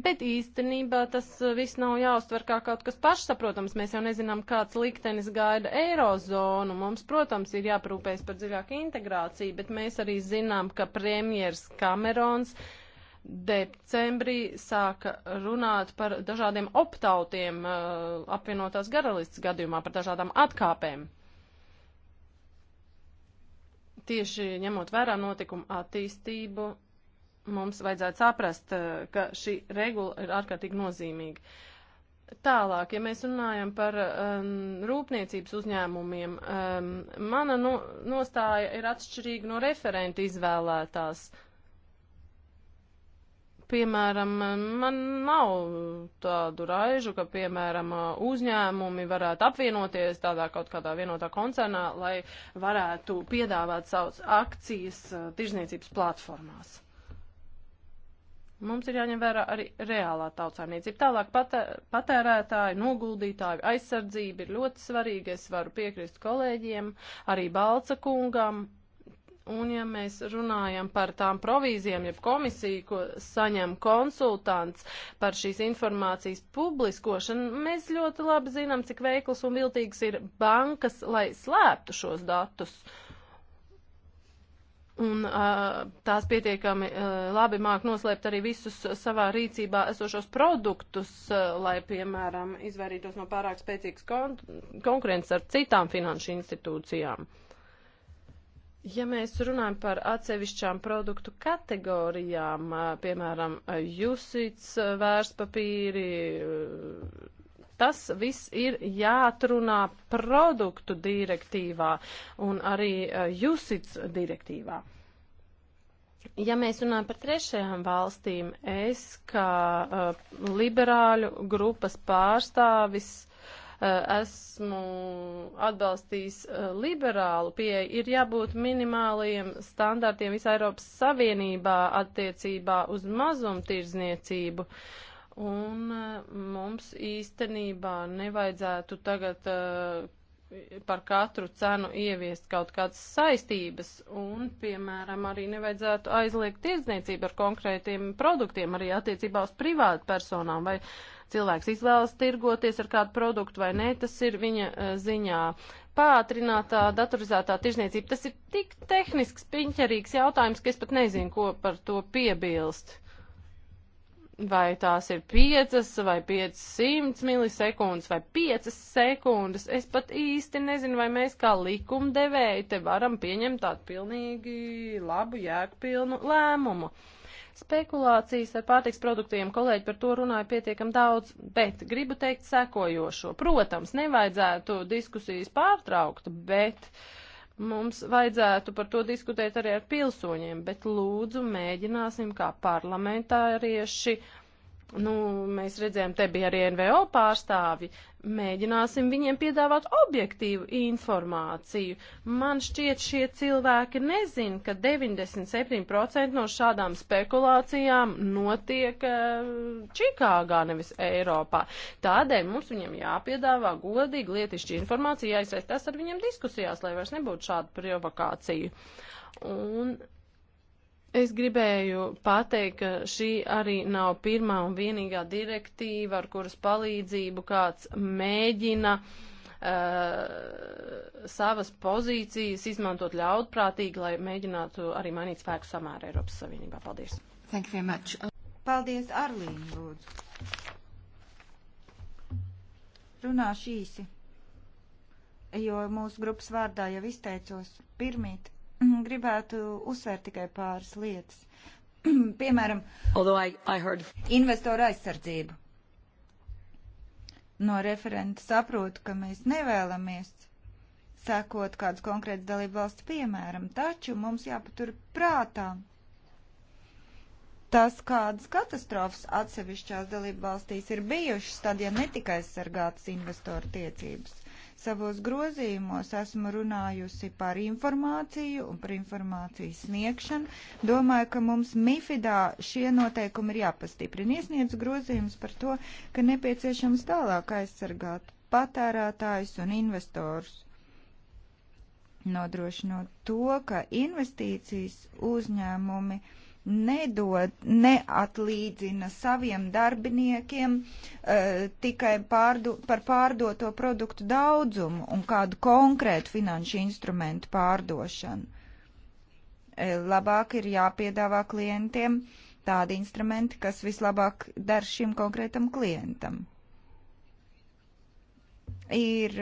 S2: Bet īstenībā tas e, viss nav jāuztver kā kaut kas pašsaprotams. Mēs jau nezinām, kāds liktenis gaida Eirozonu. Mums, protams, ir jāprūpējas par dziļāku integrāciju, bet mēs arī zinām, ka premjers Kamerons decembrī sāka runāt par dažādiem optautiem uh, apvienotās garalistas gadījumā, par dažādām atkāpēm. Tieši ņemot vērā notikumu attīstību, mums vajadzētu saprast, uh, ka šī regula ir ārkārtīgi nozīmīga. Tālāk, ja mēs runājam par um, rūpniecības uzņēmumiem, um, mana no, nostāja ir atšķirīga no referenta izvēlētās. Uh, piemēram, man nav tādu raižu, ka, piemēram, uzņēmumi varētu apvienoties tādā kaut kādā vienotā koncernā, lai varētu piedāvāt savus akcijas eh, tirzniecības platformās. Mums ir jāņem vērā arī reālā tautsāniecība. Tālāk patē, patērētāji, noguldītāji, aizsardzība ir ļoti svarīga. Es varu piekrist kolēģiem, arī Balca kungam, Un ja mēs runājam par tām provīzijām, jeb komisiju, ko saņem konsultants par šīs informācijas publiskošanu, mēs ļoti labi zinām, cik veikls un viltīgs ir bankas, lai slēptu šos datus. Un uh, tās pietiekami uh, labi māk noslēpt arī visus savā rīcībā esošos produktus, uh, lai, piemēram, izvairītos no pārāk spēcīgas kon konkurences ar citām finanšu institūcijām. Uh, Ja mēs runājam par atsevišķām produktu kategorijām, piemēram, jūsīts vērtspapīri, tas viss ir jāatrunā produktu direktīvā un arī jūsīts direktīvā. Ja mēs runājam par trešajām valstīm, es kā uh, liberāļu grupas pārstāvis Eh, esmu atbalstījis eh, liberālu pieeju. Ir jābūt minimāliem standartiem visā Eiropas Savienībā attiecībā uz mazumtirdzniecību. Un eh, mums īstenībā nevajadzētu tagad par katru cenu ieviest kaut kādas saistības un, piemēram, arī nevajadzētu aizliegt tirdzniecību ar konkrētiem produktiem, arī attiecībā uz privātu personām vai cilvēks izvēlas tirgoties ar kādu produktu vai nē, tas ir viņa eh, ziņā. Pātrinātā datorizētā tirzniecība, tas ir tik tehnisks, piņķerīgs jautājums, ka es pat nezinu, ko par to piebilst. Vai tās ir 5 vai 500 milisekundes vai 5 sekundes, es pat īsti nezinu, vai mēs kā likumdevēji te varam pieņemt tādu pilnīgi labu, jēgpilnu lēmumu. Uh, Spekulācijas ar pārtiks produktiem kolēģi par to runāja pietiekam daudz, bet gribu teikt sekojošo. Protams, nevajadzētu diskusijas pārtraukt, bet. Mums vajadzētu par to diskutēt arī ar pilsoņiem, bet lūdzu mēģināsim kā parlamentārieši uh, Nu, mēs redzējām, te bija arī NVO pārstāvi. Mēģināsim viņiem piedāvāt objektīvu informāciju. Man šķiet, šie cilvēki nezin, ka 97% no šādām spekulācijām notiek uh, Čikāgā, nevis Eiropā. Tādēļ mums viņiem jāpiedāvā godīgi lietišķi informācija, jāizsaistās ar viņiem diskusijās, lai vairs nebūtu šāda provokācija. Un Es gribēju pateikt, ka šī arī nav pirmā un vienīgā direktīva, ar kuras palīdzību kāds mēģina uh, savas pozīcijas izmantot ļautprātīgi, lai mēģinātu arī mainīt spēku samērā Eiropas Savienībā. Paldies!
S3: Thank you very much. Paldies, Arlīna, lūdzu. Runāšu īsi, jo mūsu grupas vārdā jau izteicos pirmīt. Mm, gribētu uzsvērt tikai pāris lietas. Piemēram, I, I heard... investoru aizsardzību. No referenta saprotu, ka mēs nevēlamies sekot kādas konkrētas dalību valsts piemēram, taču mums jāpatur prātā tas, kādas katastrofas atsevišķās dalību valstīs ir bijušas, tad, ja netika aizsargātas investoru tiecības. Savos grozījumos esmu runājusi par informāciju un par informācijas sniegšanu. Domāju, ka mums MIFIDā šie noteikumi ir jāpastiprina. Iesniedz grozījums par to, ka nepieciešams tālāk aizsargāt patērētājus un investorus nodrošinot to, ka investīcijas uzņēmumi uh, nedod, neatlīdzina saviem darbiniekiem uh, tikai pārdo, par pārdoto produktu daudzumu un kādu konkrētu finanšu instrumentu pārdošanu. Uh, labāk ir jāpiedāvā klientiem tādi instrumenti, kas vislabāk der šim konkrētam klientam ir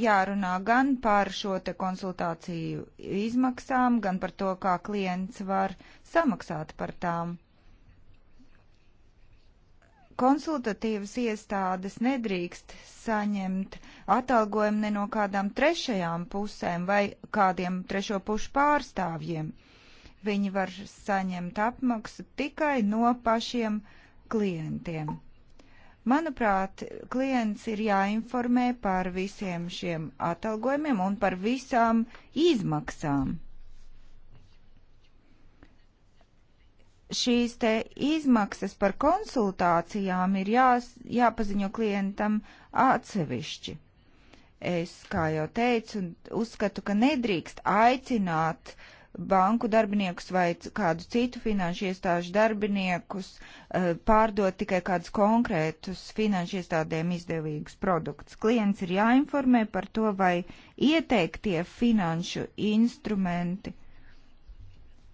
S3: jārunā gan par šo te konsultāciju izmaksām, gan par to, kā klients var samaksāt par tām. Konsultatīvas iestādes nedrīkst saņemt atalgojumu ne no kādām trešajām pusēm vai kādiem trešo pušu pārstāvjiem. Viņi var saņemt apmaksu tikai no pašiem klientiem. Manuprāt, klients ir jāinformē par visiem šiem atalgojumiem un par visām izmaksām. Šīs te izmaksas par konsultācijām ir jā, jāpaziņo klientam atsevišķi. Es, kā jau teicu, uzskatu, ka nedrīkst aicināt uh, banku darbiniekus vai kādu citu finanšu iestāžu darbiniekus eh, pārdot tikai kādus konkrētus finanšu iestādēm izdevīgus produktus. Klients ir jāinformē par to, vai ieteiktie finanšu instrumenti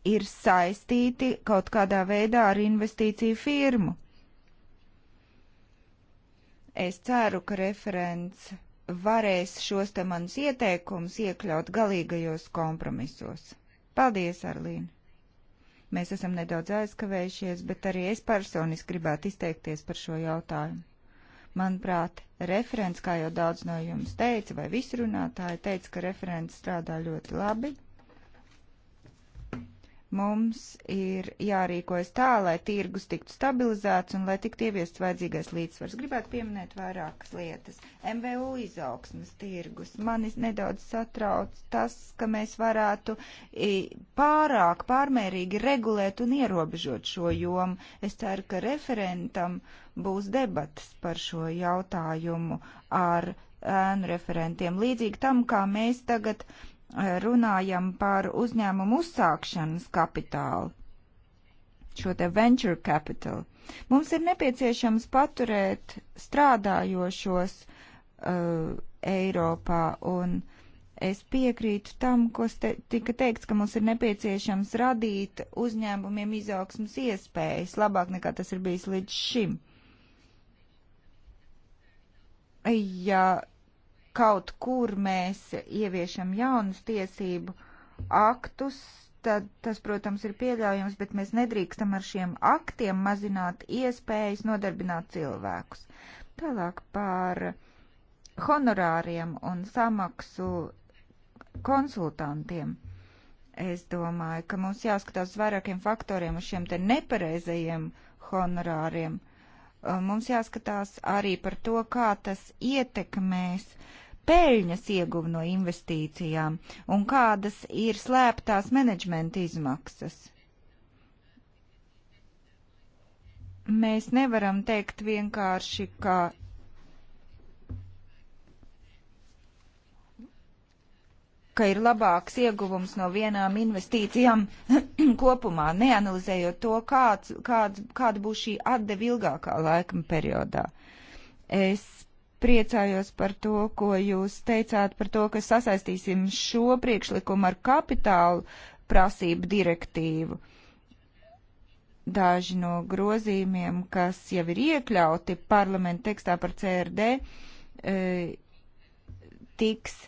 S3: ir saistīti kaut kādā veidā ar investīciju firmu. Es ceru, ka referents varēs šos te manus ieteikumus iekļaut galīgajos kompromisos. Paldies, Arlīna! Mēs esam nedaudz aizkavējušies, bet arī es personiski gribētu izteikties par šo jautājumu. Manuprāt, referents, kā jau daudz no jums teica, vai visi runātāji teica, ka referents strādā ļoti labi Mums ir jārīkojas tā, lai tirgus tiktu stabilizēts un lai tiktu ieviests vajadzīgais līdzsvars. Gribētu pieminēt vairākas lietas. MVU izaugsmas tirgus. Manis nedaudz satrauc tas, ka mēs varētu pārāk pārmērīgi regulēt un ierobežot šo jomu. Es ceru, ka referentam būs debatas par šo jautājumu ar ēnu referentiem. Līdzīgi tam, kā mēs tagad uh, runājam par uzņēmumu uzsākšanas kapitālu, šo te venture capital, mums ir nepieciešams paturēt strādājošos uh, Eiropā un es piekrītu tam, kas te, tika teikts, ka mums ir nepieciešams radīt uzņēmumiem izaugsmas iespējas labāk nekā tas ir bijis līdz šim. Ja kaut kur mēs ieviešam jaunus tiesību aktus, tad tas, protams, ir pieļaujams, bet mēs nedrīkstam ar šiem aktiem mazināt iespējas nodarbināt cilvēkus. Tālāk par honorāriem un samaksu konsultantiem. Es domāju, ka mums jāskatās vairākiem faktoriem uz šiem te nepareizajiem honorāriem Uh, mums jāskatās arī par to, kā tas ietekmēs peļņas ieguvu no investīcijām un kādas ir slēptās menedžmenta izmaksas. Mēs nevaram teikt vienkārši, ka ka ir labāks ieguvums no vienām investīcijām kopumā, neanalizējot to, kāds, kāds, kāda būs šī atdeva ilgākā laika periodā. Es priecājos par to, ko jūs teicāt par to, ka sasaistīsim šo priekšlikumu ar kapitālu prasību direktīvu. Daži no grozījumiem, kas jau ir iekļauti parlamenta tekstā par CRD, e, eh, tiks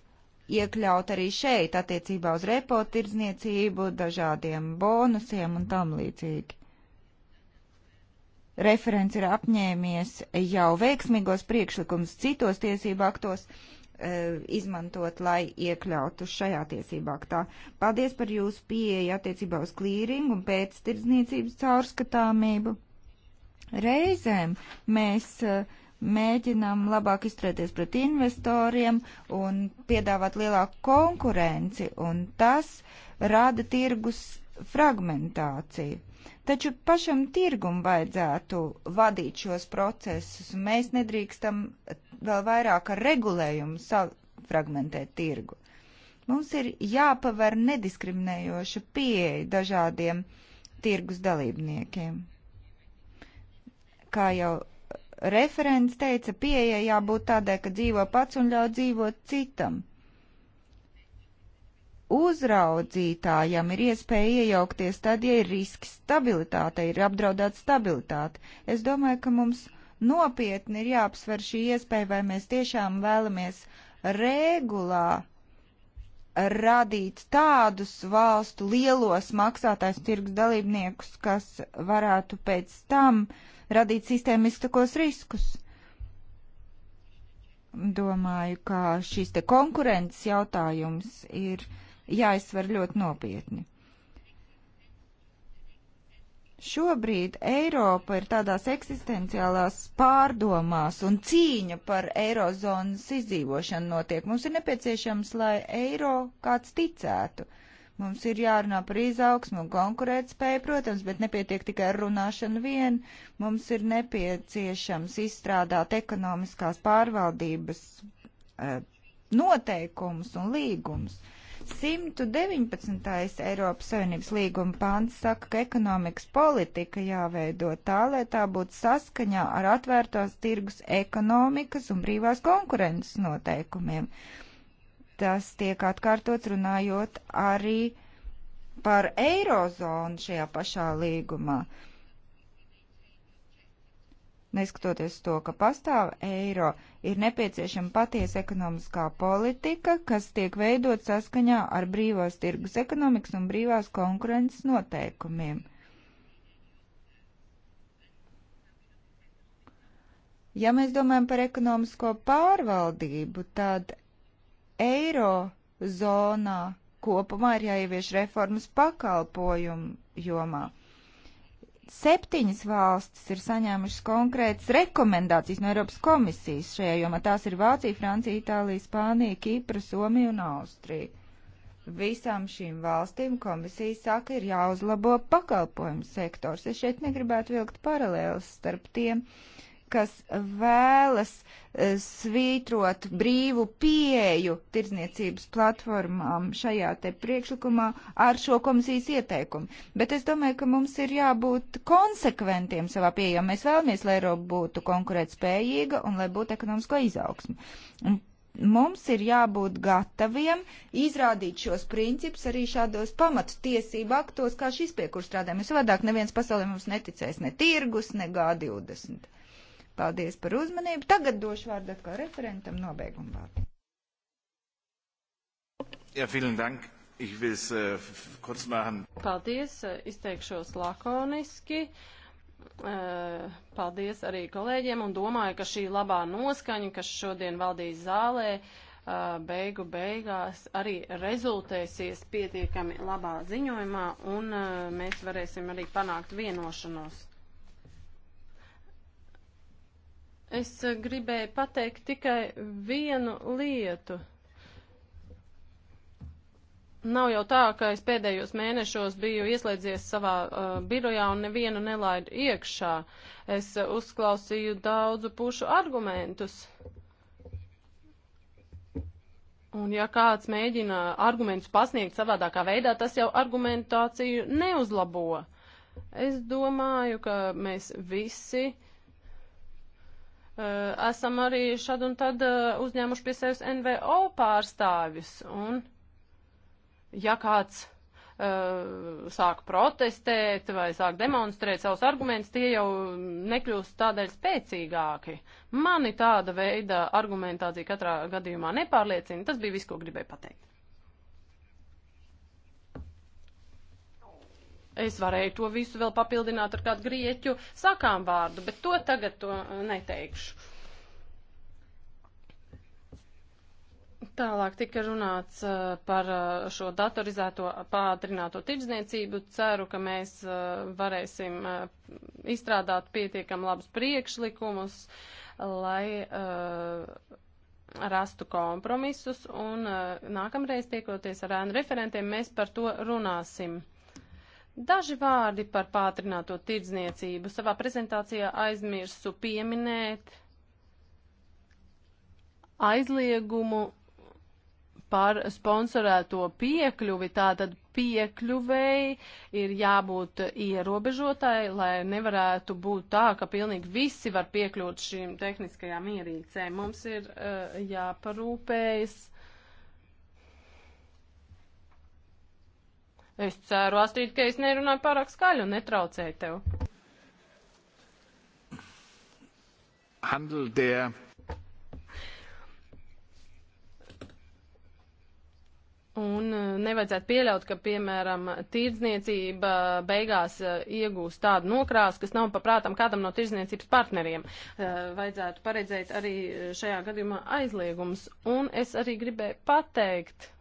S3: iekļaut arī šeit attiecībā uz repo tirdzniecību, dažādiem bonusiem un tam līdzīgi. Referents ir apņēmies jau veiksmīgos priekšlikumus citos tiesību aktos eh, izmantot, lai iekļautu šajā tiesībā aktā. Paldies par jūsu pieeju attiecībā uz klīringu un pēc tirdzniecības caurskatāmību. Reizēm mēs uh, mēģinam labāk izturēties pret investoriem un piedāvāt lielāku konkurenci, un tas rada tirgus fragmentāciju. Taču pašam tirgum vajadzētu vadīt šos procesus, un mēs nedrīkstam vēl vairāk ar regulējumu fragmentēt tirgu. Mums ir jāpaver nediskriminējoša pieeja dažādiem tirgus dalībniekiem. Kā jau Referents teica, pieeja jābūt tādai, ka dzīvo pats un ļauj dzīvot citam. Uzraudzītājam ir iespēja iejaukties tad, ja ir risks stabilitātei, ir apdraudēta stabilitāte. Es domāju, ka mums nopietni ir jāapsver šī iespēja, vai mēs tiešām vēlamies regulā radīt tādus valstu lielos maksātājs tirgus dalībniekus, kas varētu pēc tam uh, radīt sistēmiskos riskus. Domāju, ka šīs te konkurences jautājums ir jāizsver ļoti nopietni. Šobrīd Eiropa ir tādās eksistenciālās pārdomās un cīņa par eirozonas izdzīvošanu notiek. Mums ir nepieciešams, lai eiro kāds ticētu. Uh, Mums ir jārunā par izaugsmu un konkurētspēju, protams, bet nepietiek tikai ar runāšanu vien. Mums ir nepieciešams izstrādāt ekonomiskās pārvaldības eh, noteikumus un līgumus. 119. Eiropas Savienības līguma pāns saka, ka ekonomikas politika jāveido tā, lai tā būtu saskaņā ar atvērtās tirgus ekonomikas un brīvās konkurences noteikumiem. Tas tiek atkārtots runājot arī par eirozonu šajā pašā līgumā. Neskatoties to, ka pastāv eiro, ir nepieciešama patiesa ekonomiskā politika, kas tiek veidot saskaņā ar brīvās tirgus ekonomikas un brīvās konkurences noteikumiem. Ja mēs domājam par ekonomisko pārvaldību, tad Eiro zonā kopumā ir jāievieš reformas pakalpojumu jomā. Septiņas valstis ir saņēmušas konkrētas rekomendācijas no Eiropas komisijas šajā jomā. Tās ir Vācija, Francija, Itālija, Spānija, Kipra, Somija un Austrija. Visām šīm valstīm komisija saka, ir jāuzlabo pakalpojumu sektors. Es šeit negribētu vilkt paralēlis starp tiem. Uh, kas vēlas e, svītrot brīvu pieeju tirdzniecības platformām šajā te priekšlikumā ar šo komisijas ieteikumu. Bet es domāju, ka mums ir jābūt konsekventiem savā pieejā. Mēs vēlamies, lai Eiropa būtu konkurētspējīga un lai būtu ekonomisko izaugsmi. Un mums ir jābūt gataviem izrādīt šos principus arī šādos pamatu tiesību aktos, kā šis pie kur strādājam. Jo savādāk neviens pasaulē mums neticēs ne tirgus, ne G20. Paldies par uzmanību. Tagad došu vārdu atkal referentam nobeigumu vārdu. Ja, vielen Dank. Ich will es uh, äh, kurz machen.
S2: Paldies, äh, izteikšos lakoniski. Uh, paldies arī kolēģiem un domāju, ka šī labā noskaņa, kas šodien valdīs zālē, uh, beigu beigās arī rezultēsies pietiekami labā ziņojumā un mēs varēsim arī panākt vienošanos. Es eh, gribēju pateikt tikai vienu lietu. Nav jau tā, ka es pēdējos mēnešos biju ieslēdzies savā uh, birojā un nevienu nelaidu iekšā. Es uh, uzklausīju daudzu pušu argumentus. Un ja kāds mēģina argumentus pasniegt savādākā veidā, tas jau argumentāciju neuzlabo. Es domāju, ka mēs visi uh, Eh, esam arī šad un tad eh, uzņēmuši pie sevis NVO pārstāvis. Un, ja kāds eh, sāk protestēt vai sāk demonstrēt savus argumentus, tie jau nekļūst tādēļ spēcīgāki. Mani tāda veida argumentācija katrā gadījumā nepārliecina. Tas bija viss, ko gribēju pateikt. Es varēju to visu vēl papildināt ar kādu grieķu sakām vārdu, bet to tagad to uh, neteikšu. Tālāk tika runāts uh, par uh, šo datorizēto pātrināto tirdzniecību. Ceru, ka mēs varēsim izstrādāt pietiekam labus priekšlikumus, lai rastu kompromisus, un nākamreiz tiekoties ar ēnu referentiem, mēs par to runāsim. Daži vārdi par pātrināto tirdzniecību. Savā prezentācijā aizmirsu pieminēt aizliegumu par sponsorēto piekļuvi, tātad piekļuvēji ir jābūt ierobežotai, lai nevarētu būt tā, ka pilnīgi visi var piekļūt šīm tehniskajām ierīcēm. Mums ir uh, jāparūpējas Es ceru, Astrid, ka es nerunāju pārāk skaļi un netraucēju tev. Handel der Un eh, nevajadzētu pieļaut, ka, piemēram, tirdzniecība beigās eh, iegūs tādu nokrāsu, kas nav paprātam kādam no tirdzniecības partneriem. Eh, vajadzētu paredzēt arī šajā gadījumā aizliegums. Un es arī gribēju pateikt,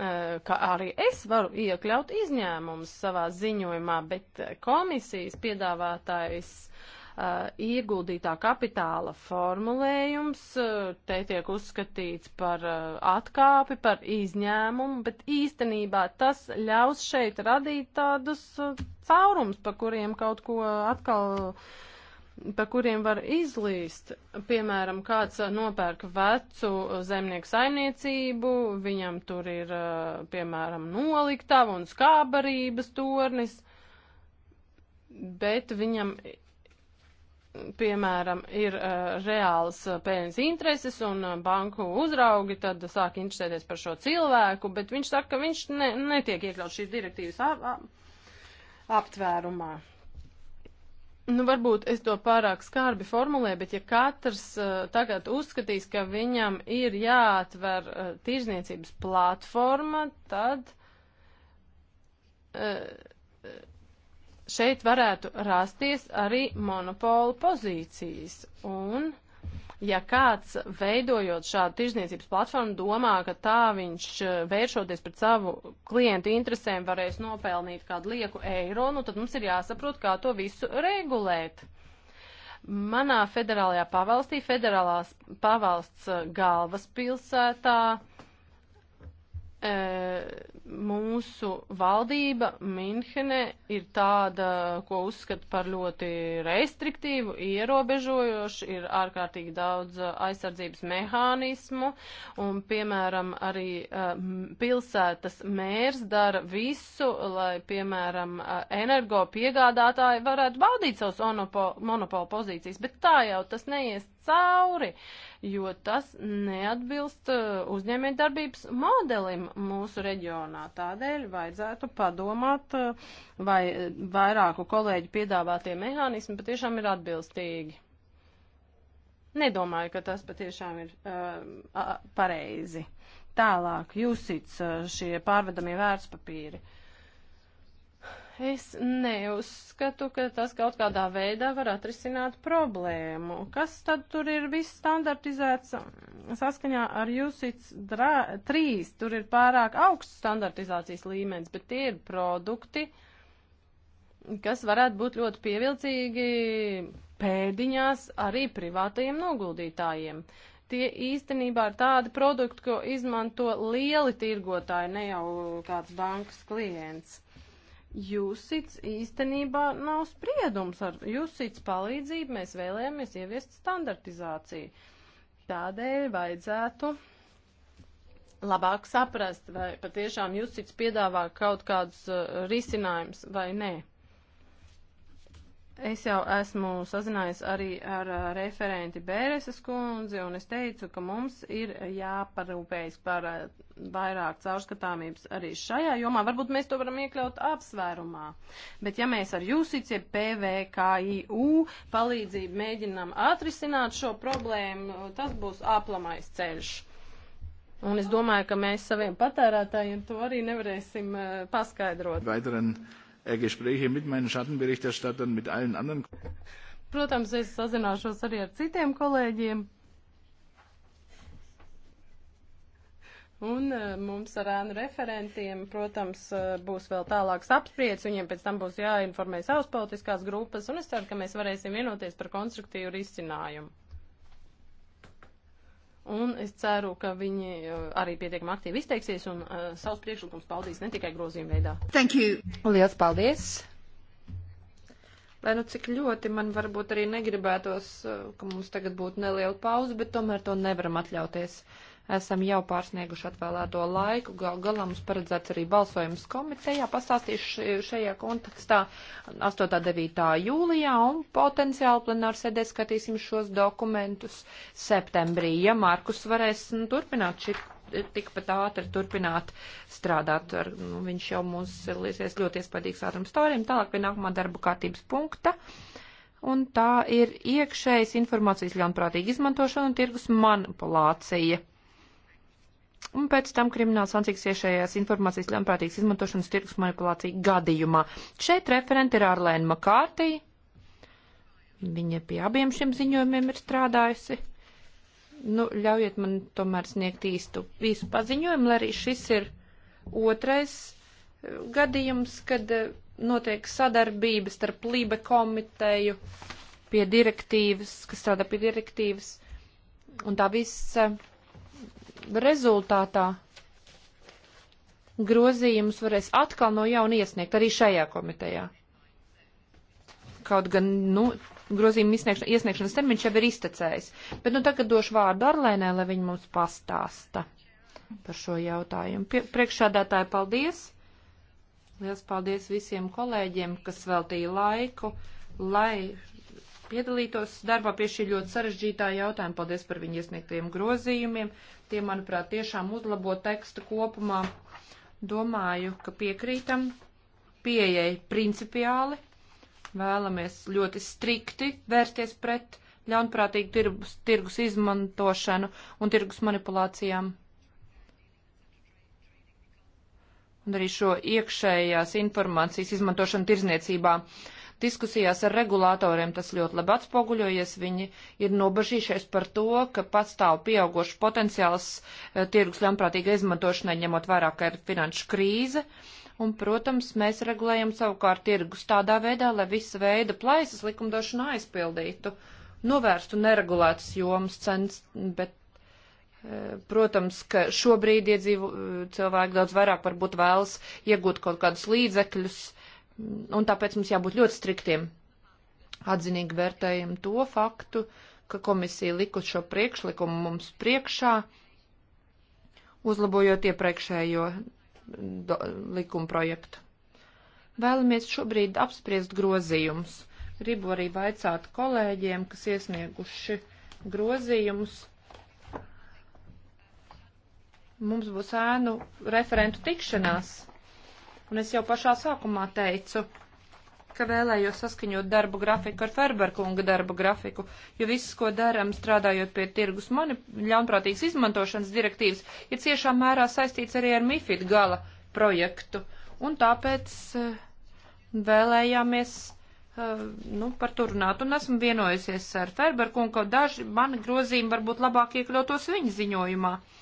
S2: Eh, ka arī es varu iekļaut izņēmumus savā ziņojumā, bet komisijas piedāvātais uh, ieguldītā kapitāla formulējums uh, te tiek uzskatīts par uh, atkāpi, par izņēmumu, bet īstenībā tas ļaus šeit radīt tādus caurums, pa kuriem kaut ko atkal uh, pa kuriem var izlīst. Piemēram, kāds uh, nopērk vecu uh, zemnieku saimniecību, viņam tur ir, uh, piemēram, noliktava un skābarības tornis, bet viņam, piemēram, ir reāls pēļņas intereses un banku uzraugi, tad sāk interesēties par šo cilvēku, bet viņš saka, ka viņš ne, netiek iekļauts šīs direktīvas aptvērumā. Ap, ap Nu, varbūt es to pārāk skarbi formulēju, bet ja katrs uh, tagad uzskatīs, ka viņam ir jāatver uh, tirzniecības platforma, tad uh, šeit varētu rasties arī monopola pozīcijas. Un uh, Ja kāds veidojot šādu tirzniecības platformu domā, ka tā viņš eh, vēršoties pret savu klientu interesēm varēs nopelnīt kādu lieku eiro, nu tad mums ir jāsaprot, kā to visu regulēt. Manā federālajā pavalstī, federālās pavalsts eh, galvaspilsētā, e, mūsu valdība Minhenē ir tāda, ko uzskata par ļoti restriktīvu, ierobežojošu, ir ārkārtīgi daudz uh, aizsardzības mehānismu, un, piemēram, arī uh, pilsētas mērs dara visu, lai, piemēram, uh, energo piegādātāji varētu baudīt savus monopolu pozīcijas, bet tā jau tas neies cauri, jo tas neatbilst uzņēmējdarbības modelim mūsu reģionā runāt. Tādēļ vajadzētu padomāt, eh, vai eh, vairāku kolēģu piedāvātie mehānismi patiešām ir atbilstīgi. Nedomāju, ka tas patiešām ir uh, pareizi. Tālāk, jūsits šie pārvedamie vērtspapīri. Uh, Es neuzskatu, ka tas kaut kādā veidā var atrisināt problēmu. Kas tad tur ir viss standartizēts um, saskaņā ar jūsits 3? Tur ir pārāk augsts standartizācijas līmenis, bet tie ir produkti, kas varētu būt ļoti pievilcīgi pēdiņās arī privātajiem noguldītājiem tie īstenībā ir tādi produkti, ko izmanto lieli tirgotāji, ne jau kāds bankas klients. Jūsits īstenībā nav spriedums. Ar jūsits palīdzību mēs vēlējāmies ieviest standartizāciju. Tādēļ vajadzētu labāk saprast, vai patiešām jūsits piedāvā kaut kādus uh, risinājumus vai nē. Es jau esmu sazinājies arī ar referenti Bēreses kundzi, un es teicu, ka mums ir jāparūpējas par vairāk caurskatāmības arī šajā jomā. Varbūt mēs to varam iekļaut apsvērumā. Bet ja mēs ar jūsīcie PVKIU palīdzību mēģinām atrisināt šo problēmu, tas būs aplamais ceļš. Un es domāju, ka mēs saviem patērētājiem to arī nevarēsim paskaidrot. Vaidren.
S3: Äh, Gespräche mit meinen Schattenberichterstattern, mit allen anderen.
S2: Protams, es sazināšos arī ar citiem kolēģiem. Un äh, mums ar ēnu referentiem, protams, äh, būs vēl tālāks apspriedz, viņiem pēc tam būs jāinformē savas politiskās grupas, un es ceru, ka mēs varēsim vienoties par konstruktīvu risinājumu. Un es ceru, ka viņi eh, arī pietiekami aktīvi izteiksies un uh, savus priekšlikumus paudīs ne tikai grozījuma veidā.
S1: Thank you! Lielas paldies! Lai nu cik ļoti man varbūt arī negribētos, eh, ka mums tagad būtu neliela pauze, bet tomēr to nevaram atļauties. Esam jau pārsnieguši atvēlēto laiku, gal galā mums paredzēts arī balsojums komitejā, pastāstīšu šajā kontekstā 8.9. jūlijā un potenciāli plenāru sēdē skatīsim šos dokumentus septembrī, ja Markus varēs nu, turpināt šī tikpat ātri turpināt strādāt. Ar, nu, viņš jau mums ir liesies ļoti iespaidīgs ātrums stāvim. Tālāk pie nākamā darba kārtības punkta. Un tā ir iekšējas informācijas ļaunprātīga izmantošana un tirgus manipulācija. Un pēc tam krimināls sankcijas iešējās informācijas ļaunprātīgas izmantošanas tirgus manipulācija gadījumā. Šeit referenti ir Arlēna Makārtī. Viņa pie abiem šiem ziņojumiem ir strādājusi. Nu, ļaujiet man tomēr sniegt īstu, īstu paziņojumu, lai arī šis ir otrais eh, gadījums, kad eh, notiek sadarbības starp Lībe komiteju pie direktīvas, kas strādā pie direktīvas. Un tā viss rezultātā grozījumus varēs atkal no jauna iesniegt arī šajā komitejā. Kaut gan, nu, grozījuma iesniegšanas termiņš jau ir iztecējis. Bet, nu, tagad došu vārdu Arlēnē, lai viņa mums pastāsta par šo jautājumu. Priekšādātāji, paldies! Liels paldies visiem kolēģiem, kas veltīja laiku, lai piedalītos darbā pie šī ļoti sarežģītā jautājuma. Paldies par viņu iesniegtiem grozījumiem. Tie, manuprāt, tiešām uzlabo tekstu kopumā. Domāju, ka piekrītam pieejai principiāli. Vēlamies ļoti strikti vērsties pret ļaunprātīgu tirgus, tirgus izmantošanu un tirgus manipulācijām. Un arī šo iekšējās informācijas izmantošanu tirzniecībā. Uh, Diskusijās ar regulātoriem tas ļoti labi atspoguļojies. Viņi ir nobažījušies par to, ka pastāv pieaugošs potenciāls eh, tirgus ļaunprātīga izmantošanai, ņemot vairāk, ka ir finanšu krīze. Un, protams, mēs regulējam savukārt tirgus tādā veidā, lai visa veida plaisas likumdošana aizpildītu, novērstu neregulētas jomas cenas, bet eh, Protams, ka šobrīd iedzīvo cilvēki daudz vairāk varbūt vēlas iegūt kaut kādus līdzekļus un tāpēc mums jābūt ļoti striktiem. Atzinīgi vērtējam to faktu, ka komisija likus šo priekšlikumu mums priekšā, uzlabojot iepriekšējo likuma projektu. Vēlamies šobrīd apspriest grozījumus. Gribu arī vaicāt kolēģiem, kas iesnieguši grozījumus. Mums būs ēnu referentu tikšanās. Mm un es jau pašā sākumā teicu, ka vēlējos saskaņot darbu grafiku ar Ferberkunga darbu grafiku, jo viss, ko daram strādājot pie tirgus mani ļaunprātīgas izmantošanas direktīvas, ir ciešā mērā saistīts arī ar MIFID gala projektu. Un tāpēc eh, vēlējāmies eh, nu, par to runāt, un esmu vienojusies ar Ferberkungu, ka daži mani grozījumi varbūt labāk iekļautos viņa ziņojumā. Uh,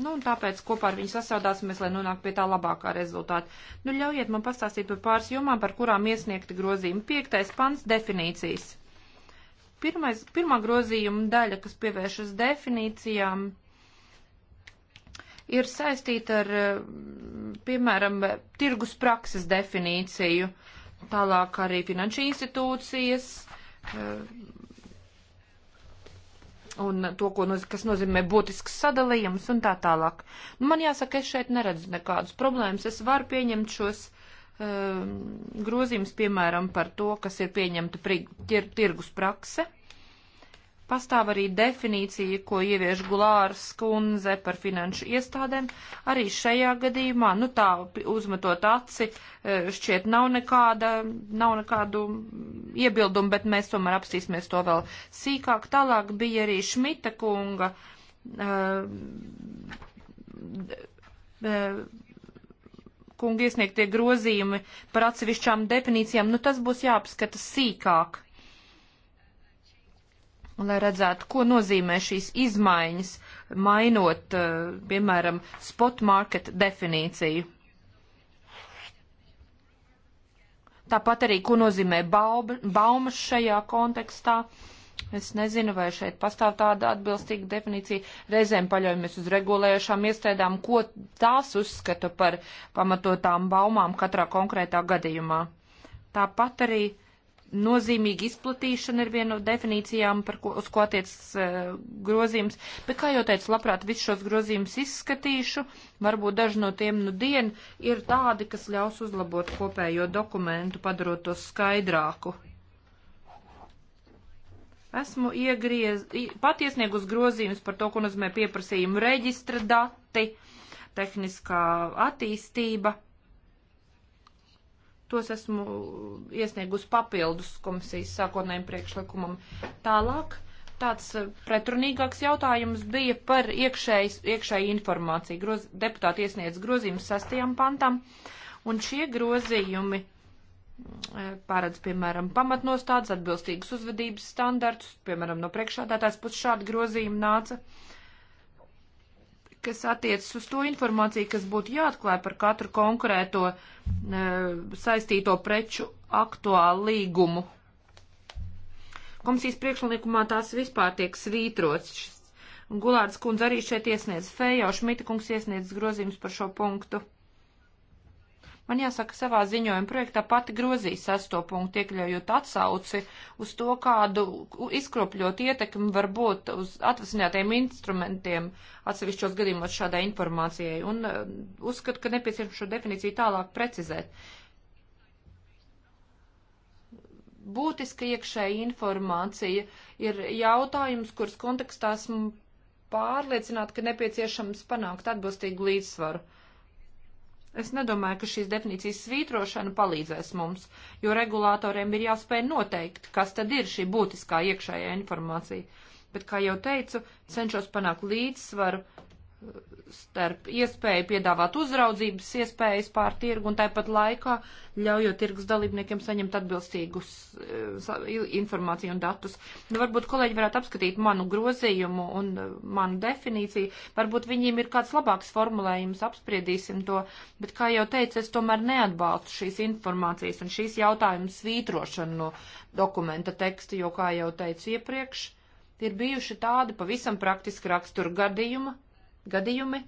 S1: Nu, un tāpēc kopā ar viņu sasādāsimies, lai nonāktu pie tā labākā rezultāta. Nu, ļaujiet man pastāstīt par pāris jomām, par kurām iesniegti grozījumi. Piektais pants - definīcijas. Pirmais, pirmā grozījuma daļa, kas pievēršas definīcijām, ir saistīta ar, piemēram, tirgus prakses definīciju, tālāk arī finanšu institūcijas, un to, noz kas nozīmē būtisks sadalījums un tā tālāk. Nu, man jāsaka, es šeit neredzu nekādas problēmas. Es varu pieņemt šos uh, ehm, grozījums, piemēram, par to, kas ir pieņemta tirgus prakse. Pastāv arī definīcija, ko ievieš Gulāras kundze par finanšu iestādēm. Arī šajā gadījumā, nu tā uzmetot aci, e, šķiet nav nekāda, nav nekādu iebildumu, bet mēs tomēr apsīsimies to vēl sīkāk. Tālāk bija arī Šmita kunga. Uh, uh, kunga iesniegtie grozījumi par atsevišķām definīcijām, nu tas būs jāapskata sīkāk, un lai redzētu, ko nozīmē šīs izmaiņas, mainot, eh, piemēram, spot market definīciju. Tāpat arī, ko nozīmē bauba, baumas šajā kontekstā. Es nezinu, vai šeit pastāv tāda atbilstīga definīcija. Reizēm paļaujamies uz regulējušām iestādām, ko tās uzskata par pamatotām baumām katrā konkrētā gadījumā. Tāpat arī nozīmīga izplatīšana ir viena no definīcijām, ko, uz ko attiecas uh, grozījums. Bet, kā jau teicu, labprāt visus šos grozījumus izskatīšu. Varbūt daži no tiem nu dien ir tādi, kas ļaus uzlabot kopējo dokumentu, padarot to skaidrāku. Esmu iegriez, pat iesniegus grozījumus par to, ko nozīmē pieprasījumu reģistra dati, tehniskā attīstība tos esmu iesniegus papildus komisijas sākotnējiem priekšlikumam. Tālāk tāds eh, pretrunīgāks jautājums bija par iekšēju informāciju. Groz, deputāti iesniedz grozījumus sastajam pantam, un šie grozījumi eh, paredz, piemēram, pamatnostādes, atbilstīgas uzvedības standartus, piemēram, no priekšādātājs puses šādi grozījumi nāca. Uh, kas attiecas uz to informāciju, kas būtu jāatklāj par katru konkrēto e, saistīto preču aktuālu līgumu. Komisijas priekšlikumā tās vispār tiek svītrots. Gulārds kundze arī šeit iesniedz fejo, Šmita kungs iesniedz grozījums par šo punktu. Man jāsaka, savā ziņojuma projektā pati grozīs sesto punktu, iekļaujot atsauci uz to, kādu izkropļot ietekmi var būt uz atvasinātiem instrumentiem atsevišķos gadījumos šādai informācijai. Un eh, uzskatu, ka nepieciešams šo definīciju tālāk precizēt. Būtiska iekšēja informācija ir jautājums, kuras kontekstā esmu pārliecināta, ka nepieciešams panākt atbilstīgu līdzsvaru. Uh, Es nedomāju, ka šīs definīcijas svītrošana palīdzēs mums, jo regulātoriem ir jāspēj noteikt, kas tad ir šī būtiskā iekšējā informācija. Bet, kā jau teicu, cenšos panākt līdzsvaru starp iespēju piedāvāt uzraudzības iespējas pār tirgu un tāpat laikā ļaujot tirgus dalībniekiem saņemt atbilstīgus eh, informāciju un datus. Nu, varbūt kolēģi varētu apskatīt manu grozījumu un eh, manu definīciju. Varbūt viņiem ir kāds labāks formulējums, apspriedīsim to, bet, kā jau teicu, es tomēr neatbalstu šīs informācijas un šīs jautājumu svītrošanu no dokumenta teksta, jo, kā jau teicu iepriekš, ir bijuši tādi pavisam praktiski rakstura gadījumi, gadījumi,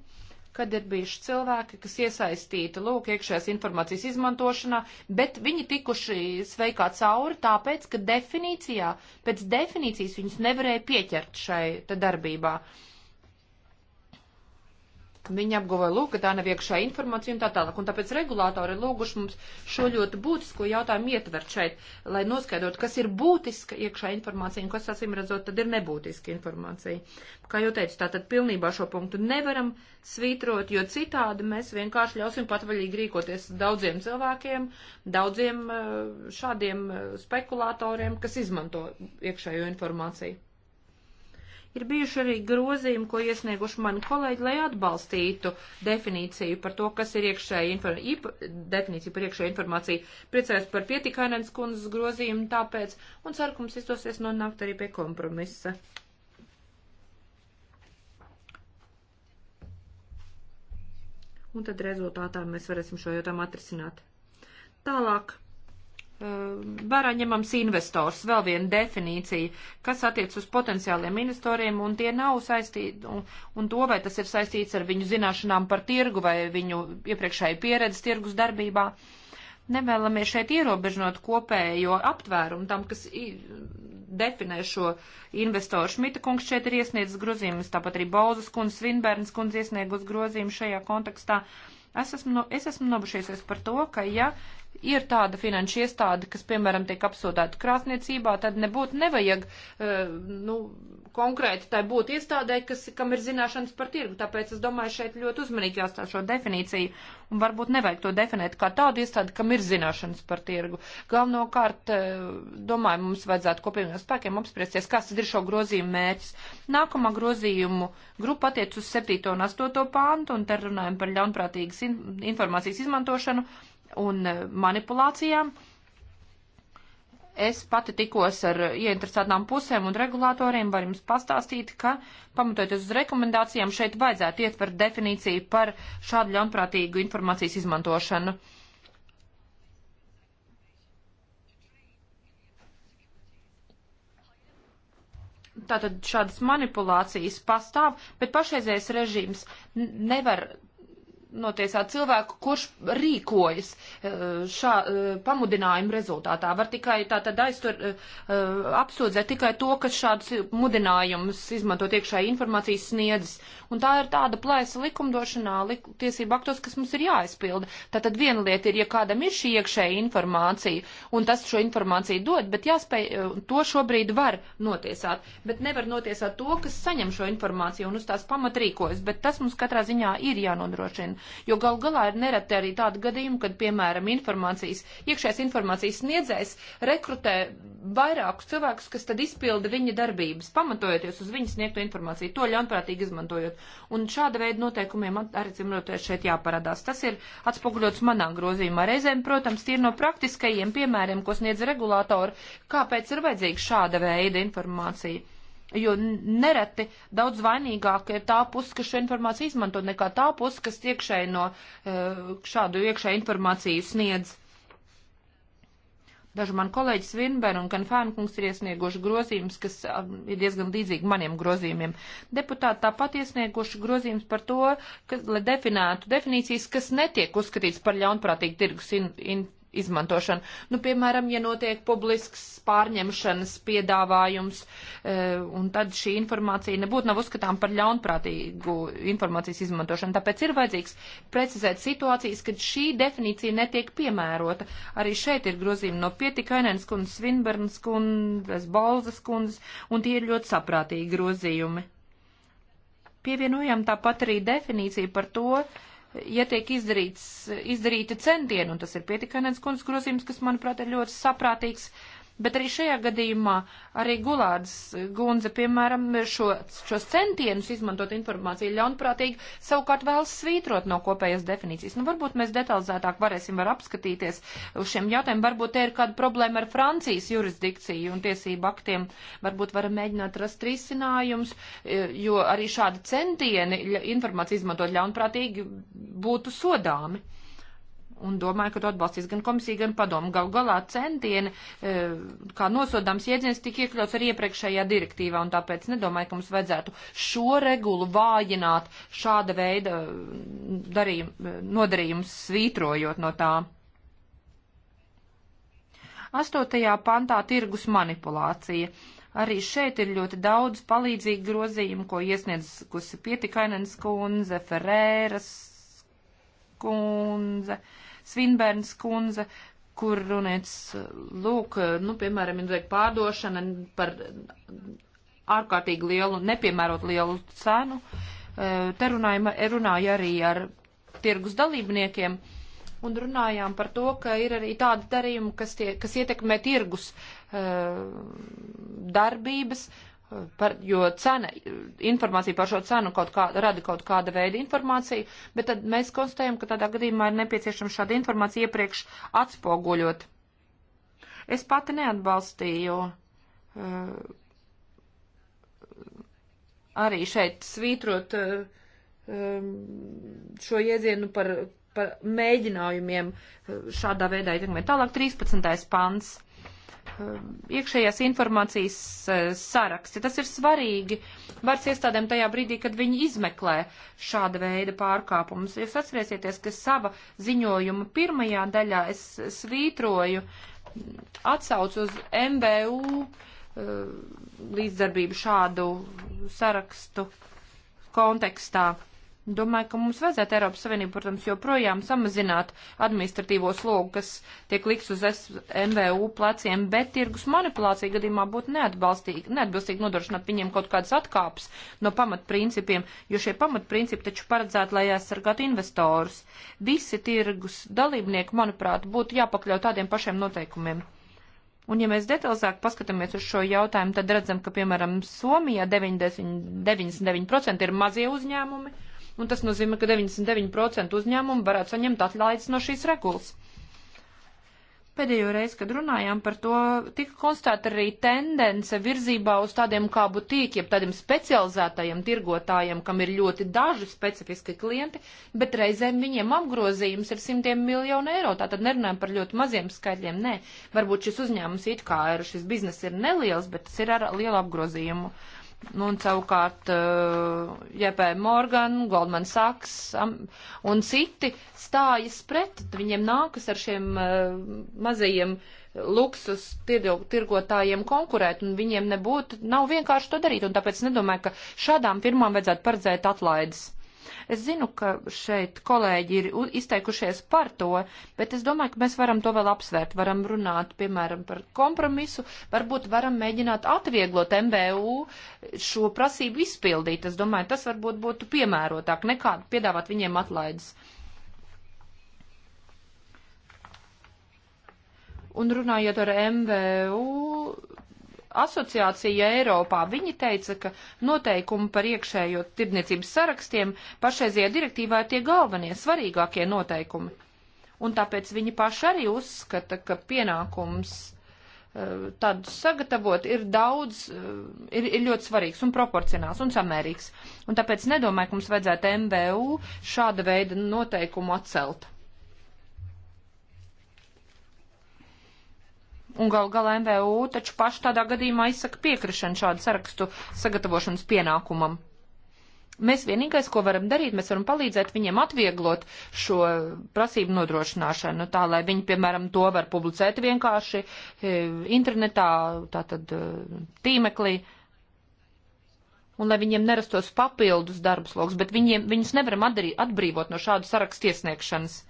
S1: kad ir bijuši cilvēki, kas iesaistīti lūk iekšējās informācijas izmantošanā, bet viņi tikuši sveikā cauri tāpēc, ka definīcijā, pēc definīcijas viņus nevarēja pieķert šai darbībā. Uh, Viņi apguva, lūk, ka tā nav iekšā informācija un tā tālāk. Un tāpēc regulātori ir lūguši mums šo ļoti būtisko jautājumu ietvert šeit, lai noskaidrotu, kas ir būtiska iekšā informācija un kas, acīm redzot, tad ir nebūtiska informācija. Kā jau teicu, tātad pilnībā šo punktu nevaram svītrot, jo citādi mēs vienkārši ļausim patvaļīgi rīkoties daudziem cilvēkiem, daudziem eh, šādiem eh, spekulātoriem, kas izmanto iekšējo informāciju. Ir bijuši arī grozījumi, ko iesnieguši mani kolēģi, lai atbalstītu definīciju par to, kas ir iekšēja infor... definīcija par iekšēju informāciju. Priecājos par pietikainēns kundzes grozījumu tāpēc un ceru, ka mums izdosies nonākt arī pie kompromisa. Un tad rezultātā mēs varēsim šo jautājumu atrisināt. Tālāk Eh, vērā ņemams investors, vēl viena definīcija, kas attiec uz potenciāliem investoriem, un tie nav saistīti, un, un to, vai tas ir saistīts ar viņu zināšanām par tirgu vai viņu iepriekšēju pieredzi tirgus darbībā. Nevēlamies šeit ierobežot kopējo aptvērumu tam, kas definē šo investoru. Šmita kungs šeit ir iesniedzis grozījumus, tāpat arī Bauzas kundze, Svinbērns kundze iesniegus grozījumu šajā kontekstā. Es esmu, no, es esmu nobušies par to, ka ja ir tāda finanšu iestāde, kas, piemēram, tiek apsūtēta krāsniecībā, tad nebūtu nevajag, eh, nu, konkrēti tai būtu iestādē, kas, kam ir zināšanas par tirgu. Tāpēc es domāju, šeit ļoti uzmanīgi jāstāv šo definīciju un varbūt nevajag to definēt kā tādu iestādi, kam ir zināšanas par tirgu. Galvenokārt, eh, domāju, mums vajadzētu kopīgiem spēkiem apspriesties, kas tad ir šo grozījumu mērķis. Nākamā grozījumu grupa attiec uz 7. un 8. pāntu un te runājam par ļaunprātīgas informācijas izmantošanu un eh, manipulācijām. Es pati tikos ar ieinteresētām pusēm un regulātoriem, var jums pastāstīt, ka, pamatojoties uz rekomendācijām, šeit vajadzētu ietvert definīciju par šādu ļaunprātīgu informācijas izmantošanu. Tātad šādas manipulācijas pastāv, bet pašreizējais režīms nevar notiesāt cilvēku, kurš rīkojas e, šā e, pamudinājuma rezultātā. Var tikai tā tad aiztur, e, apsūdzēt tikai to, kas šādus mudinājumus izmantot iekšēji informācijas sniedzis. Un tā ir tāda plēsa likumdošanā, lik, tiesība aktos, kas mums ir jāizpilda. Tātad viena lieta ir, ja kādam ir šī iekšēja informācija, un tas šo informāciju dod, bet jāspēj, to šobrīd var notiesāt. Bet nevar notiesāt to, kas saņem šo informāciju un uz tās pamat rīkojas. Bet tas mums katrā ziņā ir jānodrošina jo gal galā ir nereti arī tādi gadījumi, kad, piemēram, informācijas, iekšējais informācijas sniedzējs rekrutē vairākus cilvēkus, kas tad izpilda viņa darbības, pamatojoties uz viņa sniegto informāciju, to ļaunprātīgi izmantojot. Un šāda veida noteikumiem arī cimroties šeit jāparādās. Tas ir atspoguļots manā grozījumā. Reizēm, protams, tie ir no praktiskajiem piemēriem, ko sniedz regulātori, kāpēc ir vajadzīga šāda veida informācija jo nereti daudz vainīgāka ir tā puse, kas šo informāciju izmanto, nekā tā puse, kas iekšēji no eh, šādu iekšēju informāciju sniedz. Daži man kolēģis Vinber un Kanfēnkungs ir iesnieguši grozījumus, kas um, ir diezgan līdzīgi maniem grozījumiem. Deputāti tāpat iesnieguši grozījumus par to, ka, lai definētu definīcijas, kas netiek uzskatīts par ļaunprātīgu tirgus in, in, izmantošanu. Nu, piemēram, ja notiek publisks pārņemšanas piedāvājums, e, un tad šī informācija nebūtu nav uzskatām par ļaunprātīgu informācijas izmantošanu. Tāpēc ir vajadzīgs precizēt situācijas, kad šī definīcija netiek piemērota. Arī šeit ir grozījumi no Pietikainēnas kundzes, Svinbernas kundzes, Balzas kundzes, un tie ir ļoti saprātīgi grozījumi. Pievienojam tāpat arī definīciju par to, uh, ja tiek izdarīts, izdarīti centieni, un tas ir pietikanēts kundzes grozījums, kas, manuprāt, ir ļoti saprātīgs, uh, Bet arī šajā gadījumā arī Gulārds Gunze, piemēram, šo, šos centienus izmantot informāciju ļaunprātīgi savukārt vēlas svītrot no kopējas definīcijas. Nu, varbūt mēs detalizētāk varēsim var apskatīties uz šiem jautājumiem. Varbūt te ir kāda problēma ar Francijas jurisdikciju un tiesību aktiem. Varbūt varam mēģināt rast risinājumus, e, jo arī šādi centieni informāciju izmantot ļaunprātīgi būtu sodāmi. Un domāju, ka to atbalstīs gan komisija, gan padomu. Gal galā centieni, e, kā nosodāms jēdziens, tika iekļauts arī iepriekšējā direktīvā, un tāpēc nedomāju, ka mums vajadzētu šo regulu vājināt šāda veida e, darījum, e, nodarījums svītrojot no tā. Astotajā pantā tirgus manipulācija. Arī šeit ir ļoti daudz palīdzīgu grozījumu, ko iesniedzis Pietikainens kundze, Ferēras kundze. Uh, Svinbērns kundze, kur runēts, lūk, nu, piemēram, ir pārdošana par ārkārtīgi lielu, nepiemērot lielu cenu. Eh, te runājam, runāju arī ar tirgus dalībniekiem un runājām par to, ka ir arī tādi darījumi, kas, tie, kas ietekmē tirgus eh, darbības par, jo cena, informācija par šo cenu kaut kā, rada kaut kāda veida informāciju, bet tad mēs konstatējam, ka tādā gadījumā ir nepieciešama šāda informācija iepriekš atspoguļot. Es pati neatbalstīju uh, arī šeit svītrot uh, šo jēdzienu par, par mēģinājumiem eh, šādā veidā ietekmēt. Tālāk 13. pants. Uh, Um, iekšējās informācijas uh, saraksti. Tas ir svarīgi varas iestādēm tajā brīdī, kad viņi izmeklē šāda veida pārkāpumus. Jūs atcerēsieties, ka sava ziņojuma pirmajā daļā es svītroju atsaucu uz MBU uh, līdzdarbību šādu sarakstu kontekstā. Domāju, ka mums vajadzētu Eiropas Savienību, protams, joprojām samazināt administratīvo slogu, kas tiek liks uz MVU pleciem, bet tirgus manipulācija gadījumā būtu neatbilstīgi nodrošināt viņiem kaut kādas atkāpes no pamatprincipiem, jo šie pamatprincipi taču paredzētu, lai aizsargātu investorus. Visi tirgus dalībnieki, manuprāt, būtu jāpakļaut tādiem pašiem noteikumiem. Un, ja mēs detalizāk paskatāmies uz šo jautājumu, tad redzam, ka, piemēram, Somijā 99%, 99 ir mazie uzņēmumi un tas nozīmē, ka 99% uzņēmumu varētu saņemt atlaides no šīs regulas. Pēdējo reizi, kad runājām par to, tika konstatēta arī tendence virzībā uz tādiem kā butīki, jeb tādiem specializētajiem tirgotājiem, kam ir ļoti daži specifiski klienti, bet reizēm viņiem apgrozījums ir simtiem miljonu eiro. Tātad nerunājam par ļoti maziem skaitļiem, nē. Varbūt šis uzņēmums it kā ir, šis biznes ir neliels, bet tas ir ar lielu apgrozījumu. Uh, Nu, un savukārt eh, Jepē Morgan, Goldman Sachs un citi stājas pret, viņiem nākas ar šiem eh, mazajiem luksus tirgotājiem konkurēt, un viņiem nebūtu, nav vienkārši to darīt, un tāpēc nedomāju, ka šādām firmām vajadzētu paredzēt atlaides. Es zinu, ka šeit kolēģi ir izteikušies par to, bet es domāju, ka mēs varam to vēl apsvērt, varam runāt, piemēram, par kompromisu, varbūt varam mēģināt atvieglot MBU šo prasību izpildīt. Es domāju, tas varbūt būtu piemērotāk nekā piedāvāt viņiem atlaides. Un runājot ar MVU, asociācija Eiropā, viņi teica, ka noteikumi par iekšējo tirdzniecības sarakstiem pašreizajā direktīvā ir tie galvenie, svarīgākie noteikumi. Un tāpēc viņi paši arī uzskata, ka pienākums eh, tādu sagatavot ir daudz, eh, ir, ir ļoti svarīgs un proporcionāls un samērīgs. Un tāpēc nedomāju, ka mums vajadzētu MVU šāda veida noteikumu atcelt. Un gal galā MVU taču paši tādā gadījumā izsaka piekrišanu šādu sarakstu sagatavošanas pienākumam. Mēs vienīgais, ko varam darīt, mēs varam palīdzēt viņiem atvieglot šo prasību nodrošināšanu, tā lai viņi, piemēram, to var publicēt vienkārši e, internetā, tātad e, tīmeklī, un lai viņiem nerastos papildus darbsloks, bet viņiem, viņus nevaram atdarīt, atbrīvot no šādu sarakstu iesniegšanas.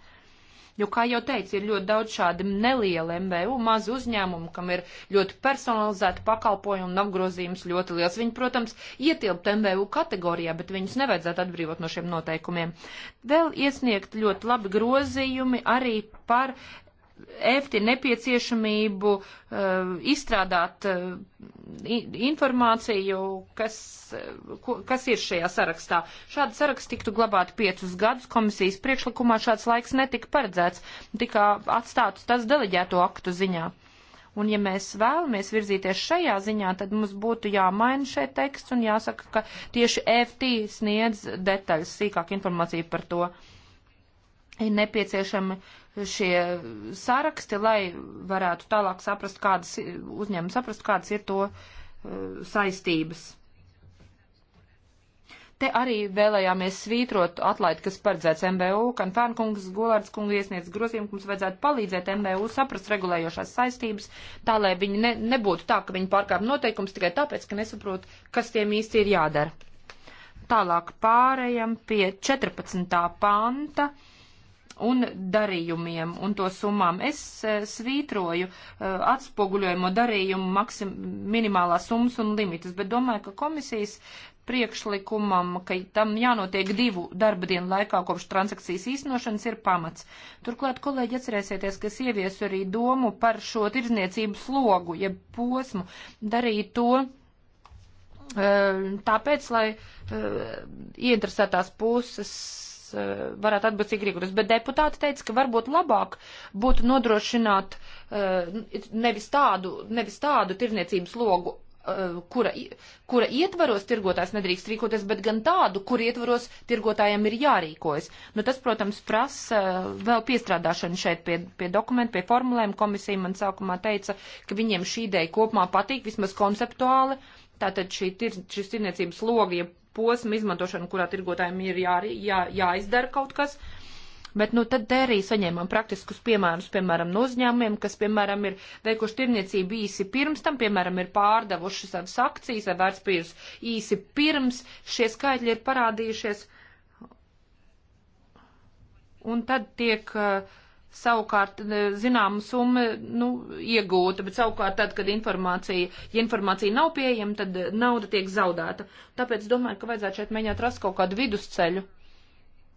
S1: Jo, kā jau teicu, ir ļoti daudz šādu nelielu MVU mazu uzņēmumu, kam ir ļoti personalizēta pakalpojuma un apgrozījums ļoti liels. Viņi, protams, ietilpt MVU kategorijā, bet viņus nevajadzētu atbrīvot no šiem noteikumiem. Vēl iesniegt ļoti labi grozījumi arī par EFTI nepieciešamību uh, izstrādāt uh, informāciju, kas, uh, ko, kas ir šajā sarakstā. Šāda saraksta tiktu glabāta piecus gadus. Komisijas priekšlikumā šāds laiks netika paredzēts, tika atstāts tas deleģēto aktu ziņā. Un ja mēs vēlamies virzīties šajā ziņā, tad mums būtu jāmaina šie teksts un jāsaka, ka tieši EFT sniedz detaļas, sīkāk informāciju par to. Ir nepieciešami uh, šie saraksti, lai varētu tālāk saprast, kādas uzņēmumi saprast, kādas ir to eh, saistības. Te arī vēlējāmies svītrot atlaidi, kas paredzēts MBU, gan Fērnkungs, Gulārds kungu iesniedz grozījumu, mums vajadzētu palīdzēt MBU saprast regulējošās saistības, tā lai viņi ne, nebūtu tā, ka viņi pārkāp noteikums tikai tāpēc, ka nesaprot, kas tiem īsti ir jādara. Tālāk pārējam pie 14. panta. Uh, un darījumiem un to summām. Es e, svītroju e, atspoguļojumu darījumu maksim, minimālās summas un limitus, bet domāju, ka komisijas priekšlikumam, ka tam jānotiek divu darba dienu laikā kopš transakcijas īstenošanas ir pamats. Turklāt, kolēģi, atcerēsieties, ka es ieviesu arī domu par šo tirdzniecību slogu, jeb ja posmu, darīt to e, tāpēc, lai ieinteresētās puses Eh, varētu atbilstīgi rīkoties. Bet deputāti teica, ka varbūt labāk būtu nodrošināt eh, nevis tādu, nevis tādu tirniecības logu eh, kura, kura ietvaros tirgotājs nedrīkst rīkoties, bet gan tādu, kur ietvaros tirgotājiem ir jārīkojas. Nu, tas, protams, prasa vēl piestrādāšanu šeit pie, pie dokumentu, pie formulēm. Komisija man sākumā teica, ka viņiem šī ideja kopumā patīk, vismaz konceptuāli. Tātad šī tir, šis tirniecības logi, ja posmu izmantošanu, kurā tirgotājiem ir jā, jā, jāizdara kaut kas. Bet nu, tad arī saņēmām praktiskus piemērus, piemēram, no uzņēmumiem, kas, piemēram, ir veikuši tirniecību īsi pirms tam, piemēram, ir pārdevuši savas akcijas vai vērtspīrus īsi pirms šie skaitļi ir parādījušies. Un tad tiek uh, savukārt e, zināma summa nu, iegūta, bet savukārt tad, kad informācija, ja informācija nav pieejama, tad e, nauda tiek zaudēta. Tāpēc domāju, ka vajadzētu šeit mēģināt rast kaut kādu vidusceļu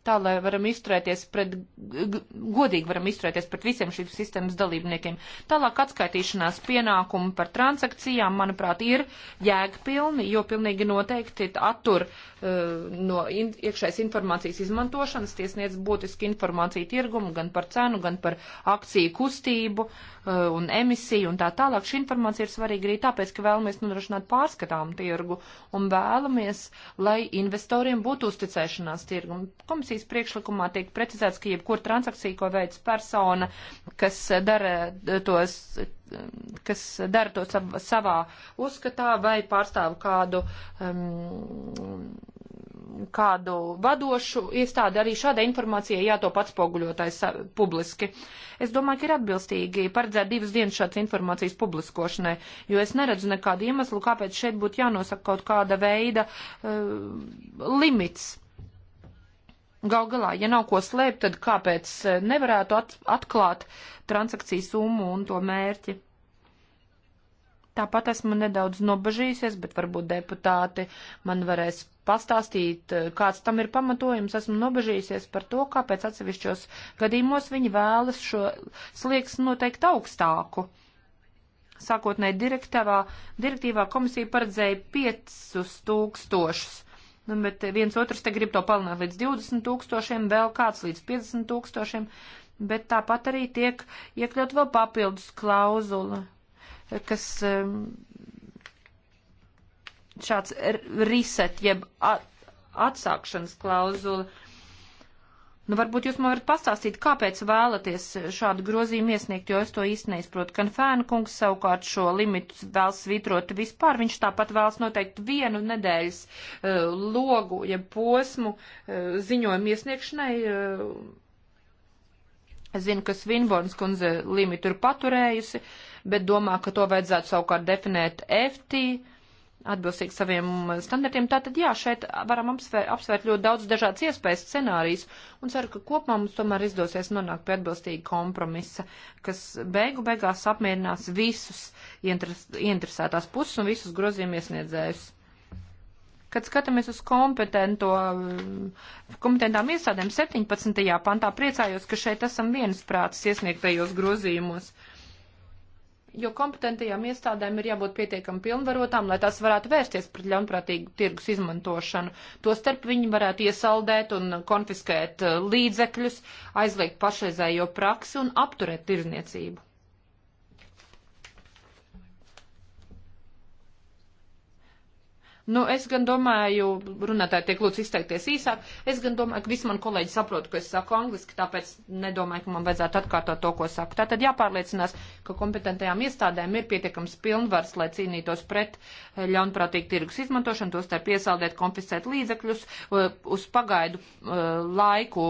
S1: tā, lai varam izturēties pret, godīgi varam izturēties pret visiem šīs sistēmas dalībniekiem. Tālāk atskaitīšanās pienākumu par transakcijām, manuprāt, ir jēgpilni, jo pilnīgi noteikti attur uh, no in, iekšējas informācijas izmantošanas, tie sniedz būtiski informāciju tirgumu gan par cenu, gan par akciju kustību. Uh, Eh, un emisiju un tā tālāk. Šī informācija ir svarīga arī tāpēc, ka vēlamies nodrošināt pārskatām tirgu un vēlamies, lai investoriem būtu uzticēšanās tirgu. Un komisijas priekšlikumā tiek precizēts, ka jebkur transakcija, ko veids persona, kas dara tos kas dara to savā uzskatā vai pārstāv kādu um, kādu vadošu iestādi, arī šādai informācijai jātop atspoguļotais publiski. Es domāju, ka ir atbilstīgi paredzēt divas dienas šādas informācijas publiskošanai, jo es neredzu nekādu iemeslu, kāpēc šeit būtu jānosaka kaut kāda veida uh, limits. Gal galā, ja nav ko slēpt, tad kāpēc e, nevarētu at atklāt transakciju summu un to mērķi? Tāpat esmu nedaudz nobažījusies, bet varbūt deputāti man varēs pastāstīt, eh, kāds tam ir pamatojums. Esmu nobežījusies par to, kāpēc atsevišķos gadījumos viņi vēlas šo slieksni noteikt augstāku. Sākotnēji direktīvā, direktīvā komisija paredzēja 5000 Nu, bet viens otrs te grib to palielināt līdz 20 tūkstošiem, vēl kāds līdz 50 tūkstošiem, bet tāpat arī tiek iekļaut vēl papildus klauzula, kas um, šāds riset, jeb atsākšanas klauzula. Nu, varbūt jūs man varat pastāstīt, kāpēc vēlaties šādu grozījumu iesniegt, jo es to īsti neizprotu. Gan Fēna kungs savukārt šo limitu vēl svitrot vispār, viņš tāpat vēlas noteikt vienu nedēļas uh, logu, ja posmu uh, ziņojumu iesniegšanai. Uh, es zinu, ka Svinborns kundze limitu ir paturējusi, bet domā, ka to vajadzētu savukārt definēt FT. Uh, atbilstīgi saviem um, standartiem. Tātad, jā, šeit varam apsvērt, apsvērt ļoti daudz dažādas iespējas scenārijas un ceru, ka kopumā mums tomēr izdosies nonākt pie atbilstīga kompromisa, kas beigu beigās apmierinās visus interes, interesētās puses un visus grozījumu iesniedzējus. Kad skatāmies uz um, kompetentām iestādēm 17. pantā, priecājos, ka šeit esam viensprātis iesniegtajos grozījumos. Uh, jo kompetentajām iestādēm ir jābūt pietiekami pilnvarotām, lai tās varētu vērsties pret ļaunprātīgu tirgus izmantošanu. Tostarp viņi varētu iesaldēt un konfiskēt eh, līdzekļus, aizliegt pašreizējo praksi un apturēt tirzniecību. Nu, es gan domāju, runātāji tiek lūdzu izteikties īsāk, es gan domāju, ka visi mani kolēģi saprot, ka es saku angliski, tāpēc nedomāju, ka man vajadzētu atkārtot to, ko saku. Tātad jāpārliecinās, ka kompetentajām iestādēm ir pietiekams pilnvars, lai cīnītos pret eh, ļaunprātīgu tirgus izmantošanu, tos starp iesaldēt, konfiscēt līdzekļus, eh, uz pagaidu eh, laiku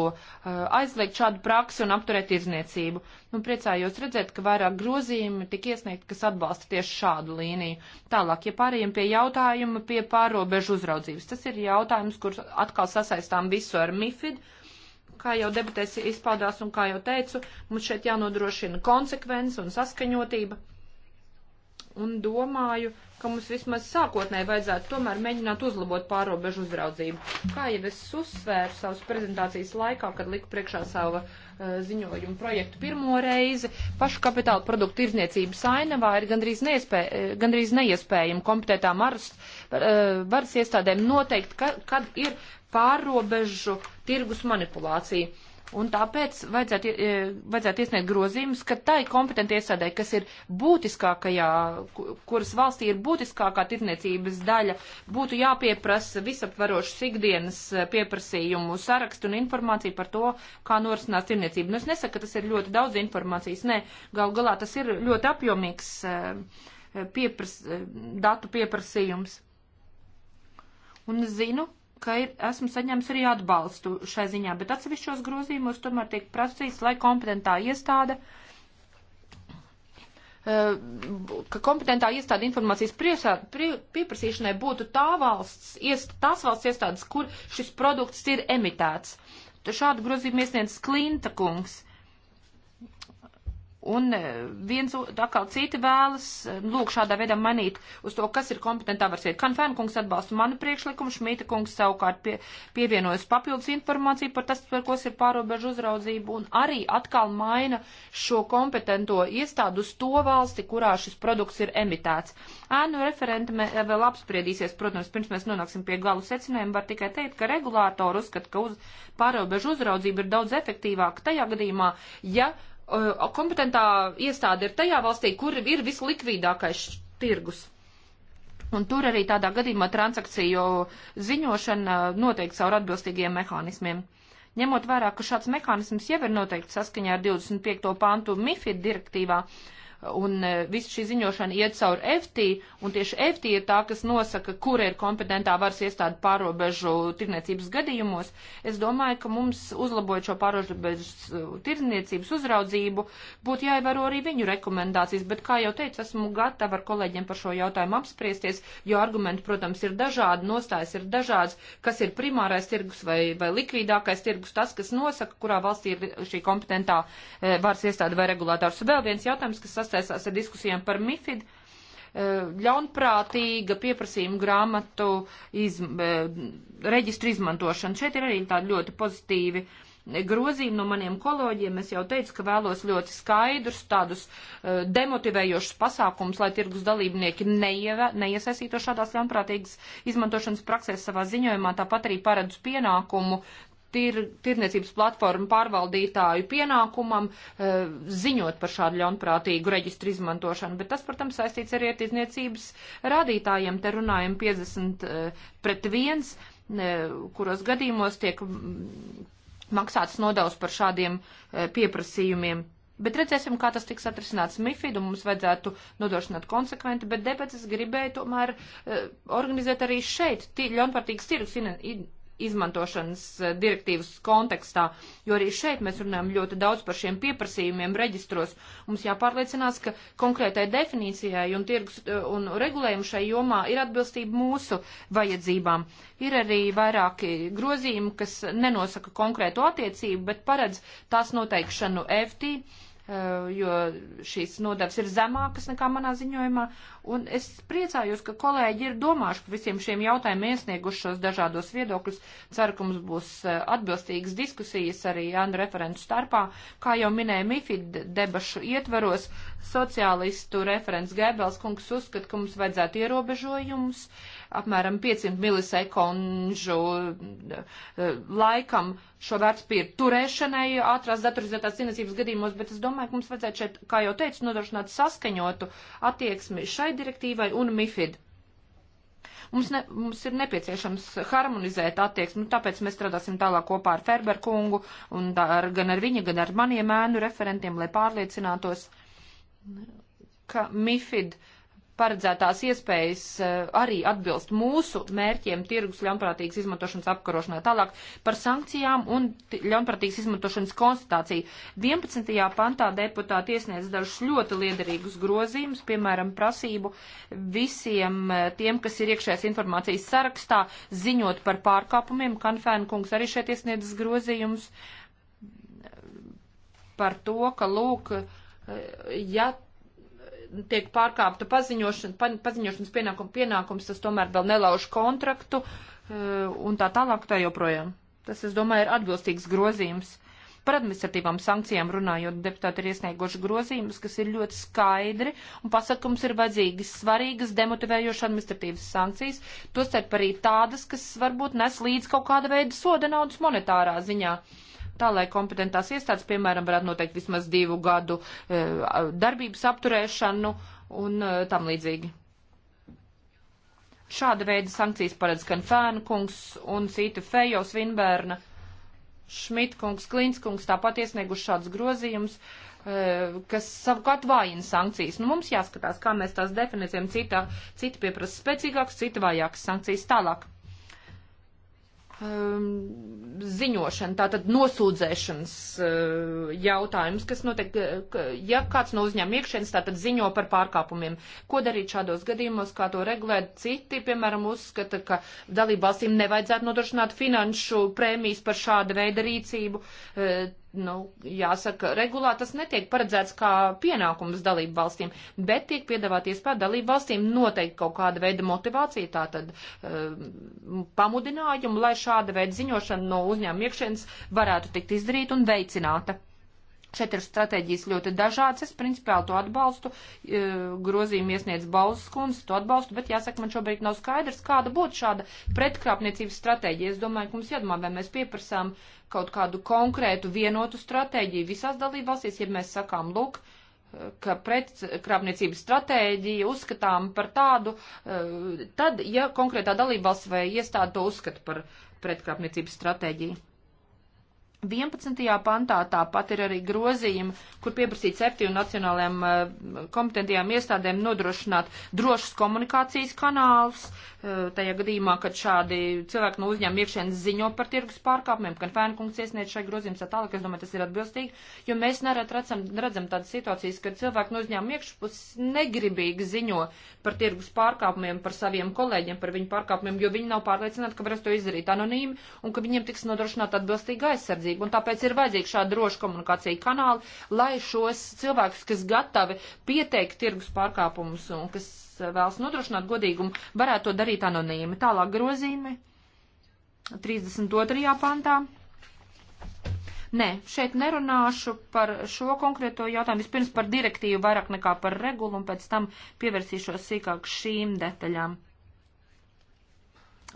S1: aizliegt šādu praksi un apturēt izniecību un priecājos redzēt, ka vairāk grozījumi tik iesniegt, kas atbalsta tieši šādu līniju. Tālāk, ja pārējiem pie jautājuma pie pārobežu uzraudzības, tas ir jautājums, kur atkal sasaistām visu ar MIFID kā jau debatēs izpaudās un kā jau teicu, mums šeit jānodrošina konsekvence un saskaņotība un domāju, ka mums vismaz sākotnēji vajadzētu tomēr mēģināt uzlabot pārobežu uzraudzību. Kā jau es uzsvēru savas prezentācijas laikā, kad liku priekšā savu uh, eh, ziņojumu projektu pirmo reizi, pašu kapitāla produktu tirzniecības ainavā ir gandrīz, neiespē, eh, gandrīz neiespējami kompetētām aras, uh, eh, varas iestādēm noteikt, ka, kad ir pārobežu tirgus manipulācija Un tāpēc vajadzētu, e, vajadzētu iesniegt grozījumus, ka tai kompetenti iesādē, kas ir būtiskākajā, kuras valstī ir būtiskākā tirniecības daļa, būtu jāpieprasa visaptvarošus ikdienas e, pieprasījumu sarakstu un informāciju par to, kā norisinās tirniecība. Nu, es nesaku, ka tas ir ļoti daudz informācijas, nē, gal galā tas ir ļoti apjomīgs e, piepras, datu pieprasījums. Un es zinu, ka ir, esmu saņēmis arī atbalstu šai ziņā, bet atsevišķos grozījumos tomēr tiek prasīts, lai kompetentā iestāde eh, ka kompetentā iestāde informācijas priesā, prie, pieprasīšanai būtu tā valsts, iest, tās valsts iestādes, kur šis produkts ir emitēts. Šādu grozījumu iesniedz Klinta kungs. Uh, Un e, viens atkal citi vēlas, e, lūk, šādā veidā manīt uz to, kas ir kompetentā var sēt. Kanfēna kungs atbalsta manu priekšlikumu, Šmita kungs savukārt pie, pievienojas papildus informāciju par tas, par ko ir pārobežu uzraudzību, un arī atkal maina šo kompetento iestādu uz to valsti, kurā šis produkts ir emitēts. Ēnu referenti e, vēl apspriedīsies, protams, pirms mēs nonāksim pie galu secinājumu, var tikai teikt, ka regulātori uzskata, ka uz pārobežu uzraudzība ir daudz efektīvāka tajā gadījumā, ja kompetentā iestāde ir tajā valstī, kur ir vislikvīdākais tirgus. Un tur arī tādā gadījumā transakciju ziņošana notiek caur atbilstīgiem mehānismiem. Ņemot vērā, ka šāds mehānisms jau ir noteikts saskaņā ar 25. pantu MIFID direktīvā, uh, un e, visu šī ziņošana iet caur FT, un tieši FT ir tā, kas nosaka, kura ir kompetentā varas iestāde pārobežu tirniecības gadījumos. Es domāju, ka mums uzlabojot šo pārobežu e, tirniecības uzraudzību būtu jāievēro arī viņu rekomendācijas, bet, kā jau teicu, esmu gatava ar kolēģiem par šo jautājumu apspriesties, jo argumenti, protams, ir dažādi, nostājas ir dažādas, kas ir primārais tirgus vai, vai likvīdākais tirgus, tas, kas nosaka, kurā valstī ir šī kompetentā e, varas iestāde vai regulātors. Vēl viens jautājums, kas sastāv saistās ar diskusijām par MIFID, eh, ļaunprātīga pieprasījuma grāmatu izm, eh, reģistru izmantošana. Šeit ir arī tādi ļoti pozitīvi grozījumi no maniem kolēģiem. Es jau teicu, ka vēlos ļoti skaidrus tādus uh, demotivējošus pasākumus, lai tirgus dalībnieki neieva, neiesaistītu šādās ļaunprātīgas izmantošanas praksēs savā ziņojumā. Tāpat arī paredz pienākumu tir, tirniecības platformu pārvaldītāju pienākumam e, ziņot par šādu ļaunprātīgu reģistru izmantošanu, bet tas, protams, saistīts arī ar tirniecības rādītājiem. Te runājam 50 e, eh, pret 1, e, eh, kuros gadījumos tiek maksāts nodevs par šādiem pieprasījumiem. Bet redzēsim, kā tas tiks atrisināts MIFID, un mums vajadzētu nodrošināt konsekventi, bet debatas gribēju tomēr uh, organizēt arī šeit, ļaunprātīgas tirgus izmantošanas eh, direktīvas kontekstā, jo arī šeit mēs runājam ļoti daudz par šiem pieprasījumiem reģistros. Mums jāpārliecinās, ka konkrētai definīcijai un, tirgus, eh, un regulējumu šai jomā ir atbilstība mūsu vajadzībām. Ir arī vairāki grozījumi, kas nenosaka konkrēto attiecību, bet paredz tās noteikšanu FT Eh, jo šīs nodevs ir zemākas nekā manā ziņojumā. Un es priecājos, ka kolēģi ir domājuši par visiem šiem jautājumiem, iesniegušos dažādos viedokļus. Ceru, ka mums būs eh, atbilstīgas diskusijas arī Jāna referentu starpā. Kā jau minēja MIFID debašu ietveros, sociālistu referents Gēbels kungs uzskata, ka mums vajadzētu ierobežojumus. Uh, apmēram 500 milisekundžu eh, laikam šo vērtspapīru turēšanai ātrās datorizētās zinasības gadījumos, bet es domāju, ka mums vajadzētu šeit, kā jau teicu, nodrošināt saskaņotu attieksmi šai direktīvai un MIFID mums, ne, mums ir nepieciešams harmonizēt attieksmi, nu, tāpēc mēs strādāsim tālāk kopā ar Ferber kungu un ar, gan ar viņa, gan ar maniem ēnu referentiem, lai pārliecinātos, ka MIFID uh, paredzētās iespējas eh, arī atbilst mūsu mērķiem tirgus ļaunprātīgas izmantošanas apkarošanā. Tālāk par sankcijām un ļaunprātīgas izmantošanas konstatāciju. 11. pantā deputāti iesniedz dažus ļoti liederīgus grozījumus, piemēram, prasību visiem eh, tiem, kas ir iekšējās informācijas sarakstā, ziņot par pārkāpumiem. Kanfēna kungs arī šeit iesniedz grozījumus par to, ka lūk, eh, ja tiek pārkāpta paziņošana, paziņošanas pienākuma pienākums, tas tomēr vēl nelauž kontraktu eh, un tā tālāk tā joprojām. Tas, es domāju, ir atbilstīgs grozījums. Par administratīvām sankcijām runājot, deputāti ir iesnieguši grozījumus, kas ir ļoti skaidri un pasakums ir vajadzīgas svarīgas demotivējošas administratīvas sankcijas, tostarp arī tādas, kas varbūt nes līdz kaut kāda veida soda naudas monetārā ziņā. Uh, tā lai kompetentās iestādes, piemēram, varētu noteikt vismaz divu gadu eh, darbības apturēšanu un eh, tam līdzīgi. Šāda veida sankcijas paredz gan Fēnkungs un Sīta Fejos Vinbērna. Šmitkungs, Klinskungs tāpat iesnieguši šādus grozījumus, eh, kas savukārt vājina sankcijas. Nu, mums jāskatās, kā mēs tās definēsim. Cita, cita pieprasa spēcīgākas, cita vājākas sankcijas tālāk. Um, ziņošana, tātad nosūdzēšanas uh, jautājums, kas notiek, uh, ja kāds no uzņēmuma iekšienes tātad ziņo par pārkāpumiem. Ko darīt šādos gadījumos, kā to regulēt? Citi, piemēram, uzskata, ka dalībvalstīm nevajadzētu nodrošināt finanšu prēmijas par šādu veidu rīcību. Uh, nu, jāsaka, regulā tas netiek paredzēts kā pienākums dalību valstīm, bet tiek piedāvāt iespēja dalību valstīm noteikt kaut kāda veida motivāciju, tātad uh, pamudinājumu, lai šāda veida ziņošana no uzņēmuma iekšienes varētu tikt izdarīta un veicināta. Četras stratēģijas ļoti dažādas. Es principāli to atbalstu. E, Grozījumi iesniedz balsas kundzes, to atbalstu, bet jāsaka, man šobrīd nav skaidrs, kāda būtu šāda pretkrāpniecības stratēģija. Es domāju, ka mums jādomā, vai mēs pieprasām kaut kādu konkrētu vienotu stratēģiju visās dalībvalstīs, ja mēs sakām, lūk, ka pretkrāpniecības stratēģija uzskatām par tādu, e, tad, ja konkrētā dalībvalsts vai iestāde to uzskata par pretkrāpniecības stratēģiju. 11. pantā tāpat ir arī grozījumi, kur pieprasīt septīju nacionālajām eh, kompetentajām iestādēm nodrošināt drošas komunikācijas kanālus, eh, tajā gadījumā, kad šādi cilvēki no uzņēmuma iekšienes ziņo par tirgus pārkāpumiem, kad fēnkungs iesniedz šai grozījums tā tālāk, es domāju, tas ir atbilstīgi, jo mēs nerad redzam, redzam tādas situācijas, kad cilvēki no uzņēmuma iekšpuses negribīgi ziņo par tirgus pārkāpumiem, par saviem kolēģiem, par viņu pārkāpumiem, jo viņi nav pārliecināti, ka varēs to izdarīt anonīmi un ka viņiem tiks nodrošināta atbilstīga aizsardzība vajadzība, un tāpēc ir vajadzīga šāda droša komunikācija kanāla, lai šos cilvēkus, kas gatavi pieteikt tirgus pārkāpumus un kas vēlas nodrošināt godīgumu, varētu to darīt anonīmi. Tālāk grozīmi 32. pantā. Nē, šeit nerunāšu par šo konkrēto jautājumu. Vispirms par direktīvu vairāk nekā par regulu, un pēc tam pievērsīšos sīkāk šīm detaļām.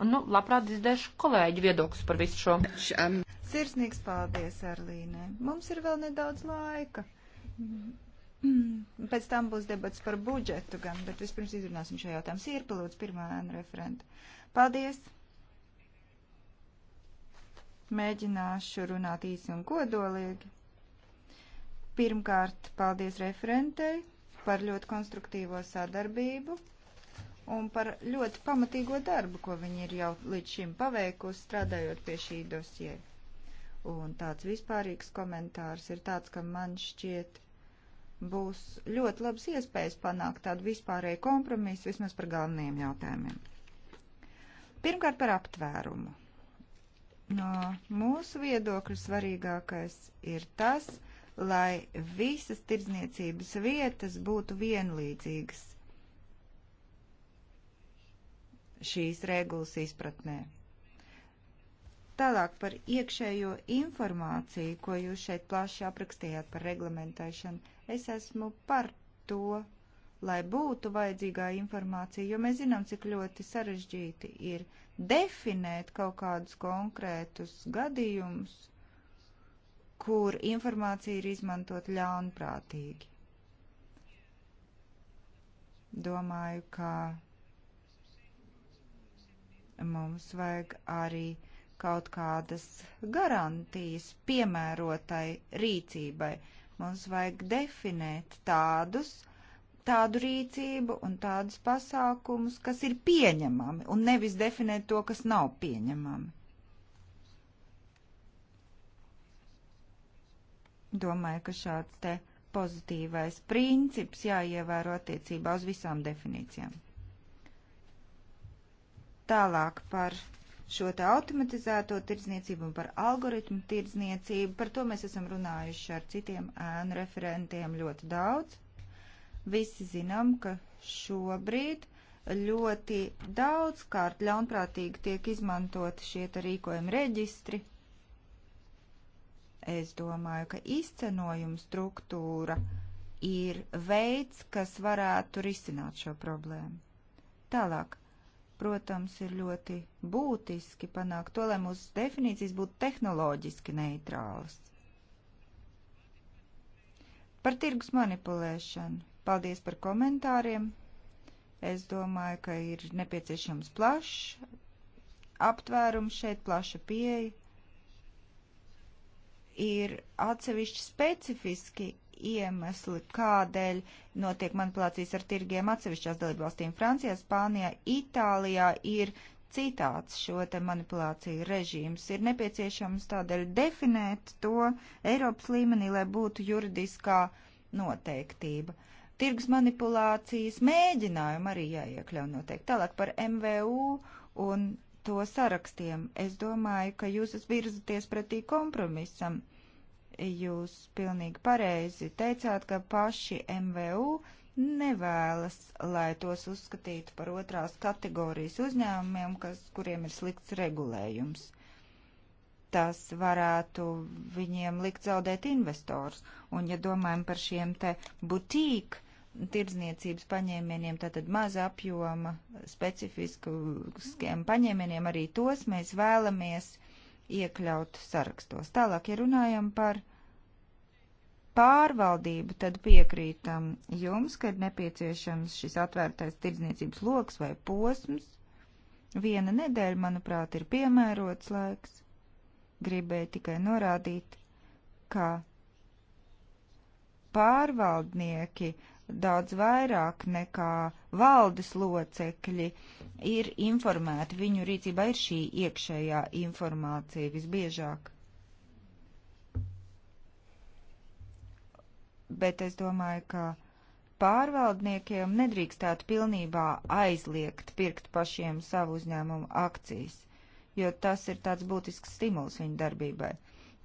S1: Nu, labprāt dzirdēšu kolēģi viedokļus par visu šo. Um,
S3: Sirsnīgs paldies, Arlīne. Mums ir vēl nedaudz laika. Pēc tam būs debats par budžetu gan, bet vispirms izrunāsim šo jautājumu. Sīrpa, lūdzu, pirmā ēna referenta. Paldies! Mēģināšu runāt īsi un kodolīgi. Pirmkārt, paldies referentei par ļoti konstruktīvo sadarbību un par ļoti pamatīgo darbu, ko viņi ir jau līdz šim paveikusi, strādājot pie šī dosieja. Un tāds vispārīgs komentārs ir tāds, ka man šķiet būs ļoti labs iespējas panākt tādu vispārēju kompromisu vismaz par galvenajiem jautājumiem. Pirmkārt par aptvērumu. No mūsu viedokļa svarīgākais ir tas, lai visas tirdzniecības vietas būtu vienlīdzīgas šīs regulas izpratnē. Tālāk par iekšējo informāciju, ko jūs šeit plaši aprakstījāt par reglamentēšanu. Es esmu par to, lai būtu vajadzīgā informācija, jo mēs zinām, cik ļoti sarežģīti ir definēt kaut kādus konkrētus gadījumus, kur informācija ir izmantot ļaunprātīgi. Domāju, ka mums vajag arī kaut kādas garantijas piemērotai rīcībai. Mums vajag definēt tādus, tādu rīcību un tādus pasākumus, kas ir pieņemami, un nevis definēt to, kas nav pieņemami. Domāju, ka šāds te pozitīvais princips jāievēro attiecībā uz visām definīcijām. Tālāk par šo te automatizēto tirdzniecību un par algoritmu tirdzniecību. Par to mēs esam runājuši ar citiem ēnu referentiem ļoti daudz. Visi zinām, ka šobrīd ļoti daudz kārt ļaunprātīgi tiek izmantot šie te rīkojumi reģistri. Es domāju, ka izcenojuma struktūra ir veids, kas varētu risināt šo problēmu. Tālāk protams, ir ļoti būtiski panākt to, lai mūsu definīcijas būtu tehnoloģiski neitrālas. Par tirgus manipulēšanu. Paldies par komentāriem. Es domāju, ka ir nepieciešams plašs aptvērums šeit, plaša pieeja. Ir atsevišķi specifiski iemesli, kādēļ notiek manipulācijas ar tirgiem atsevišķās dalībvalstīm. Francijā, Spānijā, Itālijā ir citāts šo te manipulāciju režīms. Ir nepieciešams tādēļ definēt to Eiropas līmenī, lai būtu juridiskā noteiktība. Tirgus manipulācijas mēģinājumu arī jāiekļau noteikti. Tālāk par MVU un to sarakstiem. Es domāju, ka jūs virzaties pretī kompromisam. Jūs pilnīgi pareizi teicāt, ka paši MVU nevēlas, lai tos uzskatītu par otrās kategorijas uzņēmumiem, kas, kuriem ir slikts regulējums. Tas varētu viņiem likt zaudēt investors. Un, ja domājam par šiem te butīku tirdzniecības paņēmieniem, tātad maza apjoma specifiskiem paņēmieniem, arī tos mēs vēlamies uh, iekļaut sarakstos. Tālāk, ja runājam par pārvaldību, tad piekrītam jums, ka ir nepieciešams šis atvērtais tirdzniecības loks vai posms. Viena nedēļa, manuprāt, ir piemērots laiks. Gribēju tikai norādīt, ka pārvaldnieki uh, daudz vairāk nekā valdes locekļi ir informēti. Viņu rīcībā ir šī iekšējā informācija visbiežāk. Bet es domāju, ka pārvaldniekiem nedrīkstētu pilnībā aizliegt pirkt pašiem savu uzņēmumu akcijas, jo tas ir tāds būtisks stimuls viņu darbībai.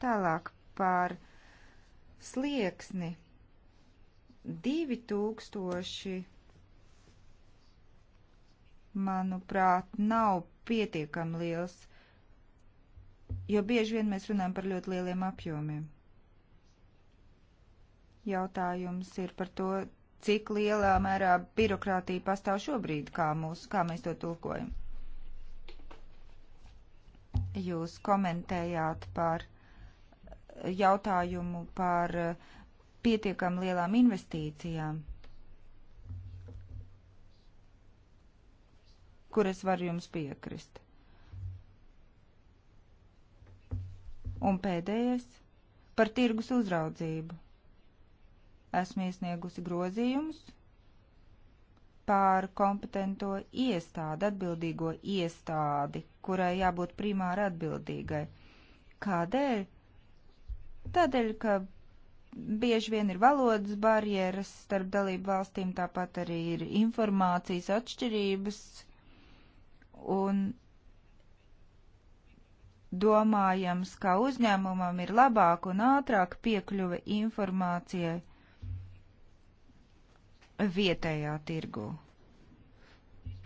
S3: Tālāk par slieksni 2000, manuprāt, nav pietiekami liels, jo bieži vien mēs runājam par ļoti lieliem apjomiem. Jautājums ir par to, cik lielā mērā birokrātija pastāv šobrīd, kā, mūs, kā mēs to tulkojam. Jūs komentējāt par jautājumu par uh, pietiekam lielām investīcijām, kur es varu jums piekrist. Un pēdējais par tirgus uzraudzību. Esmu iesniegusi grozījumus pār kompetento iestādi, atbildīgo iestādi, kurai jābūt primāri atbildīgai. Kādēļ? Tādēļ, ka bieži vien ir valodas barjeras starp dalību valstīm, tāpat arī ir informācijas atšķirības. Un domājams, ka uzņēmumam ir labāk un ātrāk piekļuve informācijai vietējā tirgu.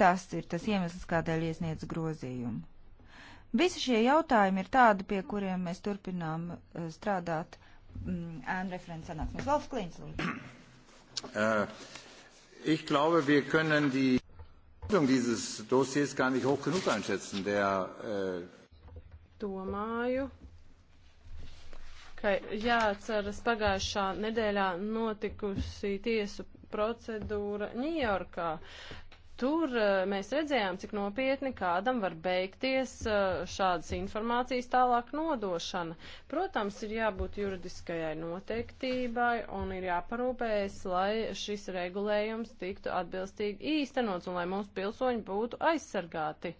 S3: Tas ir tas iemesls, kādēļ iesniedz grozījumu. Visi šie jautājumi ir tādi, pie kuriem mēs turpinām eh, strādāt ēnu mm, referents sanāksmes. Valsts klīns, lūdzu.
S1: Äh,
S4: Bedeutung dieses Dossiers gar nicht hoch genug einschätzen. Der, äh
S2: Domāju, ka jāatceras pagājušā nedēļā notikusī tiesu procedūra Ņujorkā. Tur eh, mēs redzējām, cik nopietni kādam var beigties eh, šādas informācijas tālāk nodošana. Protams, ir jābūt juridiskajai noteiktībai un ir jāparūpējas, lai šis regulējums tiktu atbilstīgi īstenots un lai mūsu pilsoņi būtu aizsargāti.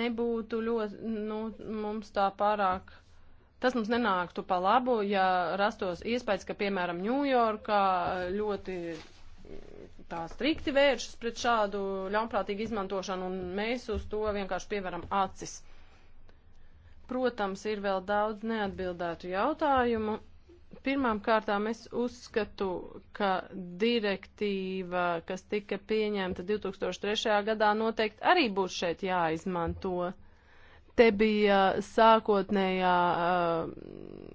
S2: Nebūtu ļoti, nu, mums tā pārāk Tas mums nenāktu pa labu, ja rastos iespējas, ka, piemēram, Ņujorkā eh, ļoti tā strikti vēršas pret šādu ļaunprātīgu izmantošanu, un mēs uz to vienkārši pievaram acis. Protams, ir vēl daudz neatbildētu jautājumu. Pirmām kārtām es uzskatu, ka direktīva, kas tika pieņemta 2003. gadā, noteikti arī būs šeit jāizmanto. Te bija uh, sākotnējā uh,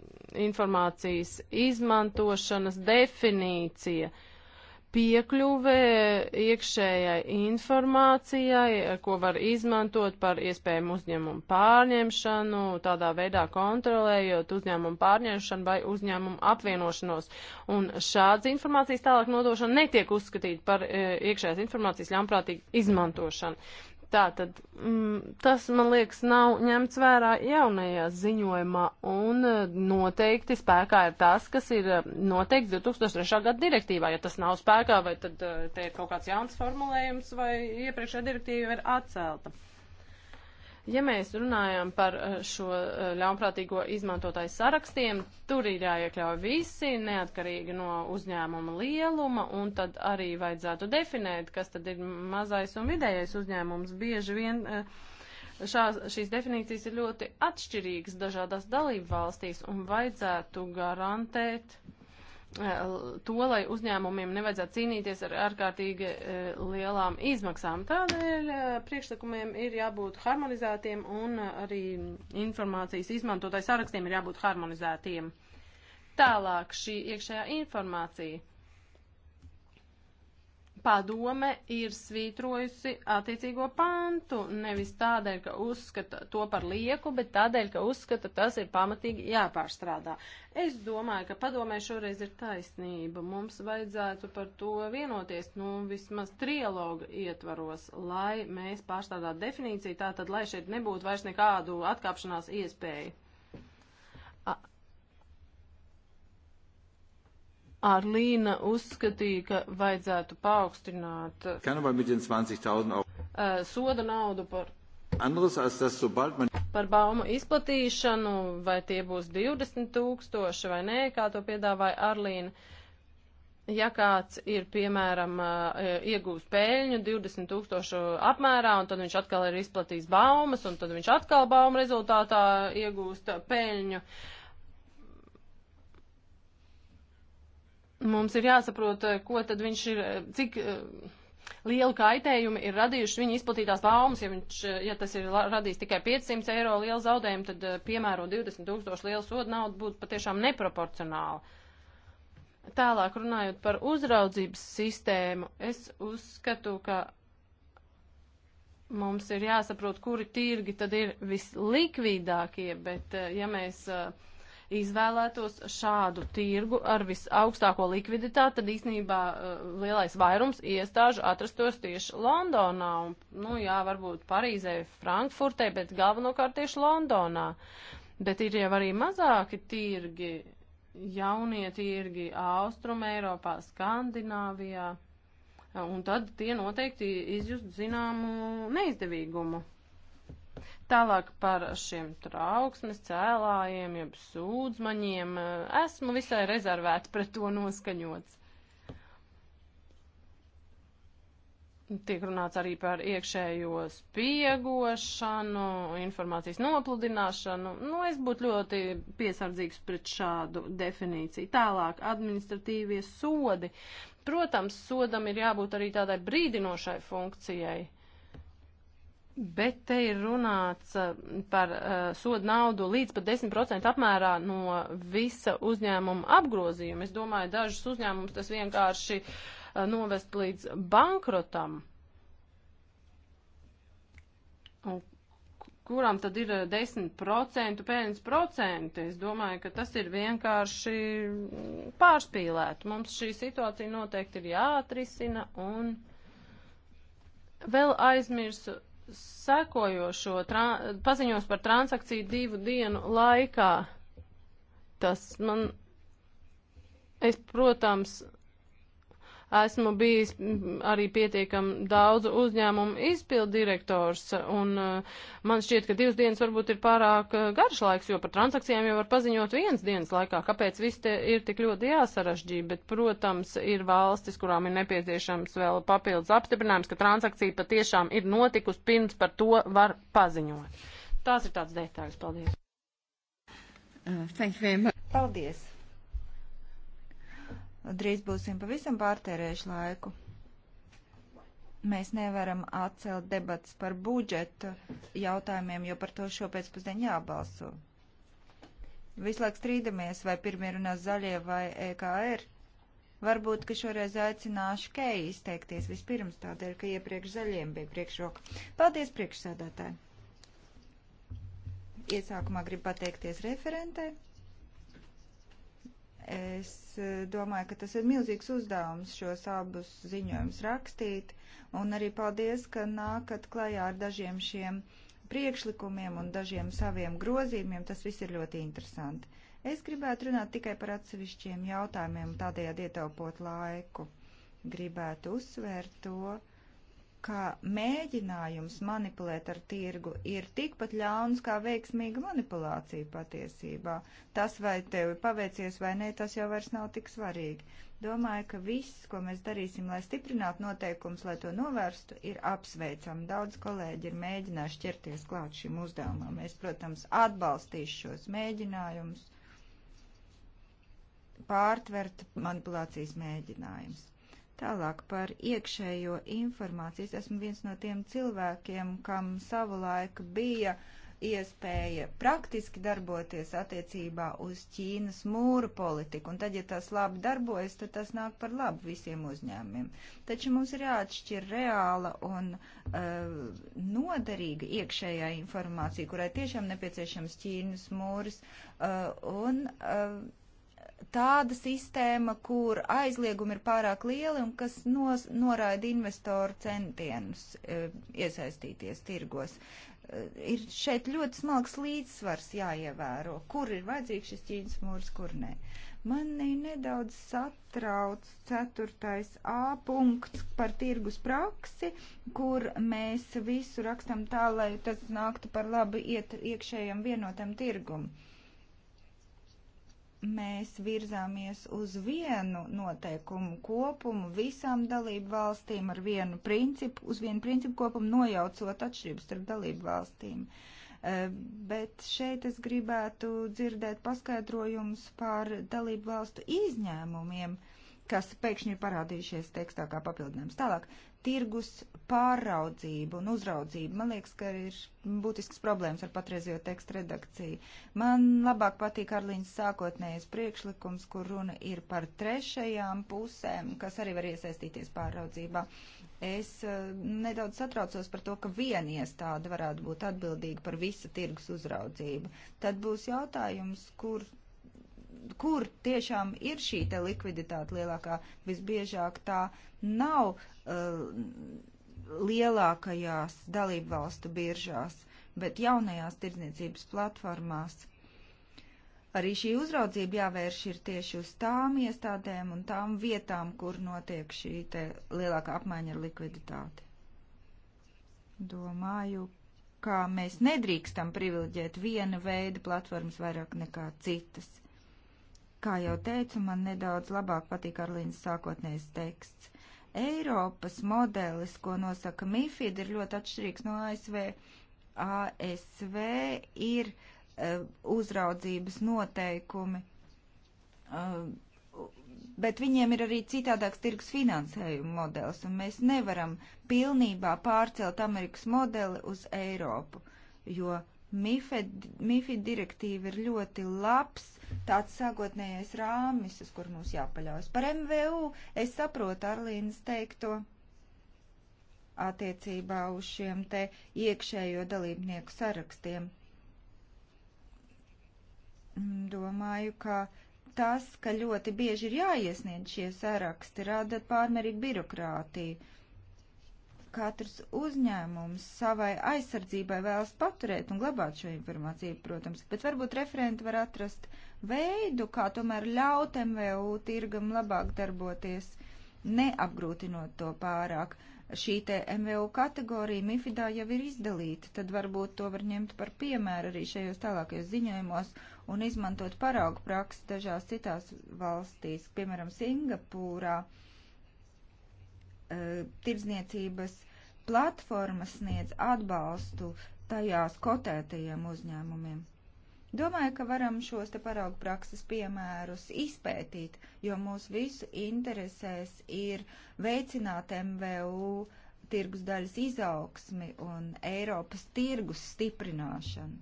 S2: informācijas izmantošanas definīcija. Uh, piekļuve iekšējai informācijai, ko var izmantot par iespējumu uzņēmumu pārņemšanu, tādā veidā kontrolējot uzņēmumu pārņemšanu vai uzņēmumu apvienošanos. Un šādas informācijas tālāk nodošana netiek uzskatīta par e, iekšējās informācijas ļaunprātīgu izmantošanu. Tātad mm, tas, man liekas, nav ņemts vērā jaunajā ziņojumā, un e, noteikti spēkā ir tas, kas ir e, noteikts 2003. gada direktīvā. Ja tas nav spēkā, vai tad e, te ir kaut kāds jauns formulējums, vai iepriekšējā direktīva ir atcelta. Uh, Ja mēs runājam par eh, šo eh, ļaunprātīgo izmantotāju sarakstiem, tur ir jāiekļauj visi, neatkarīgi no uzņēmuma lieluma, un tad arī vajadzētu definēt, kas tad ir mazais un vidējais uzņēmums. Bieži vien eh, šās, šīs definīcijas ir ļoti atšķirīgas dažādās dalību valstīs, un vajadzētu garantēt Eh, to, lai uzņēmumiem nevajadzētu cīnīties ar ārkārtīgi eh, lielām izmaksām. Tādēļ eh, priekšlikumiem ir jābūt harmonizētiem un arī informācijas izmantotāju sarakstiem ir jābūt harmonizētiem. Tālāk šī iekšējā informācija padome ir svītrojusi attiecīgo pantu, nevis tādēļ, ka uzskata to par lieku, bet tādēļ, ka uzskata tas ir pamatīgi jāpārstrādā. Es domāju, ka padomē šoreiz ir taisnība. Mums vajadzētu par to vienoties, nu, vismaz trialoga ietvaros, lai mēs pārstrādātu definīciju, tā tad, lai šeit nebūtu vairs nekādu atkāpšanās iespēju. Arlīna uzskatīja, ka vajadzētu paaugstināt
S1: uh,
S2: soda naudu par, man... par baumu izplatīšanu, vai tie būs 20 tūkstoši vai nē, kā to piedāvāja Arlīna. Ja kāds ir, piemēram, uh, iegūst pēļņu 20 tūkstošu apmērā, un tad viņš atkal ir izplatījis baumas, un tad viņš atkal baumu rezultātā iegūst pēļņu, uh, Mums ir jāsaprot, eh, ko tad viņš ir, eh, cik eh, lielu kaitējumu ir radījuši viņa izplatītās baumas. Ja, viņš, ja tas ir radījis tikai 500 eiro lielu zaudējumu, tad piemēro 20 tūkstošu lielu sodu naudu būtu patiešām neproporcionāli. Tālāk runājot par uzraudzības sistēmu, es uzskatu, ka mums ir jāsaprot, kuri tirgi tad ir vislikvīdākie, bet ja mēs uh, izvēlētos šādu tirgu ar visaugstāko likviditāti, tad īsnībā uh, lielais vairums iestāžu atrastos tieši Londonā. Un, nu jā, varbūt Parīzē, Frankfurtē, bet galvenokārt tieši Londonā. Bet ir jau arī mazāki tirgi, jaunie tirgi Austrum Eiropā, Skandināvijā. Un tad tie noteikti izjust zināmu neizdevīgumu. Tālāk par šiem trauksmes cēlājiem, jeb sūdzmaņiem. Esmu visai rezervēts pret to noskaņots. Tiek runāts arī par iekšējo spiegošanu, informācijas nopludināšanu. Nu, es būtu ļoti piesardzīgs pret šādu definīciju. Tālāk, administratīvie sodi. Protams, sodam ir jābūt arī tādai brīdinošai funkcijai. Uh, Bet te ir runāts eh, par uh, sodu naudu līdz pat 10% apmērā no visa uzņēmuma apgrozījuma. Es domāju, dažus uzņēmumus tas vienkārši uh, novest līdz bankrotam. Un kurām tad ir 10% pēļņas procenti. Es domāju, ka tas ir vienkārši pārspīlēt. Mums šī situācija noteikti ir jāatrisina un vēl aizmirsu sekojošo paziņos par transakciju divu dienu laikā. Tas man, es, protams, Esmu bijis arī pietiekam daudzu uzņēmumu izpildirektors, un uh, man šķiet, ka divas dienas varbūt ir pārāk uh, garš laiks, jo par transakcijām jau var paziņot viens dienas laikā. Kāpēc viss te ir tik ļoti jāsaražģī? Bet, protams, ir valstis, kurām ir nepieciešams vēl papildus apstiprinājums, ka transakcija patiešām ir notikusi pirms par to var paziņot. Tās ir tāds detaļas. Paldies! Uh,
S3: Paldies! drīz būsim pavisam pārtērējuši laiku. Mēs nevaram atcelt debats par budžetu jautājumiem, jo par to šopēcpusdien jābalso. Visu laiku strīdamies, vai pirmie runās zaļie vai EKR. Varbūt, ka šoreiz aicināšu Keiju izteikties vispirms, tādēļ, ka iepriekš zaļiem bija priekšroka. Paldies, priekšsēdētāji! Iesākumā gribu pateikties referentei. Es e, domāju, ka tas ir milzīgs uzdevums šos abus ziņojumus rakstīt, un arī paldies, ka nākat klajā ar dažiem šiem priekšlikumiem un dažiem saviem grozījumiem. Tas viss ir ļoti interesanti. Es gribētu runāt tikai par atsevišķiem jautājumiem, tādējādi ietaupot laiku. Gribētu uzsvērt to, ka mēģinājums manipulēt ar tirgu ir tikpat ļauns kā veiksmīga manipulācija patiesībā. Tas, vai tev paveicies vai nē, tas jau vairs nav tik svarīgi. Domāju, ka viss, ko mēs darīsim, lai stiprinātu noteikums, lai to novērstu, ir apsveicam. Daudz kolēģi ir mēģinājuši ķerties klāt šim uzdevumam. Es, protams, atbalstīšu šos mēģinājumus pārtvert manipulācijas mēģinājumus. Tālāk par iekšējo informācijas. Esmu viens no tiem cilvēkiem, kam savulaik bija iespēja praktiski darboties attiecībā uz Ķīnas mūru politiku, un tad, ja tas labi darbojas, tad tas nāk par labu visiem uzņēmumiem. Taču mums ir jāatšķir reāla un uh, noderīga iekšējā informācija, kurai tiešām nepieciešams Ķīnas mūris, uh, un uh, tāda sistēma, kur aizliegumi ir pārāk lieli un kas nos, noraida investoru centienus e, iesaistīties tirgos. E, ir šeit ļoti smalks līdzsvars jāievēro, kur ir vajadzīgs šis ķīnas mūrs, kur nē. Mani nedaudz satrauc ceturtais A punkts par tirgus praksi, kur mēs visu rakstam tā, lai tas nāktu par labu iet, iekšējam vienotam tirgumam mēs virzāmies uz vienu noteikumu kopumu visām dalību valstīm ar vienu principu, uz vienu principu kopumu nojaucot atšķirības starp dalību valstīm. Eh, bet šeit es gribētu dzirdēt paskaidrojumus par dalību valstu izņēmumiem, kas pēkšņi ir parādījušies tekstā kā papildinājums. Tālāk, tirgus pārraudzību un uzraudzību. Man liekas, ka ir būtisks problēmas ar patreizējo tekstu redakciju. Man labāk patīk Arlīnas sākotnējais priekšlikums, kur runa ir par trešajām pusēm, kas arī var iesaistīties pārraudzībā. Es uh, nedaudz satraucos par to, ka viena iestāde varētu būt atbildīga par visa tirgus uzraudzību. Tad būs jautājums, kur kur tiešām ir šī te likviditāte lielākā. Visbiežāk tā nav uh, lielākajās dalību valstu biržās, bet jaunajās tirdzniecības platformās. Arī šī uzraudzība jāvērš ir tieši uz tām iestādēm un tām vietām, kur notiek šī te lielākā apmaiņa ar likviditāti. Domāju, ka mēs nedrīkstam privileģēt viena veida platformas vairāk nekā citas. Kā jau teicu, man nedaudz labāk patīk Arlīnas sākotnējais teksts. Eiropas modelis, ko nosaka MIFID, ir ļoti atšķirīgs no ASV. ASV ir uh, uzraudzības noteikumi, uh, bet viņiem ir arī citādāks tirgus finansējuma modelis, un mēs nevaram pilnībā pārcelt Amerikas modeli uz Eiropu, jo MIFED, MIFID direktīva ir ļoti labs tāds sākotnējais rāmis, uz kur mums jāpaļaujas. Par MVU es saprotu Arlīnas teikto attiecībā uz šiem te iekšējo dalībnieku sarakstiem. Domāju, ka tas, ka ļoti bieži ir jāiesniedz šie saraksti, rada pārmērīgu birokrātiju katrs uzņēmums savai aizsardzībai vēlas paturēt un glabāt šo informāciju, protams, bet varbūt referenti var atrast veidu, kā tomēr ļaut MVU tirgam labāk darboties, neapgrūtinot to pārāk. Šī te MVU kategorija Mifidā jau ir izdalīta, tad varbūt to var ņemt par piemēru arī šajos tālākajos ziņojumos un izmantot paraugu praksi dažās citās valstīs, piemēram, Singapūrā. Uh, Uh, tirdzniecības platformas sniedz atbalstu tajās kotētajiem uzņēmumiem. Domāju, ka varam šos te paraugu prakses piemērus izpētīt, jo mūsu visu interesēs ir veicināt MVU tirgus daļas izaugsmi un Eiropas tirgus stiprināšanu.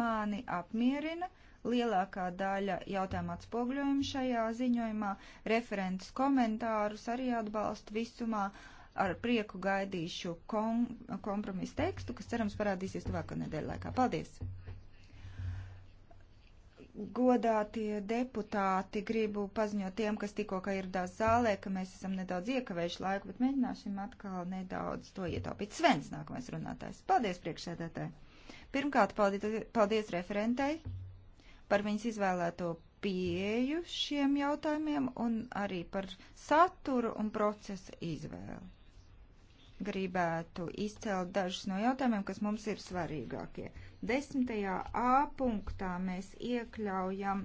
S3: Mani apmierina, uh, Lielākā daļa jautājumu atspoguļojumu šajā ziņojumā, referents komentārus arī atbalstu visumā. Ar prieku gaidīšu kom kompromisu tekstu, kas cerams parādīsies tuvāko nedēļu laikā. Paldies! godātie deputāti, gribu paziņot tiem, kas tikko ieradās zālē, ka mēs esam nedaudz iekavējuši laiku, bet mēģināsim atkal nedaudz to ietaupīt. Svens, nākamais runātājs. Paldies, priekšsēdētāji! Pirmkārt, paldies, paldies referentei par viņas izvēlēto pieeju šiem jautājumiem un arī par saturu un procesa izvēli. Gribētu izcelt dažus no jautājumiem, kas mums ir svarīgākie. Desmitajā A punktā mēs iekļaujam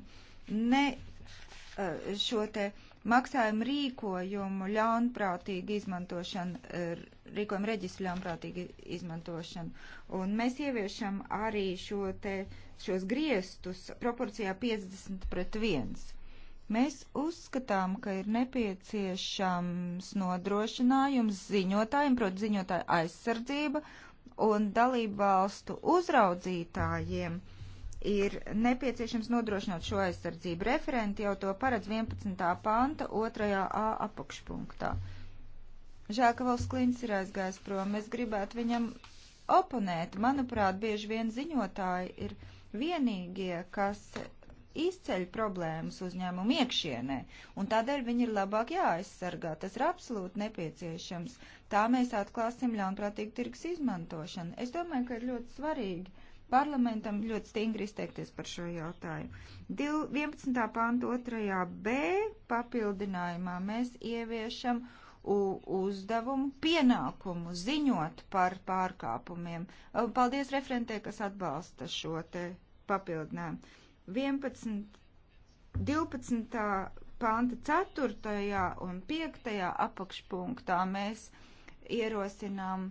S3: ne eh, šo te uh, maksājumu rīkojumu ļaunprātīgu izmantošanu, eh, rīkojumu reģistru ļaunprātīgu izmantošanu. Un mēs ieviešam arī šo te, šos griestus proporcijā 50 pret 1. Mēs uzskatām, ka ir nepieciešams nodrošinājums ziņotājiem, proti ziņotāja aizsardzība un dalību valstu uzraudzītājiem. Uh, ir nepieciešams nodrošināt šo aizsardzību. Referenti jau to paredz 11. panta 2a apakšpunktā. Žēl, ka valsts klīns ir aizgājis prom. Es gribētu viņam oponēt. Manuprāt, bieži vien ziņotāji ir vienīgie, kas izceļ problēmas uzņēmumu iekšienē, un tādēļ viņi ir labāk jāaizsargā. Tas ir absolūti nepieciešams. Tā mēs atklāsim ļaunprātīgu tirgus izmantošanu. Es domāju, ka ir ļoti svarīgi parlamentam ļoti stingri izteikties par šo jautājumu. 11. pānta 2b papildinājumā mēs ieviešam uzdevumu pienākumu ziņot par pārkāpumiem. Paldies referentē, kas atbalsta šo te papildinājumu. 11, 12. panta 4. un 5. apakšpunktā mēs ierosinām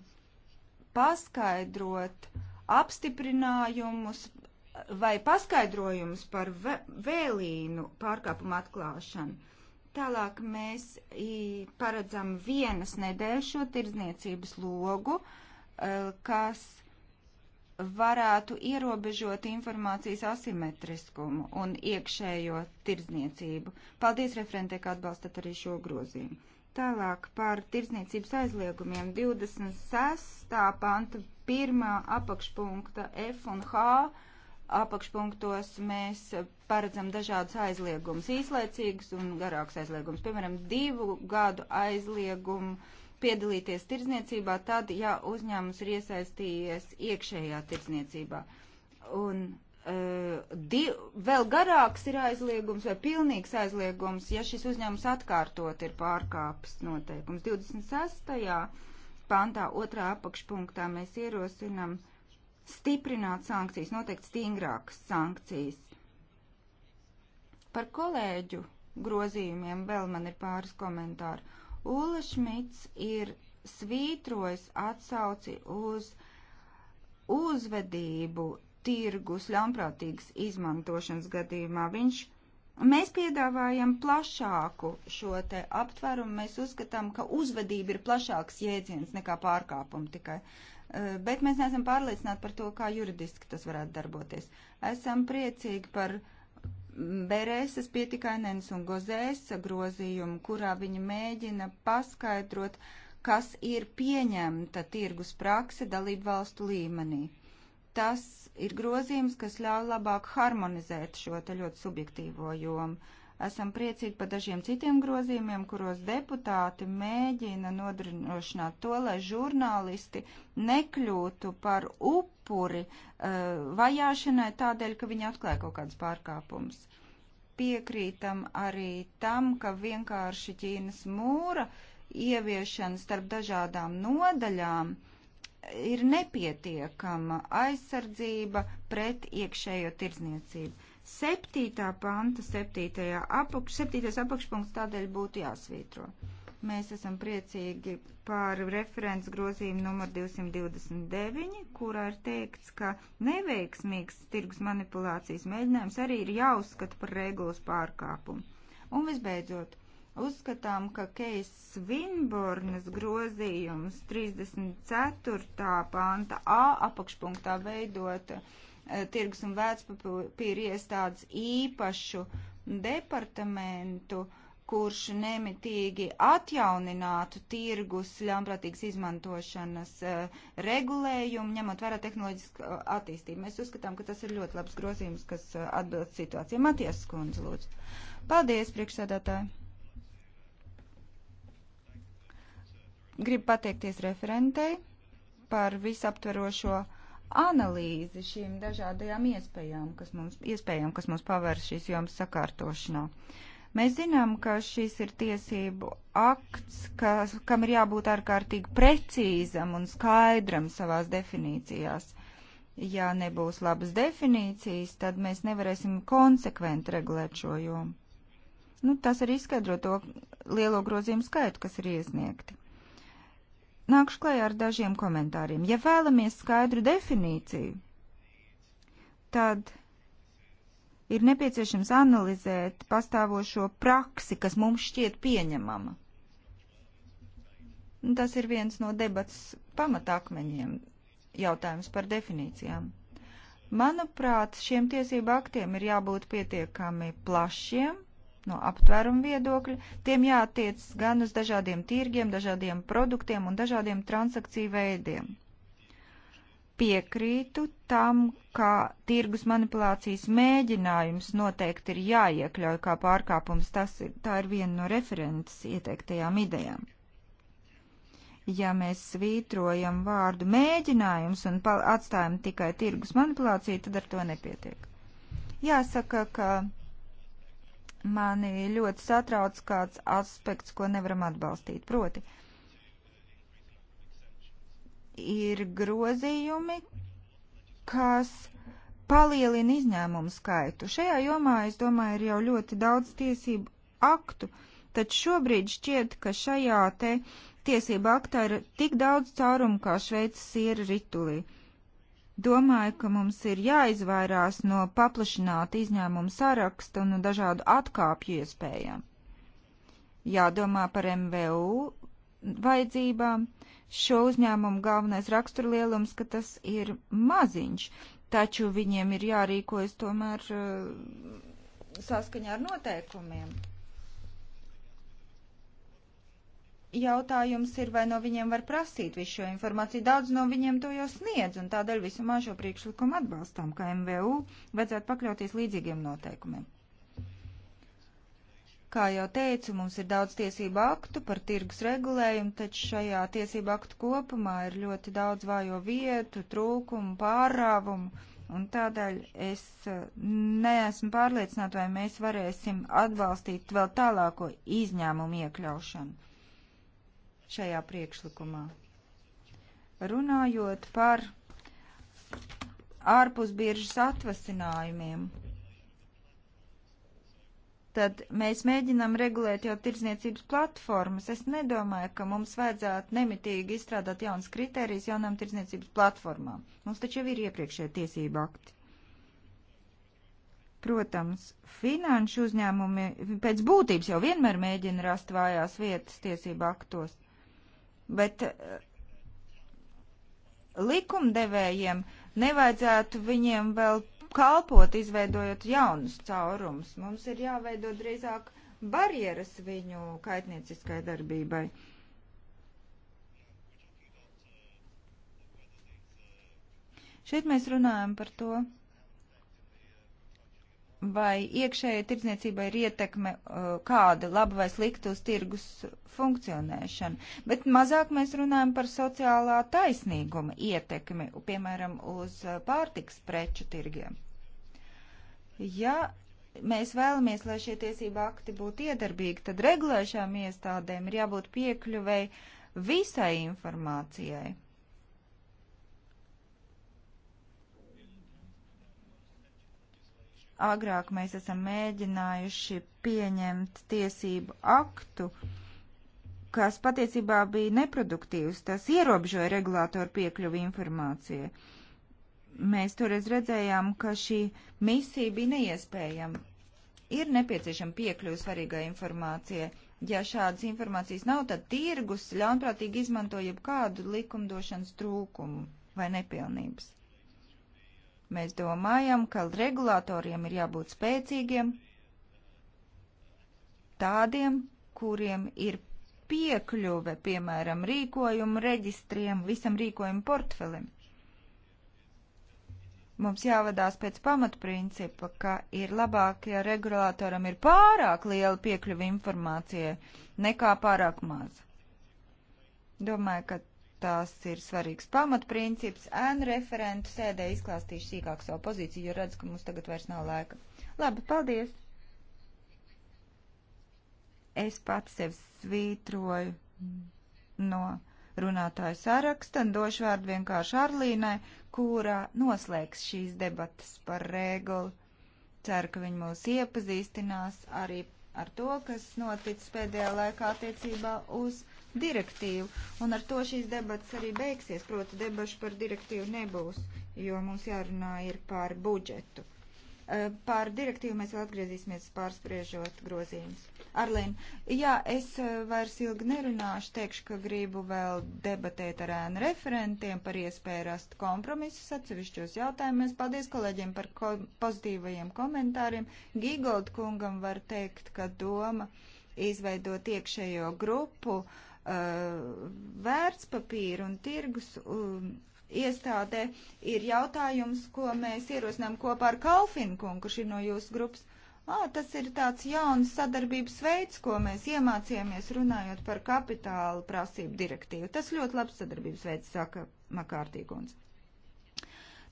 S3: paskaidrot uh, apstiprinājumus vai paskaidrojumus par vēlīnu pārkāpumu atklāšanu. Tālāk mēs paredzam vienas nedēļas šo tirdzniecības logu, e, kas varētu ierobežot informācijas asimetriskumu un iekšējo tirdzniecību. Paldies, referentē, ka atbalstat arī šo grozījumu. Tālāk par tirdzniecības aizliegumiem 26. panta pirmā apakšpunkta F un H apakšpunktos mēs paredzam dažādas aizliegumus, īslaicīgas un garāks aizliegums. Piemēram, divu gadu aizliegumu piedalīties tirdzniecībā, tad, ja uzņēmums ir iesaistījies iekšējā tirdzniecībā. Un uh, e, div, vēl garāks ir aizliegums vai pilnīgs aizliegums, ja šis uzņēmums atkārtot ir pārkāpis noteikums. 26 pantā otrā apakšpunktā mēs ierosinam stiprināt sankcijas, noteikti stingrākas sankcijas. Par kolēģu grozījumiem vēl man ir pāris komentāri. Ulla Šmits ir svītrojis atsauci uz uzvedību tirgus ļaunprātīgas izmantošanas gadījumā. Viņš Mēs piedāvājam plašāku šo te aptvērumu. Mēs uzskatām, ka uzvedība ir plašāks jēdziens nekā pārkāpumi tikai. Eh, bet mēs neesam pārliecināti par to, kā juridiski tas varētu darboties. Esam priecīgi par Bereses pietikainens un Gozēs grozījumu, kurā viņi mēģina paskaidrot, kas ir pieņemta tirgus prakse dalību valstu līmenī Tas ir grozījums, kas ļauj labāk harmonizēt šo te ļoti subjektīvo jomu. Esam priecīgi par dažiem citiem grozījumiem, kuros deputāti mēģina nodrošināt to, lai žurnālisti nekļūtu par upuri uh, vajāšanai tādēļ, ka viņi atklāja kaut kādas pārkāpumus. Piekrītam arī tam, ka vienkārši Ķīnas mūra ieviešana starp dažādām nodaļām uh, ir nepietiekama aizsardzība pret iekšējo tirdzniecību. Septītā panta, septītajā apakš, septītais apakšpunkts tādēļ būtu jāsvītro. Mēs esam priecīgi par referents grozījumu numur 229, kurā ir teikts, ka neveiksmīgs tirgus manipulācijas mēģinājums arī ir jāuzskata par regulas pārkāpumu. Un visbeidzot, Uzskatām, ka Keis Svinbornas grozījums 34. panta A apakšpunktā veidota e, tirgus un vērtspapīra iestādes īpašu departamentu, kurš nemitīgi atjauninātu tirgus ļaunprātīgas izmantošanas e, regulējumu, ņemot vērā tehnoloģisku e, attīstību. Mēs uzskatām, ka tas ir ļoti labs grozījums, kas atbilst situācijai. Matijas skundze, lūdzu. Paldies, priekšsēdētāji! Gribu pateikties referentei par visaptverošo analīzi šīm dažādajām iespējām, kas mums, iespējām, kas mums pavērs šīs jomas sakārtošanā. Mēs zinām, ka šis ir tiesību akts, kas, kam ir jābūt ārkārtīgi precīzam un skaidram savās definīcijās. Ja nebūs labas definīcijas, tad mēs nevarēsim konsekventi regulēt šo jomu. Nu, tas arī izskaidro to lielo grozījumu skaitu, kas ir iesniegti. Nākšu klajā ar dažiem komentāriem. Ja vēlamies skaidru definīciju, tad ir nepieciešams analizēt pastāvošo praksi, kas mums šķiet pieņemama. Tas ir viens no debats pamatakmeņiem jautājums par definīcijām. Manuprāt, šiem tiesību aktiem ir jābūt pietiekami plašiem, no aptvērumu viedokļa. Tiem jātiec gan uz dažādiem tirgiem, dažādiem produktiem un dažādiem transakciju veidiem. Piekrītu tam, ka tirgus manipulācijas mēģinājums noteikti ir jāiekļauj kā pārkāpums. Tas ir, tā ir viena no referentes ieteiktajām idejām ja mēs svītrojam vārdu mēģinājums un atstājam tikai tirgus manipulāciju, tad ar to nepietiek. Jāsaka, ka mani ļoti satrauc kāds aspekts, ko nevaram atbalstīt. Proti, ir grozījumi, kas palielina izņēmumu skaitu. Šajā jomā, es domāju, ir jau ļoti daudz tiesību aktu, taču šobrīd šķiet, ka šajā te tiesību aktā ir tik daudz caurumu kā Šveicas siera ritulī. Uh, Domāju, ka mums ir jāizvairās no paplašināta izņēmuma saraksta un no dažādu atkāpju iespējām. Jādomā par MVU vajadzībām. Šo uzņēmumu galvenais raksturlielums, ka tas ir maziņš, taču viņiem ir jārīkojas tomēr eh, saskaņā ar noteikumiem. jautājums ir, vai no viņiem var prasīt visu šo informāciju. Daudz no viņiem to jau sniedz, un tādēļ visumā šo priekšlikumu atbalstām, ka MVU vajadzētu pakļauties līdzīgiem noteikumiem. Kā jau teicu, mums ir daudz tiesību aktu par tirgus regulējumu, taču šajā tiesību aktu kopumā ir ļoti daudz vājo vietu, trūkumu, pārāvumu, un tādēļ es eh, neesmu pārliecināta, vai mēs varēsim atbalstīt vēl tālāko izņēmumu iekļaušanu šajā priekšlikumā. Runājot par ārpusbiežas atvasinājumiem, tad mēs mēģinām regulēt jau tirdzniecības platformas. Es nedomāju, ka mums vajadzētu nemitīgi izstrādāt jaunas kritērijas jaunām tirdzniecības platformām. Mums taču jau ir iepriekšējie tiesību akti. Protams, finanšu uzņēmumi pēc būtības jau vienmēr mēģina rast vājās vietas tiesību aktos bet eh, likumdevējiem nevajadzētu viņiem vēl kalpot, izveidojot jaunus caurumus. Mums ir jāveido drīzāk barjeras viņu kaitnieciskai darbībai. Šeit mēs runājam par to, vai iekšējai tirdzniecībai ir ietekme uh, kāda laba vai slikta uz tirgus funkcionēšanu, bet mazāk mēs runājam par sociālā taisnīguma ietekmi, piemēram, uz uh, pārtiks preču tirgiem. Ja mēs vēlamies, lai šie tiesība akti būtu iedarbīgi, tad regulēšām iestādēm ir jābūt piekļuvei visai informācijai Agrāk mēs esam mēģinājuši pieņemt tiesību aktu, kas patiesībā bija neproduktīvs. Tas ierobežoja regulātoru piekļuvi informācijai. Mēs toreiz redzējām, ka šī misija bija neiespējama. Ir nepieciešama piekļuve svarīgai informācijai. Ja šādas informācijas nav, tad tirgus ļaunprātīgi izmanto jebkādu likumdošanas trūkumu vai nepilnības. Mēs domājam, ka regulātoriem ir jābūt spēcīgiem, tādiem, kuriem ir piekļuve, piemēram, rīkojumu reģistriem, visam rīkojumu portfelim. Mums jāvadās pēc pamatprincipa, ka ir labāk, ja regulātoram ir pārāk liela piekļuve informācijai nekā pārāk maza. Domāju, ka tās ir svarīgs pamatprincips. Ēnu referentu sēdē izklāstīšu sīkāk savu pozīciju, jo redzu, ka mums tagad vairs nav laika. Labi, paldies! Es pats sev svītroju no runātāju sarakstu un došu vārdu vienkārši Arlīnai, kurā noslēgs šīs debatas par regulu. Ceru, ka viņi mūs iepazīstinās arī ar to, kas noticis pēdējā laikā attiecībā uz direktīvu, un ar to šīs debatas arī beigsies, proti debašu par direktīvu nebūs, jo mums jārunā ir par budžetu. Eh, par direktīvu mēs vēl atgriezīsimies pārspriežot grozījumus. Arlīna, jā, es eh, vairs ilgi nerunāšu, teikšu, ka gribu vēl debatēt ar ēnu referentiem par iespēju rast kompromisus atsevišķos jautājumos. Paldies kolēģiem par ko pozitīvajiem komentāriem. Gigold kungam var teikt, ka doma izveidot iekšējo grupu uh, Uh, vērtspapīru un tirgus um, iestādē ir jautājums, ko mēs ierosinām kopā ar Kalfinu kungu, kurš ir no jūsu grupas. À, tas ir tāds jauns sadarbības veids, ko mēs iemācījāmies runājot par kapitāla prasību direktīvu. Tas ļoti labs sadarbības veids, saka Makārtīkums.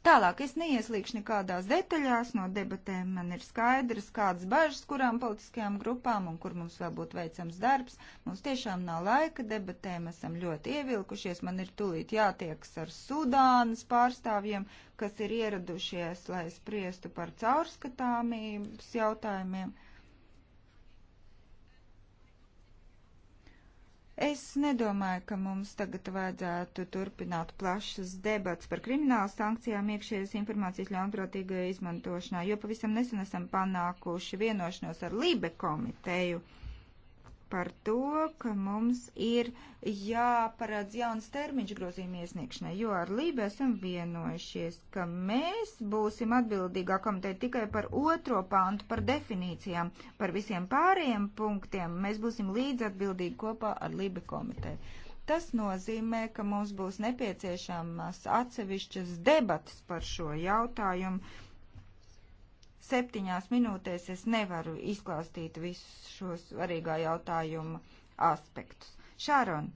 S3: Tālāk es neieslīgšu nekādās detaļās no debatēm. Man ir skaidrs, kādas bažas, kurām politiskajām grupām un kur mums vēl būtu veicams darbs. Mums tiešām nav laika debatēm, esam ļoti ievilkušies. Man ir tulīt jātiekas ar Sudānas pārstāvjiem, kas ir ieradušies, lai spriestu par caurskatāmības jautājumiem. Es nedomāju, ka mums tagad vajadzētu turpināt plašas debats par kriminālu sankcijām iekšējas informācijas ļaunprātīgajā izmantošanā, jo pavisam nesen esam panākuši vienošanos ar Lībe komiteju. Uh, par to, ka mums ir jāparādz jauns termiņš grozījuma iesniegšanai, jo ar Lību esam vienojušies, ka mēs būsim atbildīgā komiteja tikai par otro pantu, par definīcijām, par visiem pārējiem punktiem. Mēs būsim līdz atbildīgi kopā ar Lību komiteju. Tas nozīmē, ka mums būs nepieciešamas atsevišķas debatas par šo jautājumu Septiņās minūtēs es nevaru izklāstīt visus šo svarīgā jautājuma aspektus. Šāron,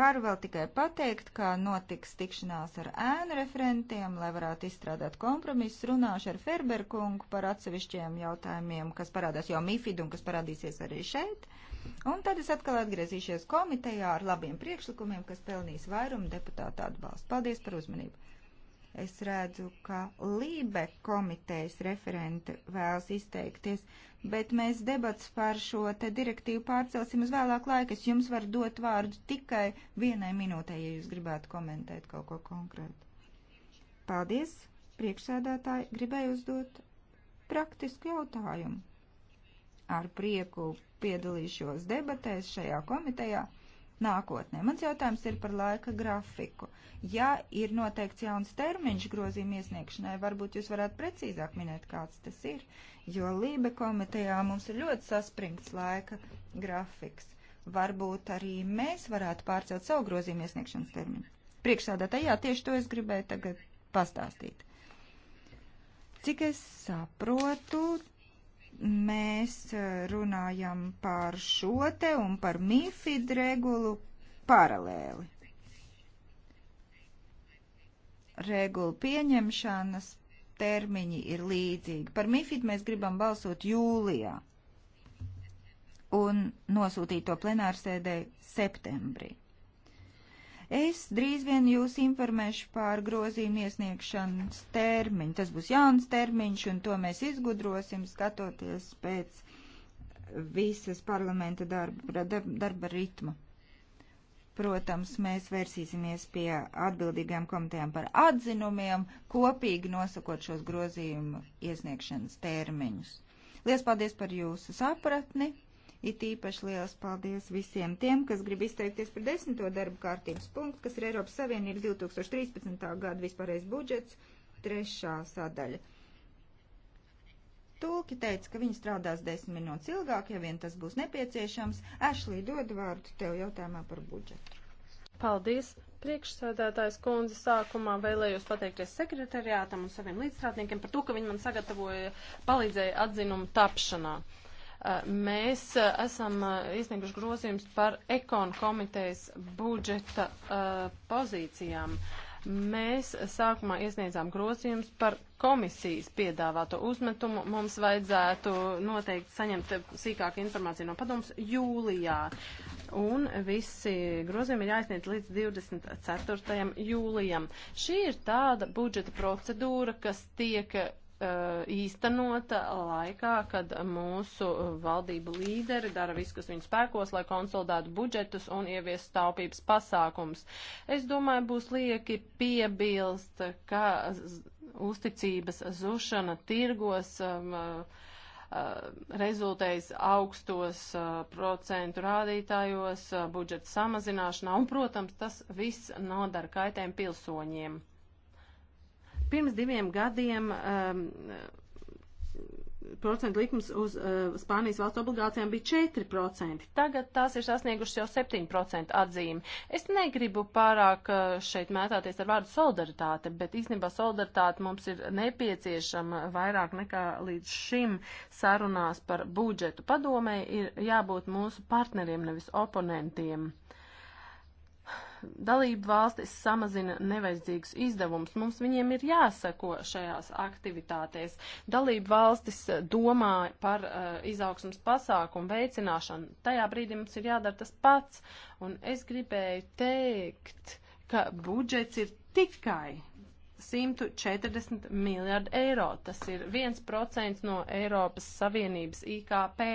S3: Varu vēl tikai pateikt, ka notiks tikšanās ar ēnu referentiem, lai varētu izstrādāt kompromisu. Runāšu ar Ferberkungu par atsevišķiem jautājumiem, kas parādās jau MIFID un kas parādīsies arī šeit. Un tad es atkal atgriezīšos komitejā ar labiem priekšlikumiem, kas pelnīs vairumu deputātu atbalstu. Paldies par uzmanību! Es redzu, ka Lībe komitejas referente vēlas izteikties, bet mēs debats par šo te direktīvu pārcelsim uz vēlāku laiku. Es jums varu dot vārdu tikai vienai minūtei, ja jūs gribētu komentēt kaut ko konkrētu. Paldies, priekšsēdētāji, gribēju uzdot praktisku jautājumu. Ar prieku piedalīšos debatēs šajā komitejā nākotnē. Mans jautājums ir par laika grafiku. Ja ir noteikts jauns termiņš grozījuma iesniegšanai, varbūt jūs varētu precīzāk minēt, kāds tas ir, jo Lībe komitejā mums ir ļoti saspringts laika grafiks. Varbūt arī mēs varētu pārcelt savu grozījumu iesniegšanas termiņu. Priekšsādātāji, jā, tieši to es gribēju tagad pastāstīt. Cik es saprotu, mēs eh, runājam par šo te un par MIFID regulu paralēli. Regulu pieņemšanas termiņi ir līdzīgi. Par MIFID mēs gribam balsot jūlijā un nosūtīt to plenārsēdē septembrī. Es drīz vien jūs informēšu par grozījumu iesniegšanas termiņu. Tas būs jauns termiņš, un to mēs izgudrosim, skatoties pēc visas parlamenta darba, darba ritma. Protams, mēs vērsīsimies pie atbildīgajām komitejām par atzinumiem, kopīgi nosakot šos grozījumu iesniegšanas termiņus. Lielas paldies par jūsu sapratni! It īpaši liels paldies visiem tiem, kas grib izteikties par desmito darba kārtības punktu, kas ir Eiropas Savienības 2013. gada vispārējais budžets, trešā sadaļa. Tulki teica, ka viņi strādās desmit minūtes ilgāk, ja vien tas būs nepieciešams. Ešlī, dod vārdu tev jautājumā par budžetu.
S2: Paldies! Priekšsēdētājs kundze sākumā vēlējos pateikties sekretariātam un saviem līdzstrādniekiem par to, ka viņi man sagatavoja, palīdzēja atzinumu tapšanā. Uh, Eh, mēs eh, esam eh, iesnieguši grozījums par ekonu komitejas budžeta pozīcijām. Mēs sākumā iesniedzām grozījums par komisijas piedāvāto uzmetumu mums vajadzētu noteikti saņemt sīkāku informāciju no padomus jūlijā. Un visi grozījumi ir jāizniedz līdz 24. jūlijam. Šī ir tāda budžeta procedūra, kas tiek Uh, īstenota laikā, kad mūsu valdību līderi dara visu, kas viņu spēkos, lai konsolidētu budžetus un ieviestu taupības pasākums. Es domāju, būs lieki piebilst, ka uzticības zušana tirgos um, uh, uh, rezultējas augstos procentu rādītājos, budžeta samazināšanā, un, protams, tas viss nodara kaitēm pilsoņiem. Pirms diviem gadiem um, procentu likums uz uh, Spānijas valsts obligācijām bija 4%. Tagad tās ir sasniegušas jau 7% atzīmi. Es negribu pārāk uh, šeit mētāties ar vārdu solidaritāte, bet īstenībā solidaritāte mums ir nepieciešama vairāk nekā līdz šim sarunās par budžetu. Padomē ir jābūt mūsu partneriem, nevis oponentiem dalību valstis samazina nevajadzīgus izdevumus. Mums viņiem ir jāsako šajās aktivitātēs. Dalību valstis domā par uh, izaugsmas pasākumu veicināšanu. Tajā brīdī mums ir jādara tas pats. Un es gribēju teikt, ka budžets ir tikai 140 miljārdi eiro. Tas ir 1% no Eiropas Savienības IKP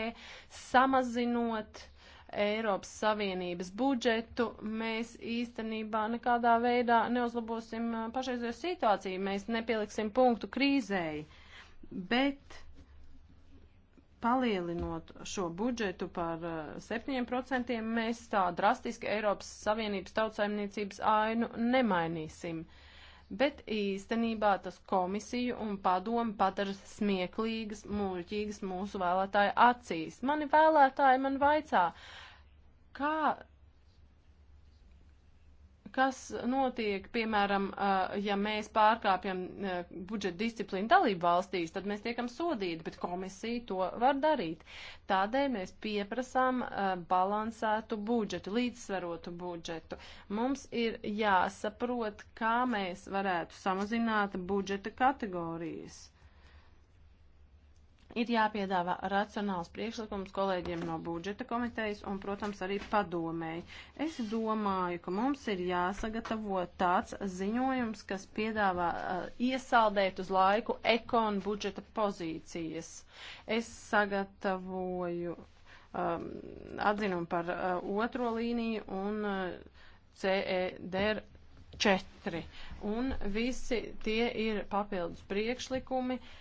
S2: samazinot Eiropas Savienības budžetu, mēs īstenībā nekādā veidā neuzlabosim uh, pašreizējo situāciju, mēs nepieliksim punktu krīzēji, bet palielinot šo budžetu par 7%, uh, mēs tā drastiski Eiropas Savienības tautsaimniecības ainu nemainīsim. Bet īstenībā tas komisiju un padomu padara smieklīgas, muļķīgas mūsu vēlētāju acīs. Mani vēlētāji man vaicā, uh, Kā kas notiek, piemēram, ja mēs pārkāpjam budžeta disciplīnu dalību valstīs, tad mēs tiekam sodīti, bet komisija to var darīt. Tādēļ mēs pieprasām balansētu budžetu, līdzsvarotu budžetu. Mums ir jāsaprot, kā mēs varētu samazināt budžeta kategorijas ir jāpiedāvā racionāls priekšlikums kolēģiem no budžeta komitejas un, protams, arī padomēji. Es domāju, ka mums ir jāsagatavo tāds ziņojums, kas piedāvā uh, iesaldēt uz laiku ekonu budžeta pozīcijas. Es sagatavoju um, atzinumu par uh, otro līniju un uh, CEDR četri. Un visi tie ir papildus priekšlikumi. Uh,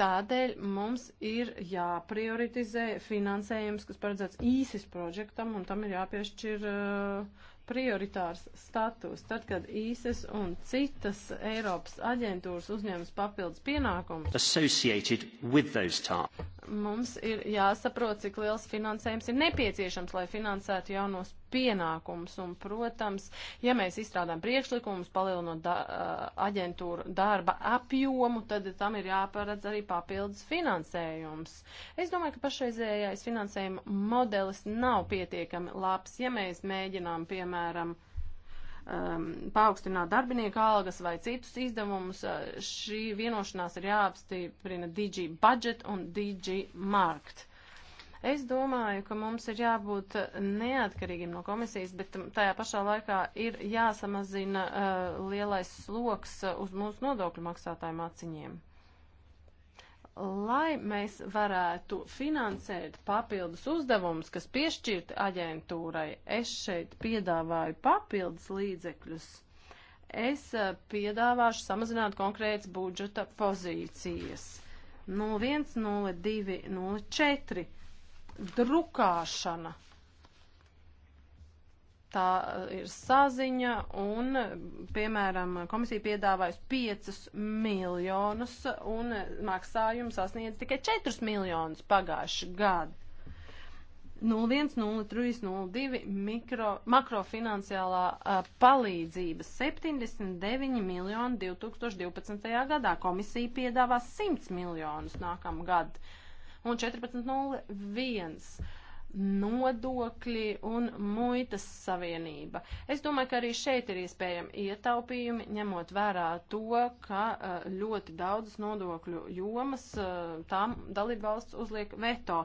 S2: Tādēļ mums ir jāprioritizē finansējums, kas paredzēts īsis projektam, un tam ir jāpiešķir uh, prioritārs status. Tad, kad īses un citas Eiropas aģentūras uzņemas papildus pienākumus, mums ir jāsaprot, cik liels finansējums ir nepieciešams, lai finansētu jaunos pienākums. Un, protams, ja mēs izstrādājam priekšlikumus, palielinot da, aģentūru darba apjomu, tad tam ir jāparedz arī papildus finansējums. Es domāju, ka pašreizējais finansējuma modelis nav pietiekami labs, ja mēs mēģinām, piemēram, um, paaugstināt darbinieku algas vai citus izdevumus, šī vienošanās ir jāapstiprina DG budget un DG markt. Es domāju, ka mums ir jābūt neatkarīgiem no komisijas, bet tajā pašā laikā ir jāsamazina uh, lielais sloks uh, uz mūsu nodokļu maksātājiem aciņiem. Lai mēs varētu finansēt papildus uzdevumus, kas piešķirti aģentūrai, es šeit piedāvāju papildus līdzekļus. Es uh, piedāvāšu samazināt konkrētas budžeta pozīcijas 01, 02, 04 drukāšana. Tā ir saziņa un, piemēram, komisija piedāvājas 5 miljonus un maksājums sasniedz tikai 4 miljonus pagājuši gadu. 01, 03, 02 mikro, makrofinansiālā uh, palīdzība 79 miljoni 2012. gadā. Komisija piedāvās 100 miljonus nākamgad. Uh, un 14.01 nodokļi un muitas savienība. Es domāju, ka arī šeit ir iespējami ietaupījumi, ņemot vērā to, ka eh, ļoti daudz nodokļu jomas eh, tām dalībvalsts uzliek veto.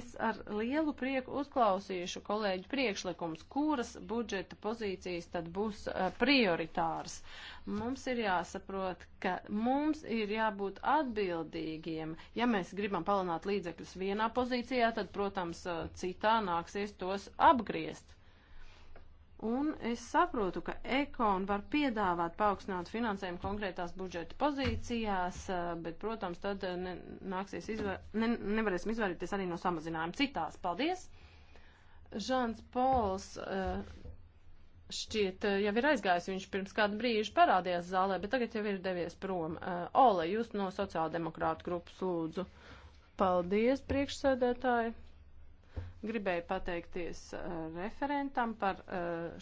S2: Es ar lielu prieku uzklausīšu kolēģu priekšlikums, kuras budžeta pozīcijas tad būs eh, prioritāras. Mums ir jāsaprot, ka mums ir jābūt atbildīgiem. Ja mēs gribam palielināt līdzekļus vienā pozīcijā, tad, protams, citā nāksies tos apgriezt. Un es saprotu, ka ekon var piedāvāt paaugstināt finansējumu konkrētās budžeta pozīcijās, bet, protams, tad ne, nāksies izvar, ne, nevarēsim izvairīties arī no samazinājuma citās. Paldies! Žāns Pols uh, šķiet eh, jau ir aizgājis, viņš pirms kādu brīžu parādījās zālē, bet tagad jau ir devies prom. Eh, Ole, jūs no sociāldemokrāta grupas lūdzu. Paldies, priekšsēdētāji. Gribēju pateikties eh, referentam par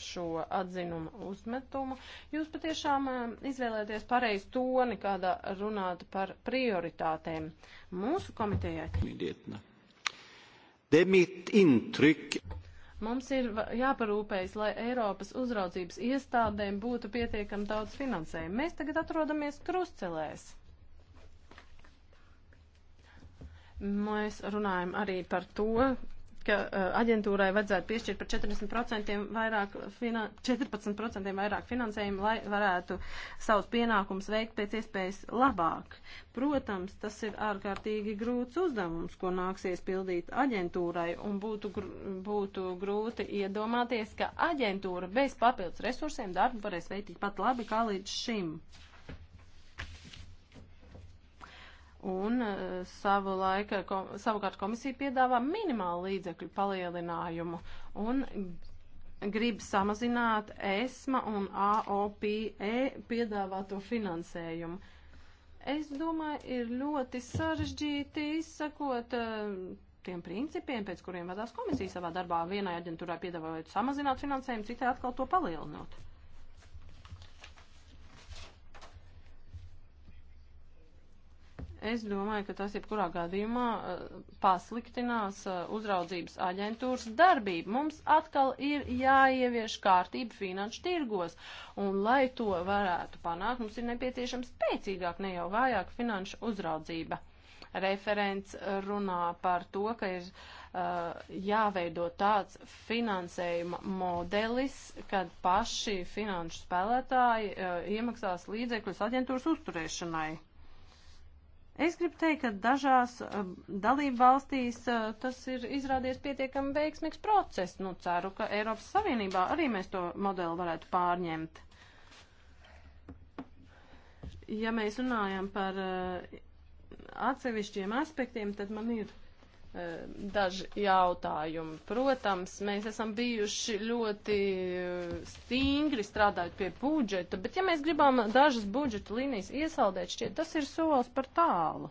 S2: šo atzinumu uzmetumu. Jūs patiešām izvēlēties pareizi toni, kādā runāt par prioritātēm mūsu komitejai.
S4: Det är mitt intryck
S2: Mums ir jāparūpējas, lai Eiropas uzraudzības iestādēm būtu pietiekam daudz finansējumu. Mēs tagad atrodamies krustcelēs. Mēs runājam arī par to, ka uh, aģentūrai vajadzētu piešķirt par 40% vairāk, finan 14% vairāk finansējumu, lai varētu savus pienākumus veikt pēc iespējas labāk. Protams, tas ir ārkārtīgi grūts uzdevums, ko nāksies pildīt aģentūrai, un būtu, gr būtu grūti iedomāties, ka aģentūra bez papildus resursiem darbu varēs veikt tikpat labi kā līdz šim. Un eh, savu laika, ko, savukārt komisija piedāvā minimālu līdzekļu palielinājumu un grib samazināt ESMA un AOPE piedāvāto finansējumu. Es domāju, ir ļoti sarežģīti izsakot eh, tiem principiem, pēc kuriem vadās komisija savā darbā, vienai aģentūrai piedāvājot samazināt finansējumu, citai atkal to palielinot. Es domāju, ka tas jebkurā gadījumā eh, pasliktinās eh, uzraudzības aģentūras darbību. Mums atkal ir jāievieš kārtība finanšu tirgos, un lai to varētu panākt, mums ir nepieciešams spēcīgāk, ne jau vājāk finanšu uzraudzība. Referents runā par to, ka ir uh, jāveido tāds finansējuma modelis, kad paši finanšu spēlētāji uh, iemaksās līdzekļus aģentūras uzturēšanai. Es gribu teikt, ka dažās um, dalību valstīs uh, tas ir izrādies pietiekami veiksmīgs process. Nu, ceru, ka Eiropas Savienībā arī mēs to modeli varētu pārņemt. Ja mēs runājam par uh, atsevišķiem aspektiem, tad man ir Eh, daži jautājumi. Protams, mēs esam bijuši ļoti eh, stingri strādājot pie budžeta, bet ja mēs gribam dažas budžeta līnijas iesaldēt, šķiet, tas ir solis par tālu.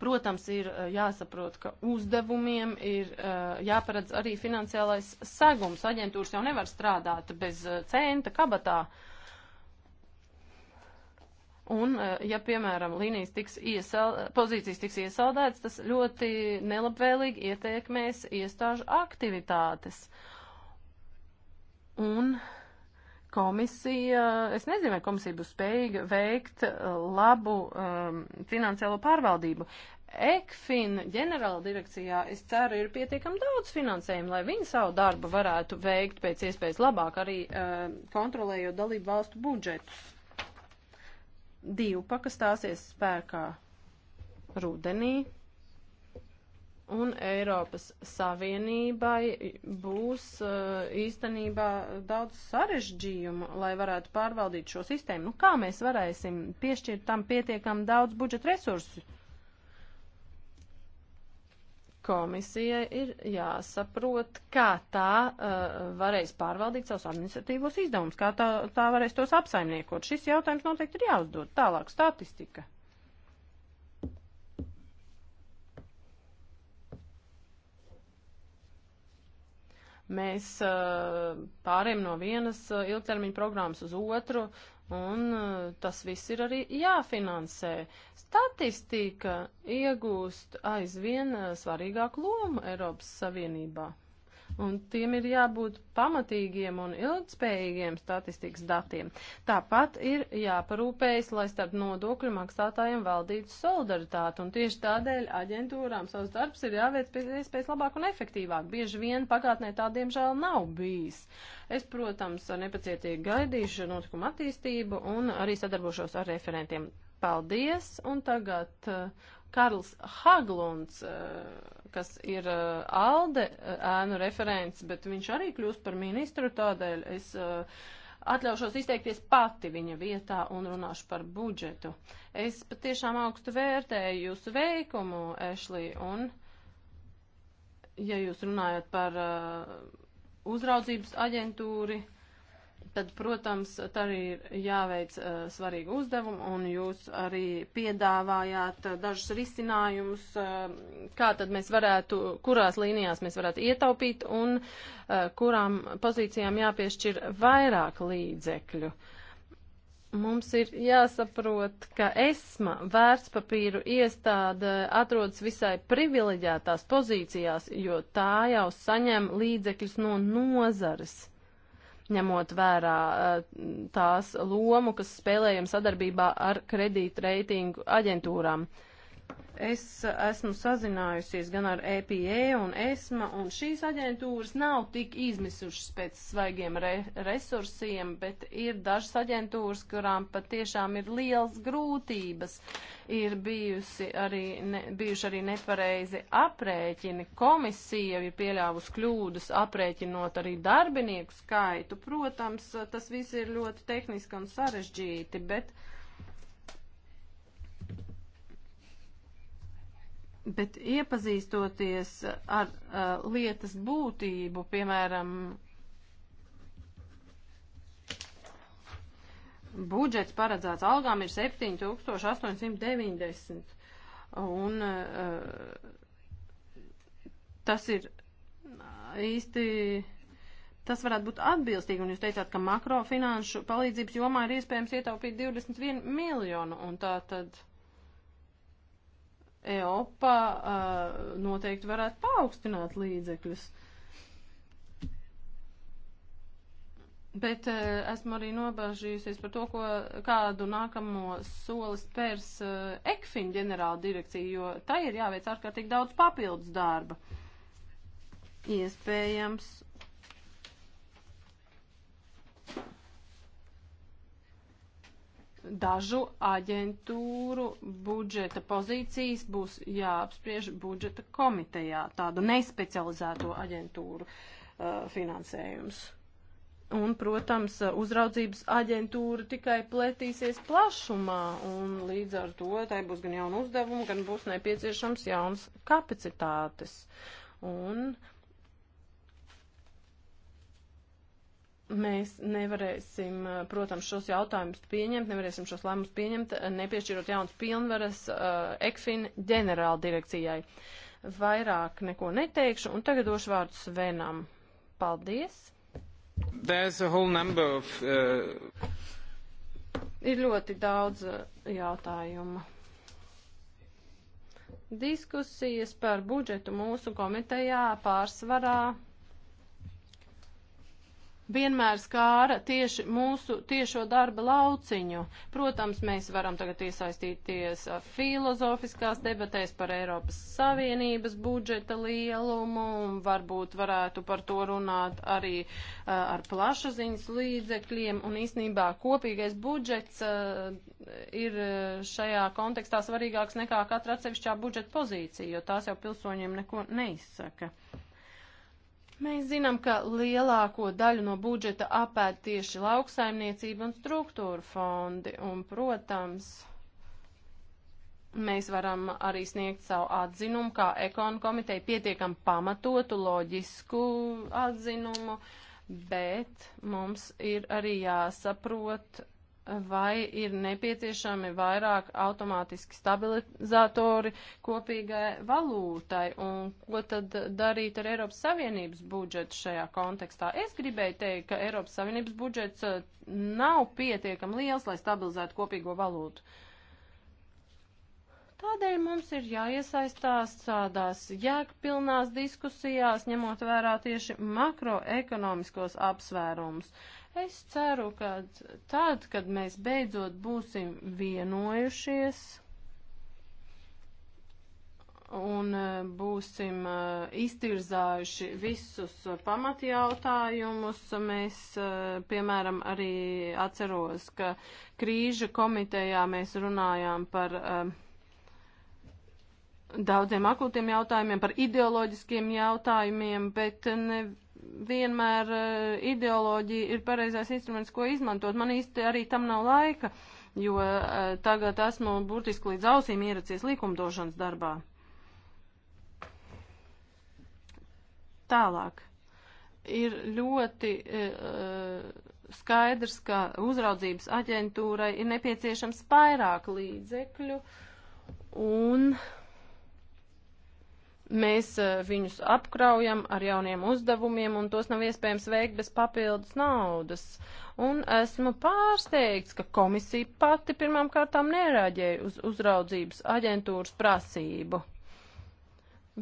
S2: Protams, ir eh, jāsaprot, ka uzdevumiem ir jāparedz arī finansiālais segums. Aģentūras jau nevar strādāt bez centa kabatā. Uh, Un, eh, ja, piemēram, līnijas tiks iesal, pozīcijas tiks iesaldētas, tas ļoti nelabvēlīgi ietekmēs iestāžu aktivitātes. Un komisija, es nezinu, vai komisija būs spējīga veikt eh, labu um, finansiālo pārvaldību. ECFIN ģenerāla direkcijā, es ceru, ir pietiekami daudz finansējumu, lai viņi savu darbu varētu veikt pēc iespējas labāk, arī uh, kontrolējot dalību valstu budžetus. Divpaka stāsies spēkā rudenī, un Eiropas Savienībai būs eh, īstenībā daudz sarežģījumu, lai varētu pārvaldīt šo sistēmu. Nu, kā mēs varēsim piešķirt tam pietiekam daudz budžeta resursu? Komisijai ir jāsaprot, kā tā uh, varēs pārvaldīt savus administratīvos izdevumus, kā tā, tā varēs tos apsaimniekot. Šis jautājums noteikti ir jāuzdod. Tālāk statistika. mēs uh, pārējām no vienas uh, ilgtermiņa programmas uz otru, un eh, tas viss ir arī jāfinansē. Statistika iegūst aizvien eh, svarīgāku lomu Eiropas Savienībā un tiem ir jābūt pamatīgiem un ilgspējīgiem statistikas datiem. Tāpat ir jāparūpējas, lai starp nodokļu maksātājiem valdītu solidaritāti, un tieši tādēļ aģentūrām savs darbs ir jāveic pēc iespējas labāk un efektīvāk. Bieži vien pagātnē tā, diemžēl, nav bijis. Es, protams, nepacietīgi gaidīšu notikumu attīstību un arī sadarbošos ar referentiem. Paldies, un tagad uh, Karls Haglunds, eh, kas ir eh, ALDE eh, ēnu referents, bet viņš arī kļūst par ministru, tādēļ es atļaušos izteikties pati viņa vietā un runāšu par budžetu. Es patiešām augstu vērtēju jūsu veikumu, Ešlī, un ja jūs runājat par uzraudzības aģentūri, tad, protams, tā arī ir jāveic uh, eh, svarīgi uzdevumi, un jūs arī piedāvājāt uh, dažus risinājumus, uh, kā tad mēs varētu, kurās līnijās mēs varētu ietaupīt un uh, kurām pozīcijām jāpiešķir vairāk līdzekļu. Mums ir jāsaprot, ka ESMA vērtspapīru iestāde atrodas visai privileģētās pozīcijās, jo tā jau saņem līdzekļus no nozares ņemot vērā eh, tās lomu, kas spēlējam sadarbībā ar kredītreitingu aģentūrām. Uh, Es esmu sazinājusies gan ar EPA un ESMA, un šīs aģentūras nav tik izmisušas pēc svaigiem re resursiem, bet ir dažas aģentūras, kurām patiešām ir liels grūtības. Ir bijusi arī, ne, bijuši arī nepareizi aprēķini. Komisija ir pieļāvusi kļūdas aprēķinot arī darbinieku skaitu. Protams, tas viss ir ļoti tehniski un sarežģīti, bet Bet iepazīstoties ar uh, lietas būtību, piemēram, budžets paredzēts algām ir 7890. Un uh, tas ir uh, īsti. Tas varētu būt atbilstīgi, un jūs teicāt, ka makrofinanšu palīdzības jomā ir iespējams ietaupīt 21 miljonu, un tā tad. Uh, EOPA uh, noteikti varētu paaugstināt līdzekļus. Bet uh, esmu arī nobažījusies par to, ko, kādu nākamo soli spērs uh, ECFIN ģenerāla direkcija, jo tai ir jāveic ārkārtīgi daudz papildus darba. Iespējams, dažu aģentūru budžeta pozīcijas būs jāapspriež budžeta komitejā, tādu nespecializēto aģentūru uh, finansējums. Un, protams, uh, uzraudzības aģentūra tikai pletīsies plašumā, un līdz ar to tai būs gan jauna uzdevuma, gan būs nepieciešams jauns kapacitātes. Un uh, mēs nevarēsim, eh, protams, šos jautājumus pieņemt, nevarēsim šos lēmumus pieņemt, eh, nepiešķirot jaunas pilnvaras uh, ECFIN ģenerāla direkcijai. Vairāk neko neteikšu, un tagad došu vārdu Svenam. Paldies! Of, uh... Ir ļoti daudz jautājumu. Diskusijas par budžetu mūsu komitejā pārsvarā vienmēr skāra tieši mūsu tiešo darba lauciņu. Protams, mēs varam tagad iesaistīties uh, filozofiskās debatēs par Eiropas Savienības budžeta lielumu un varbūt varētu par to runāt arī uh, ar plašaziņas līdzekļiem un īstenībā kopīgais budžets uh, ir uh, šajā kontekstā svarīgāks nekā katra atsevišķā budžeta pozīcija, jo tās jau pilsoņiem neko neizsaka. Mēs zinām, ka lielāko daļu no budžeta apēd tieši lauksaimniecība un struktūra fondi, un, protams, mēs varam arī sniegt savu atzinumu, kā ekonu komiteja pietiekam pamatotu loģisku atzinumu, bet mums ir arī jāsaprot, vai ir nepieciešami vairāk automātiski stabilizatori kopīgai valūtai un ko tad darīt ar Eiropas Savienības budžetu šajā kontekstā. Es gribēju teikt, ka Eiropas Savienības budžets eh, nav pietiekam liels, lai stabilizētu kopīgo valūtu. Tādēļ mums ir jāiesaistās tādās jēgpilnās diskusijās, ņemot vērā tieši makroekonomiskos apsvērumus. Uh, Es ceru, ka tad, kad mēs beidzot būsim vienojušies un e, būsim e, iztirzājuši visus pamatjautājumus, mēs, e, piemēram, arī atceros, ka krīža komitejā mēs runājām par daudziem akūtiem jautājumiem, par ideoloģiskiem jautājumiem, bet ne vienmēr eh, ideoloģija ir pareizais instruments, ko izmantot. Man īsti arī tam nav laika, jo eh, tagad esmu burtiski līdz ausīm ieracies likumdošanas darbā. Tālāk. Ir ļoti uh, skaidrs, ka uzraudzības aģentūrai ir nepieciešams vairāk līdzekļu un uh, Mēs eh, viņus apkraujam ar jauniem uzdevumiem, un tos nav iespējams veikt bez papildus naudas. Un esmu pārsteigts, ka komisija pati pirmām kārtām nereaģēja uz uzraudzības aģentūras prasību.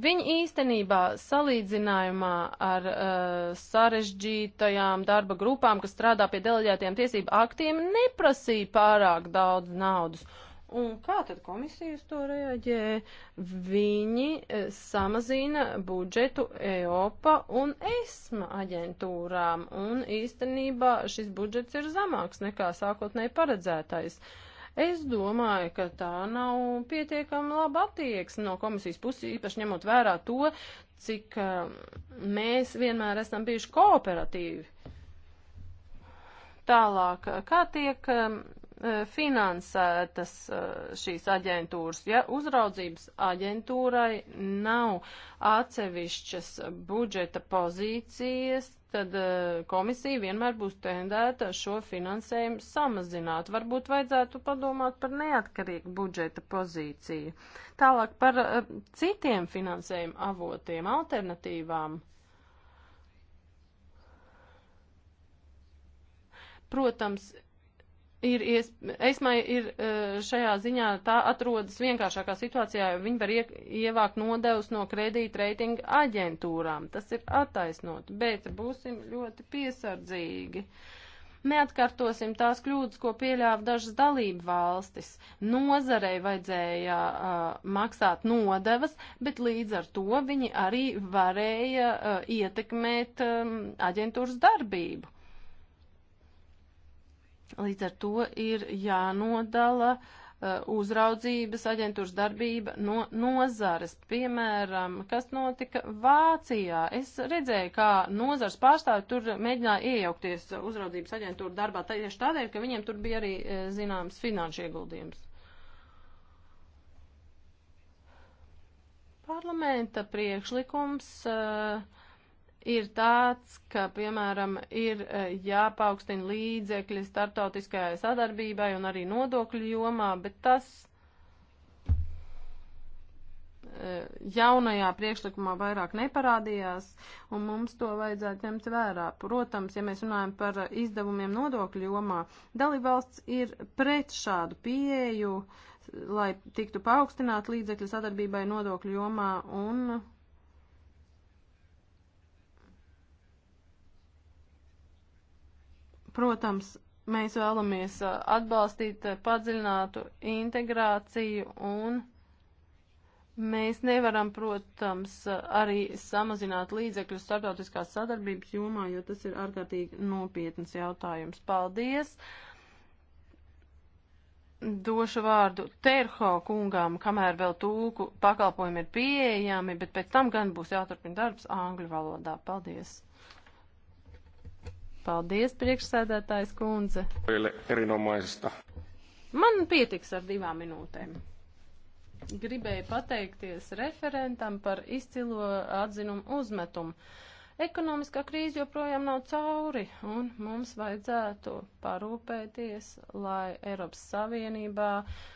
S2: Viņi īstenībā salīdzinājumā ar uh, sarežģītajām darba grupām, kas strādā pie deleģētiem tiesību aktiem, neprasīja pārāk daudz naudas. Un kā tad komisija uz to reaģē? Viņi e, samazina budžetu EOPA un ESMA aģentūrām, un īstenībā šis budžets ir zamāks nekā sākotnēji paredzētais. Es domāju, ka tā nav pietiekama laba attieksme no komisijas puses, īpaši ņemot vērā to, cik e, mēs vienmēr esam bijuši kooperatīvi. Tālāk, kā tiek e, E, finansētas e, šīs aģentūras. Ja uzraudzības aģentūrai nav atsevišķas budžeta pozīcijas, tad e, komisija vienmēr būs tendēta šo finansējumu samazināt. Varbūt vajadzētu padomāt par neatkarīgu budžeta pozīciju. Tālāk par citiem finansējumu avotiem, alternatīvām. Protams, ir, ies, esmai ir e, šajā ziņā tā atrodas vienkāršākā situācijā, jo viņi var ie, ievākt nodevus no kredīta reitinga aģentūrām. Tas ir attaisnot, bet būsim ļoti piesardzīgi. Neatkārtosim tās kļūdas, ko pieļāva dažas dalību valstis. Nozarei vajadzēja uh, maksāt nodevas, bet līdz ar to viņi arī varēja uh, ietekmēt um, aģentūras darbību. Līdz ar to ir jānodala uh, uzraudzības aģentūras darbība no nozares. Piemēram, kas notika Vācijā? Es redzēju, kā nozars pārstāvi tur mēģināja iejaukties uzraudzības aģentūra darbā tieši tādēļ, ka viņiem tur bija arī eh, zināms finanšu ieguldījums. Parlamenta priekšlikums uh, ir tāds, ka, piemēram, ir e, jāpaukstina līdzekļi startautiskajai sadarbībai un arī nodokļu jomā, bet tas e, jaunajā priekšlikumā vairāk neparādījās, un mums to vajadzētu ņemt vērā. Protams, ja mēs runājam par izdevumiem nodokļu jomā, dalībvalsts ir pret šādu pieeju, lai tiktu paaugstināt līdzekļu sadarbībai nodokļu jomā, un Protams, mēs vēlamies uh, atbalstīt uh, padziļinātu integrāciju un mēs nevaram, protams, uh, arī samazināt līdzekļus starptautiskās sadarbības jomā, jo tas ir ārkārtīgi nopietnas jautājums. Paldies! Došu vārdu Terho kungām, kamēr vēl tūku pakalpojumi ir pieejami, bet pēc tam gan būs jāturpina darbs angļu valodā. Paldies! Paldies, priekšsēdētājs kundze.
S4: Erinomaisista.
S2: Man pietiks ar divām minūtēm. Gribēju pateikties referentam par izcilo atzinumu uzmetumu. Ekonomiskā krīze joprojām nav cauri, un mums vajadzētu parūpēties, lai Eiropas Savienībā uh,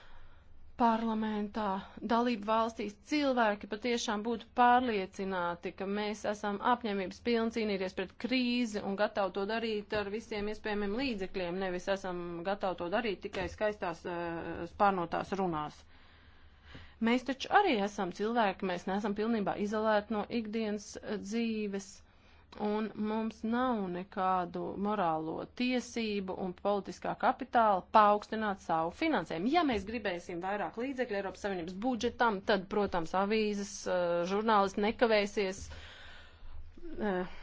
S2: parlamentā, dalību valstīs cilvēki patiešām būtu pārliecināti, ka mēs esam apņēmības pilni cīnīties pret krīzi un gatavi to darīt ar visiem iespējamiem līdzekļiem, nevis esam gatavi to darīt tikai skaistās eh, spārnotās runās. Mēs taču arī esam cilvēki, mēs neesam pilnībā izolēti no ikdienas eh, dzīves un mums nav nekādu morālo tiesību un politiskā kapitāla paaugstināt savu finansējumu. Ja mēs gribēsim vairāk līdzekļu Eiropas Savienības budžetam, tad, protams, avīzes, eh, žurnālisti nekavēsies eh,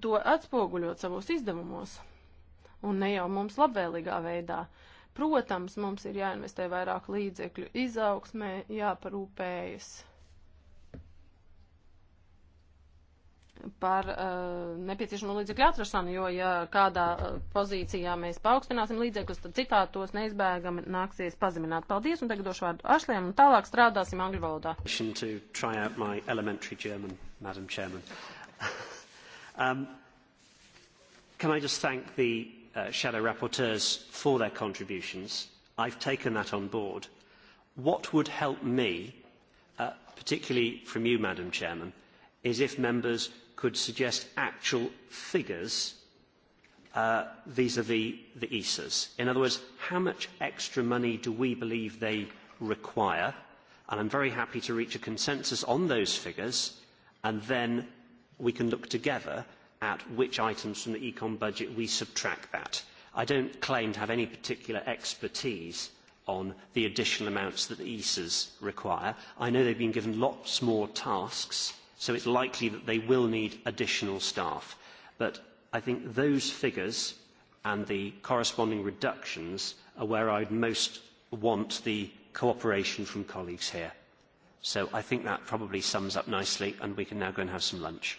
S2: to atspoguļot savos izdevumos. Un ne jau mums labvēlīgā veidā. Protams, mums ir jāinvestē vairāk līdzekļu izaugsmē, jāparūpējas par uh, nepieciešamo līdzekļu atrašanu, jo ja kādā uh, pozīcijā mēs paaugstināsim līdzekļus, tad citā tos neizbēgami nāksies pazemināt. Paldies, un tagad došu vārdu Ašliem, un tālāk strādāsim angļu valodā.
S4: German, um, can I just thank the uh, shadow rapporteurs for their contributions? I've taken that on board. What would help me, uh, particularly from you, Madam Chairman, is if members could suggest actual figures vis-à-vis uh, -vis the ESAs. In other words, how much extra money do we believe they require? And I'm very happy to reach a consensus on those figures, and then we can look together at which items from the econ budget we subtract that. I don't claim to have any particular expertise on the additional amounts that the ESAs require. I know they've been given lots more tasks so it's likely that they will need additional staff. But I think those figures and the corresponding reductions are where I'd most want the cooperation from colleagues here. So I think that probably sums up nicely, and we can now go and have some lunch.